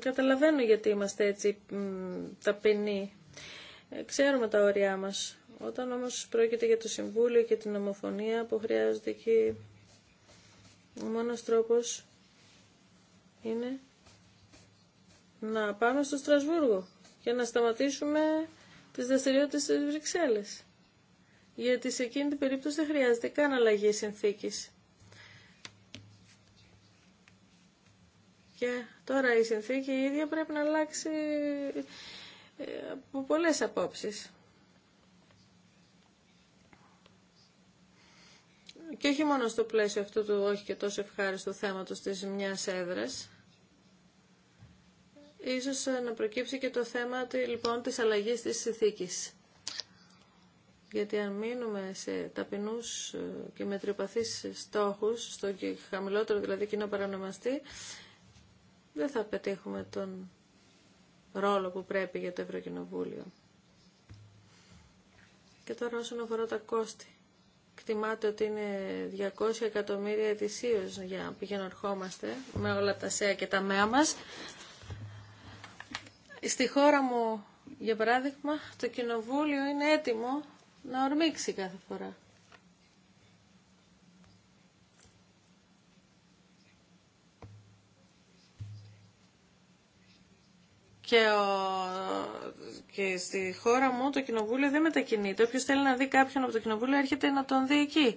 Καταλαβαίνω γιατί είμαστε έτσι ταπεινοί. Ε, ξέρουμε τα όρια μας. Όταν όμως πρόκειται για το Συμβούλιο και την ομοφωνία που χρειάζεται εκεί, ο μόνος τρόπος είναι να πάμε στο Στρασβούργο και να σταματήσουμε τις δραστηριότητε στις Βρυξέλλες. Γιατί σε εκείνη την περίπτωση δεν χρειάζεται καν αλλαγή συνθήκης. Και τώρα η συνθήκη η ίδια πρέπει να αλλάξει ε, από πολλές απόψεις. και όχι μόνο στο πλαίσιο αυτού του όχι και τόσο θέμα θέματος της μιας έδρας, ίσως να προκύψει και το θέμα λοιπόν, της αλλαγής της συνθήκης. Γιατί αν μείνουμε σε ταπεινούς ε, και μετριοπαθείς στόχους, στο χαμηλότερο δηλαδή κοινό παρανομαστή, δεν θα πετύχουμε τον ρόλο που πρέπει για το Ευρωκοινοβούλιο. Και τώρα όσον αφορά τα κόστη. Εκτιμάται ότι είναι 200 εκατομμύρια ετησίως για πηγαίνω ερχόμαστε με όλα τα ΣΕΑ και τα ΜΕΑ μας. Στη χώρα μου, για παράδειγμα, το κοινοβούλιο είναι έτοιμο να ορμήξει κάθε φορά. Και ο και στη χώρα μου το κοινοβούλιο δεν μετακινείται. Όποιο θέλει να δει κάποιον από το κοινοβούλιο έρχεται να τον δει εκεί.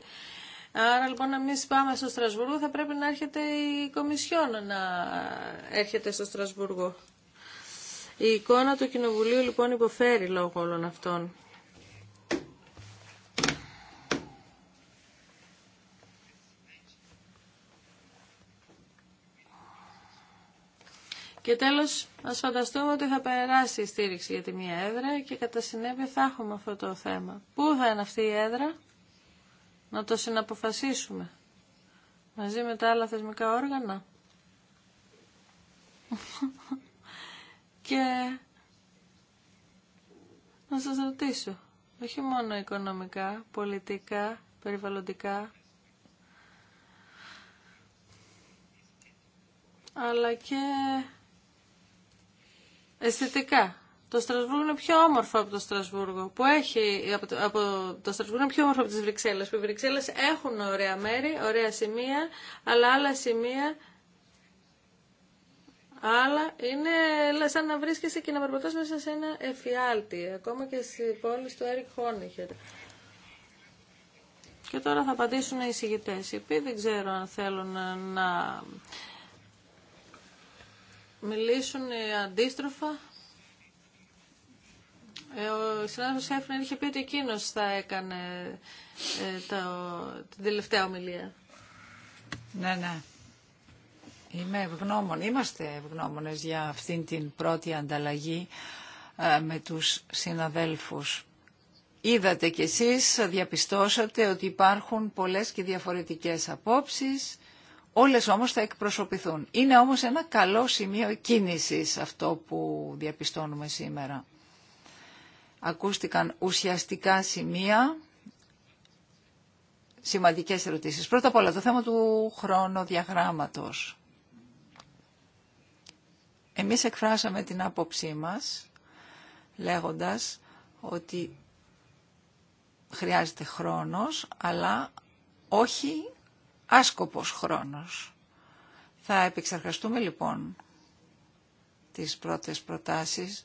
Άρα λοιπόν εμεί πάμε στο Στρασβούργο θα πρέπει να έρχεται η Κομισιόν να έρχεται στο Στρασβούργο. Η εικόνα του Κοινοβουλίου λοιπόν υποφέρει λόγω όλων αυτών. Και τέλος, ας φανταστούμε ότι θα περάσει η στήριξη για τη μία έδρα και κατά συνέπεια θα έχουμε αυτό το θέμα. Πού θα είναι αυτή η έδρα? Να το συναποφασίσουμε. Μαζί με τα άλλα θεσμικά όργανα. και να σας ρωτήσω, όχι μόνο οικονομικά, πολιτικά, περιβαλλοντικά, αλλά και αισθητικά. Το Στρασβούργο είναι πιο όμορφο από το Στρασβούργο. Που έχει, από το, Στρασβούργο είναι πιο όμορφο από τις Βρυξέλλες. Που οι Βρυξέλλες έχουν ωραία μέρη, ωραία σημεία, αλλά άλλα σημεία αλλά είναι σαν να βρίσκεσαι και να περπατάς μέσα σε ένα εφιάλτη, ακόμα και στις πόλεις του Έρικ Χόνιχερ. Και τώρα θα απαντήσουν οι συγητές, οι δεν ξέρω αν θέλουν να μιλήσουν αντίστροφα. Ε, ο συνάδελφος Έφνερ είχε πει ότι εκείνο θα έκανε ε, το, την τελευταία ομιλία. Ναι, ναι. Είμαι ευγνώμων. Είμαστε ευγνώμονες για αυτήν την πρώτη ανταλλαγή ε, με τους συναδέλφους. Είδατε κι εσείς, διαπιστώσατε ότι υπάρχουν πολλές και διαφορετικές απόψεις Όλες όμως θα εκπροσωπηθούν. Είναι όμως ένα καλό σημείο κίνησης αυτό που διαπιστώνουμε σήμερα. Ακούστηκαν ουσιαστικά σημεία, σημαντικές ερωτήσεις. Πρώτα απ' όλα το θέμα του χρονοδιαγράμματος. Εμείς εκφράσαμε την άποψή μας λέγοντας ότι χρειάζεται χρόνος, αλλά όχι άσκοπος χρόνος. Θα επεξεργαστούμε λοιπόν τις πρώτες προτάσεις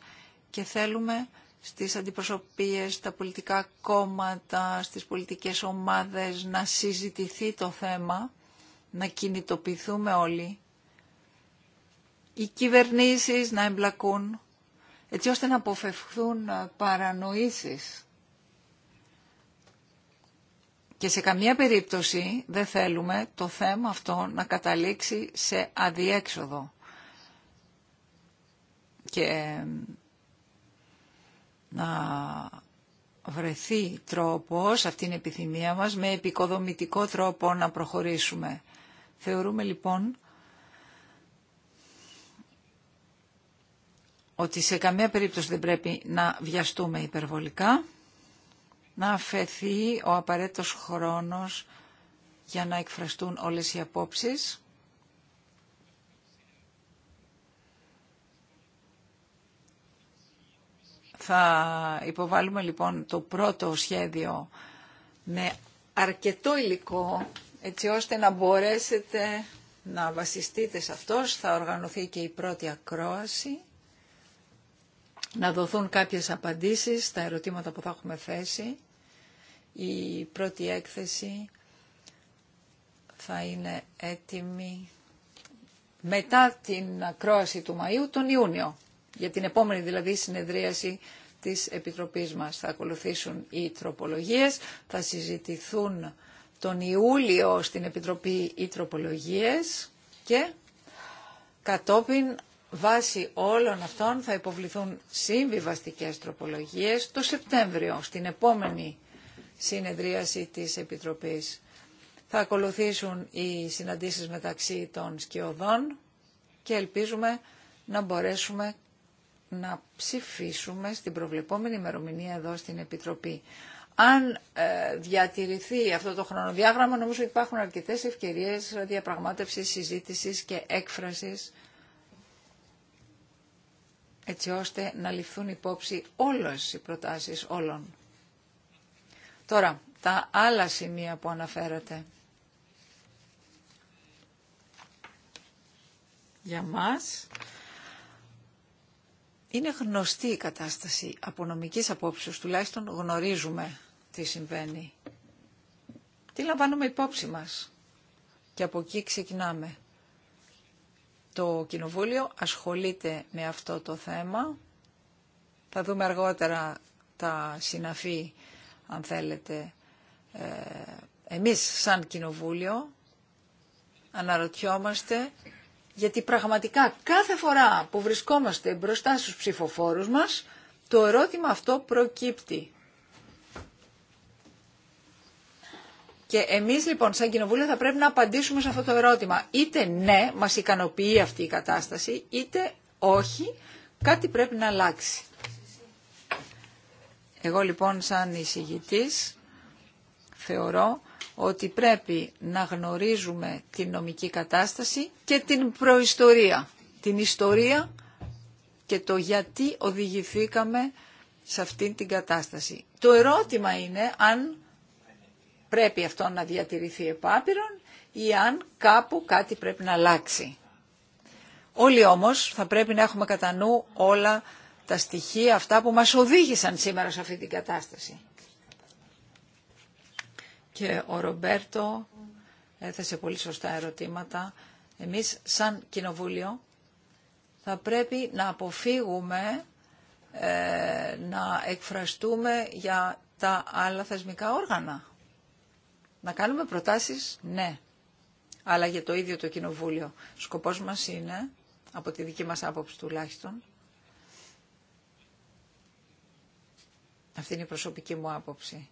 και θέλουμε στις αντιπροσωπείες, στα πολιτικά κόμματα, στις πολιτικές ομάδες να συζητηθεί το θέμα, να κινητοποιηθούμε όλοι. Οι κυβερνήσεις να εμπλακούν έτσι ώστε να αποφευχθούν παρανοήσεις και σε καμία περίπτωση δεν θέλουμε το θέμα αυτό να καταλήξει σε αδιέξοδο. Και να βρεθεί τρόπος, αυτή είναι η επιθυμία μας, με επικοδομητικό τρόπο να προχωρήσουμε. Θεωρούμε λοιπόν ότι σε καμία περίπτωση δεν πρέπει να βιαστούμε υπερβολικά να αφαιθεί ο απαραίτητος χρόνος για να εκφραστούν όλες οι απόψεις. Θα υποβάλουμε λοιπόν το πρώτο σχέδιο με αρκετό υλικό έτσι ώστε να μπορέσετε να βασιστείτε σε αυτός. Θα οργανωθεί και η πρώτη ακρόαση. Να δοθούν κάποιες απαντήσεις στα ερωτήματα που θα έχουμε θέσει. Η πρώτη έκθεση θα είναι έτοιμη μετά την ακρόαση του Μαΐου τον Ιούνιο. Για την επόμενη δηλαδή συνεδρίαση της Επιτροπής μας θα ακολουθήσουν οι τροπολογίες, θα συζητηθούν τον Ιούλιο στην Επιτροπή οι τροπολογίες και κατόπιν βάσει όλων αυτών θα υποβληθούν συμβιβαστικές τροπολογίες το Σεπτέμβριο στην επόμενη συνεδρίαση της Επιτροπής. Θα ακολουθήσουν οι συναντήσεις μεταξύ των σκιωδών και ελπίζουμε να μπορέσουμε να ψηφίσουμε στην προβλεπόμενη ημερομηνία εδώ στην Επιτροπή. Αν ε, διατηρηθεί αυτό το χρονοδιάγραμμα, νομίζω ότι υπάρχουν αρκετές ευκαιρίες διαπραγμάτευση συζήτησης και έκφρασης, έτσι ώστε να ληφθούν υπόψη όλες οι προτάσεις όλων. Τώρα, τα άλλα σημεία που αναφέρατε. Για μας είναι γνωστή η κατάσταση από νομικής απόψεως, τουλάχιστον γνωρίζουμε τι συμβαίνει. Τι λαμβάνουμε υπόψη μας και από εκεί ξεκινάμε. Το Κοινοβούλιο ασχολείται με αυτό το θέμα. Θα δούμε αργότερα τα συναφή αν θέλετε, ε, εμείς σαν κοινοβούλιο αναρωτιόμαστε γιατί πραγματικά κάθε φορά που βρισκόμαστε μπροστά στους ψηφοφόρους μας το ερώτημα αυτό προκύπτει. Και εμείς λοιπόν σαν κοινοβούλιο θα πρέπει να απαντήσουμε σε αυτό το ερώτημα. Είτε ναι, μας ικανοποιεί αυτή η κατάσταση, είτε όχι, κάτι πρέπει να αλλάξει. Εγώ λοιπόν σαν εισηγητής θεωρώ ότι πρέπει να γνωρίζουμε την νομική κατάσταση και την προϊστορία, την ιστορία και το γιατί οδηγηθήκαμε σε αυτήν την κατάσταση. Το ερώτημα είναι αν πρέπει αυτό να διατηρηθεί επάπειρον ή αν κάπου κάτι πρέπει να αλλάξει. Όλοι όμως θα πρέπει να έχουμε κατά νου όλα τα στοιχεία αυτά που μας οδήγησαν σήμερα σε αυτή την κατάσταση. Και ο Ρομπέρτο έθεσε πολύ σωστά ερωτήματα. Εμείς σαν κοινοβούλιο θα πρέπει να αποφύγουμε ε, να εκφραστούμε για τα άλλα θεσμικά όργανα. Να κάνουμε προτάσεις, ναι, αλλά για το ίδιο το κοινοβούλιο. Σκοπός μας είναι, από τη δική μας άποψη τουλάχιστον, Αυτή είναι η προσωπική μου άποψη.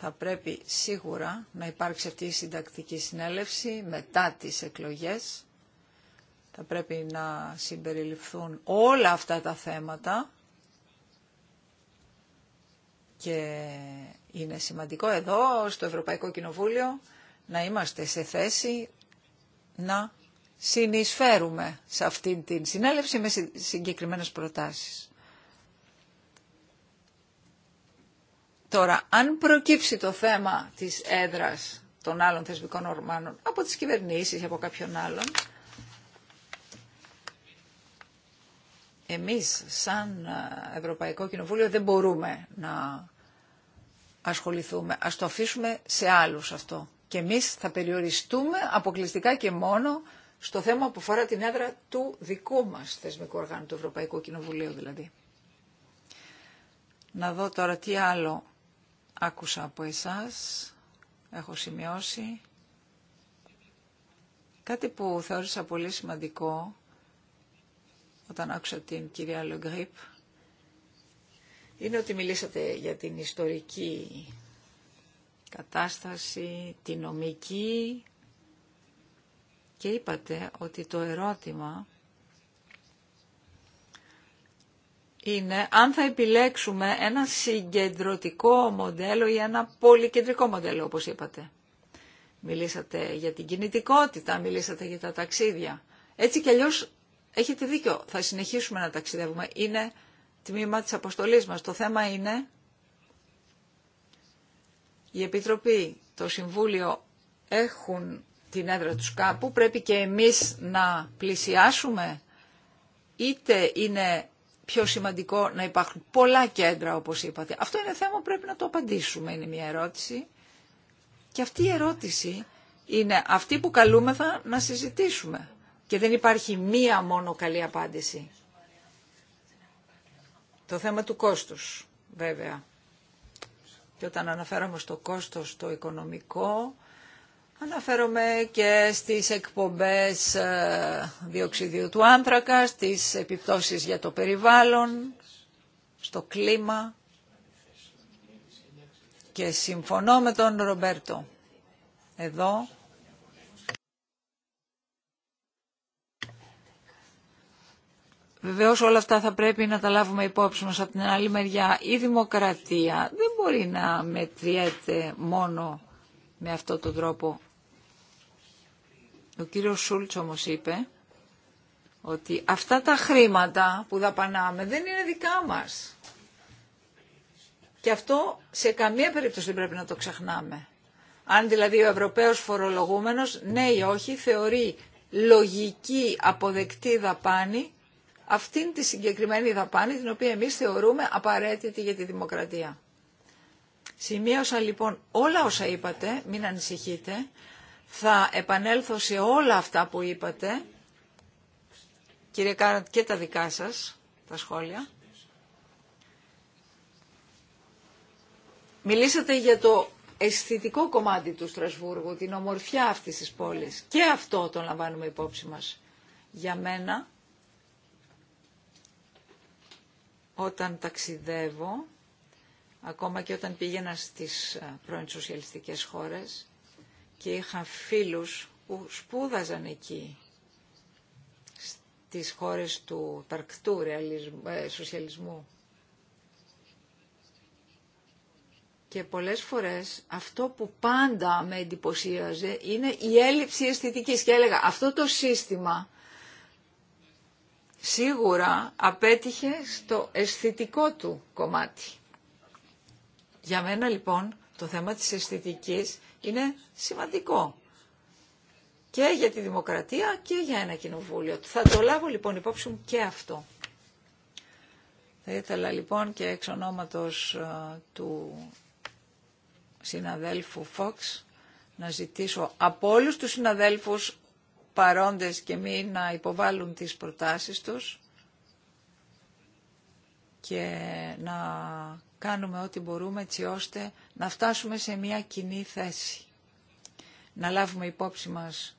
Θα πρέπει σίγουρα να υπάρξει αυτή η συντακτική συνέλευση μετά τις εκλογές. Θα πρέπει να συμπεριληφθούν όλα αυτά τα θέματα και είναι σημαντικό εδώ στο Ευρωπαϊκό Κοινοβούλιο να είμαστε σε θέση να συνεισφέρουμε σε αυτήν την συνέλευση με συγκεκριμένες προτάσεις. Τώρα, αν προκύψει το θέμα της έδρας των άλλων θεσμικών ορμάνων από τις κυβερνήσεις ή από κάποιον άλλον, εμείς σαν Ευρωπαϊκό Κοινοβούλιο δεν μπορούμε να ασχοληθούμε. Ας το αφήσουμε σε άλλους αυτό. Και εμείς θα περιοριστούμε αποκλειστικά και μόνο στο θέμα που αφορά την έδρα του δικού μας θεσμικού οργάνου, του Ευρωπαϊκού Κοινοβουλίου δηλαδή. Να δω τώρα τι άλλο άκουσα από εσάς, έχω σημειώσει. Κάτι που θεώρησα πολύ σημαντικό όταν άκουσα την κυρία Λεγκρίπ είναι ότι μιλήσατε για την ιστορική κατάσταση, την νομική και είπατε ότι το ερώτημα είναι αν θα επιλέξουμε ένα συγκεντρωτικό μοντέλο ή ένα πολυκεντρικό μοντέλο, όπως είπατε. Μιλήσατε για την κινητικότητα, μιλήσατε για τα ταξίδια. Έτσι κι αλλιώς έχετε δίκιο, θα συνεχίσουμε να ταξιδεύουμε. Είναι τμήμα της αποστολής μας. Το θέμα είναι η Επιτροπή, το Συμβούλιο έχουν την έδρα τους κάπου, πρέπει και εμείς να πλησιάσουμε. Είτε είναι πιο σημαντικό να υπάρχουν πολλά κέντρα όπως είπατε. Αυτό είναι θέμα που πρέπει να το απαντήσουμε, είναι μια ερώτηση. Και αυτή η ερώτηση είναι αυτή που καλούμεθα να συζητήσουμε. Και δεν υπάρχει μία μόνο καλή απάντηση. Το θέμα του κόστους, βέβαια. Και όταν αναφέρομαι στο κόστος το οικονομικό, Αναφέρομαι και στις εκπομπές ε, διοξιδίου του άνθρακα, στις επιπτώσεις για το περιβάλλον, στο κλίμα. Και συμφωνώ με τον Ρομπέρτο. Εδώ Βεβαίως όλα αυτά θα πρέπει να τα λάβουμε υπόψη μας. Από την άλλη μεριά η δημοκρατία δεν μπορεί να μετριέται μόνο με αυτόν τον τρόπο. Ο κύριος Σούλτς όμως είπε ότι αυτά τα χρήματα που δαπανάμε δεν είναι δικά μας. Και αυτό σε καμία περίπτωση δεν πρέπει να το ξεχνάμε. Αν δηλαδή ο Ευρωπαίος φορολογούμενος, ναι ή όχι, θεωρεί λογική αποδεκτή δαπάνη αυτήν τη συγκεκριμένη δαπάνη την οποία εμείς θεωρούμε απαραίτητη για τη δημοκρατία. Σημείωσα λοιπόν όλα όσα είπατε, μην ανησυχείτε. Θα επανέλθω σε όλα αυτά που είπατε, κύριε Κάραντ, και τα δικά σας, τα σχόλια. Μιλήσατε για το αισθητικό κομμάτι του Στρασβούργου, την ομορφιά αυτής της πόλης. Και αυτό το λαμβάνουμε υπόψη μας. Για μένα, όταν ταξιδεύω, ακόμα και όταν πήγαινα στις ε, πρώην σοσιαλιστικές χώρες, και είχα φίλους που σπούδαζαν εκεί στις χώρες του ταρκτού ε, σοσιαλισμού. Και πολλές φορές αυτό που πάντα με εντυπωσίαζε είναι η έλλειψη αισθητικής. Και έλεγα αυτό το σύστημα σίγουρα απέτυχε στο αισθητικό του κομμάτι. Για μένα λοιπόν το θέμα της αισθητικής είναι σημαντικό και για τη δημοκρατία και για ένα κοινοβούλιο. Θα το λάβω λοιπόν υπόψη μου και αυτό. Θα ήθελα λοιπόν και εξ ονόματος ε, του συναδέλφου Φόξ να ζητήσω από όλους τους συναδέλφους παρόντες και μη να υποβάλουν τις προτάσεις τους και να κάνουμε ό,τι μπορούμε έτσι ώστε να φτάσουμε σε μια κοινή θέση. Να λάβουμε υπόψη μας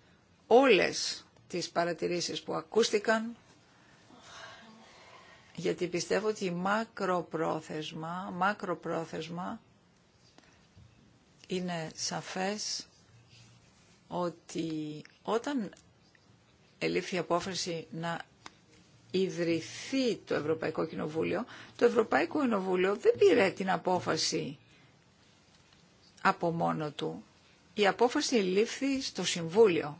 όλες τις παρατηρήσεις που ακούστηκαν, γιατί πιστεύω ότι μακροπρόθεσμα, μακροπρόθεσμα είναι σαφές ότι όταν ελήφθη η απόφαση να ιδρυθεί το Ευρωπαϊκό Κοινοβούλιο, το Ευρωπαϊκό Κοινοβούλιο δεν πήρε την απόφαση από μόνο του. Η απόφαση λήφθη στο Συμβούλιο.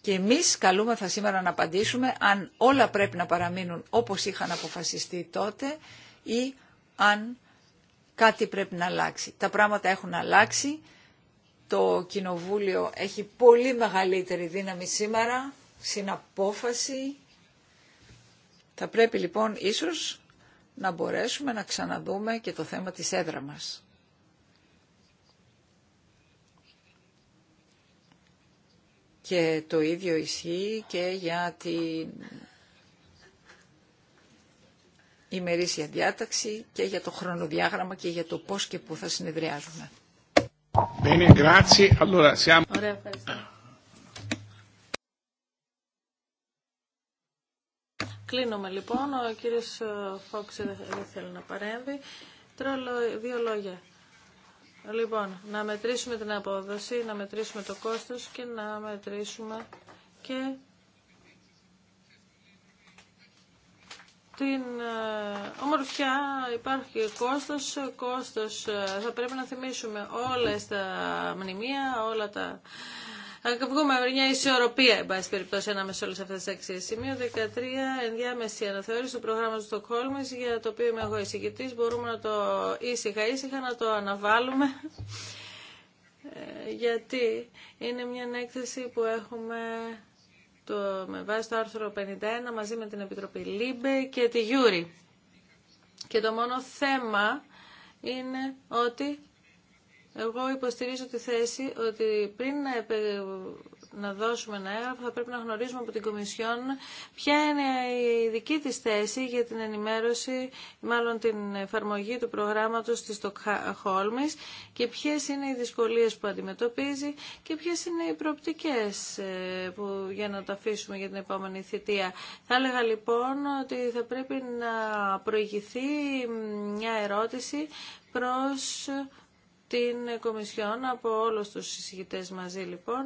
Και εμείς καλούμεθα σήμερα να απαντήσουμε αν όλα πρέπει να παραμείνουν όπως είχαν αποφασιστεί τότε ή αν κάτι πρέπει να αλλάξει. Τα πράγματα έχουν αλλάξει. Το Κοινοβούλιο έχει πολύ μεγαλύτερη δύναμη σήμερα, απόφαση θα πρέπει λοιπόν ίσως να μπορέσουμε να ξαναδούμε και το θέμα της έδρα μας. Και το ίδιο ισχύει και για την ημερήσια διάταξη και για το χρονοδιάγραμμα και για το πώς και πού θα συνεδριάζουμε. Ωραία, ευχαριστώ. Κλείνουμε λοιπόν. Ο κύριος ε, Φόξ δεν θέλει να παρέμβει. δύο λόγια. Λοιπόν, να μετρήσουμε την απόδοση, να μετρήσουμε το κόστος και να μετρήσουμε και την ε, ομορφιά υπάρχει κόστος, κόστος ε, θα πρέπει να θυμίσουμε όλες τα μνημεία, όλα τα βγούμε με μια ισορροπία, εν πάση περιπτώσει, ανάμεσα σε όλε αυτέ τι αξίε. Σημείο 13, ενδιάμεση αναθεώρηση του προγράμματο Στοκχόλμη, για το οποίο είμαι εγώ εισηγητή. Μπορούμε να το ήσυχα-ήσυχα να το αναβάλουμε ε, γιατί είναι μια ανέκθεση που έχουμε το, με βάση το άρθρο 51 μαζί με την Επιτροπή Λίμπε και τη Γιούρη. Και το μόνο θέμα είναι ότι εγώ υποστηρίζω τη θέση ότι πριν να δώσουμε ένα έγγραφο θα πρέπει να γνωρίζουμε από την Κομισιόν ποια είναι η δική της θέση για την ενημέρωση, μάλλον την εφαρμογή του προγράμματος της Στοκχόλμης και ποιες είναι οι δυσκολίες που αντιμετωπίζει και ποιες είναι οι προοπτικές ε, που, για να τα αφήσουμε για την επόμενη θητεία. Θα έλεγα λοιπόν ότι θα πρέπει να προηγηθεί μια ερώτηση προς την Κομισιόν από όλους τους συζητητές μαζί λοιπόν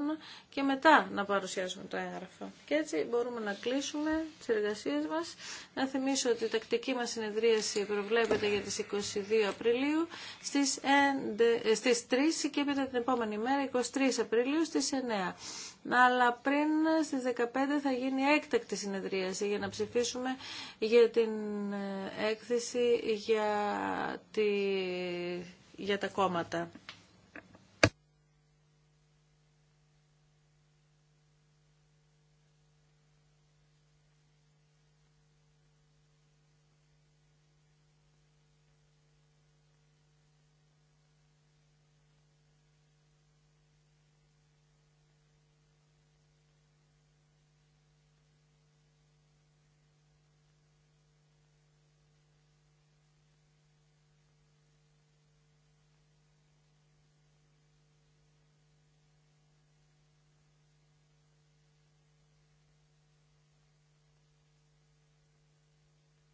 και μετά να παρουσιάσουμε το έγγραφο. Και έτσι μπορούμε να κλείσουμε τις εργασίες μας. Να θυμίσω ότι η τακτική μας συνεδρίαση προβλέπεται για τις 22 Απριλίου στις, ε, στις 3 και έπειτα την επόμενη μέρα 23 Απριλίου στις 9. Αλλά πριν στις 15 θα γίνει έκτακτη συνεδρίαση για να ψηφίσουμε για την ε, έκθεση για τη για τα κόμματα.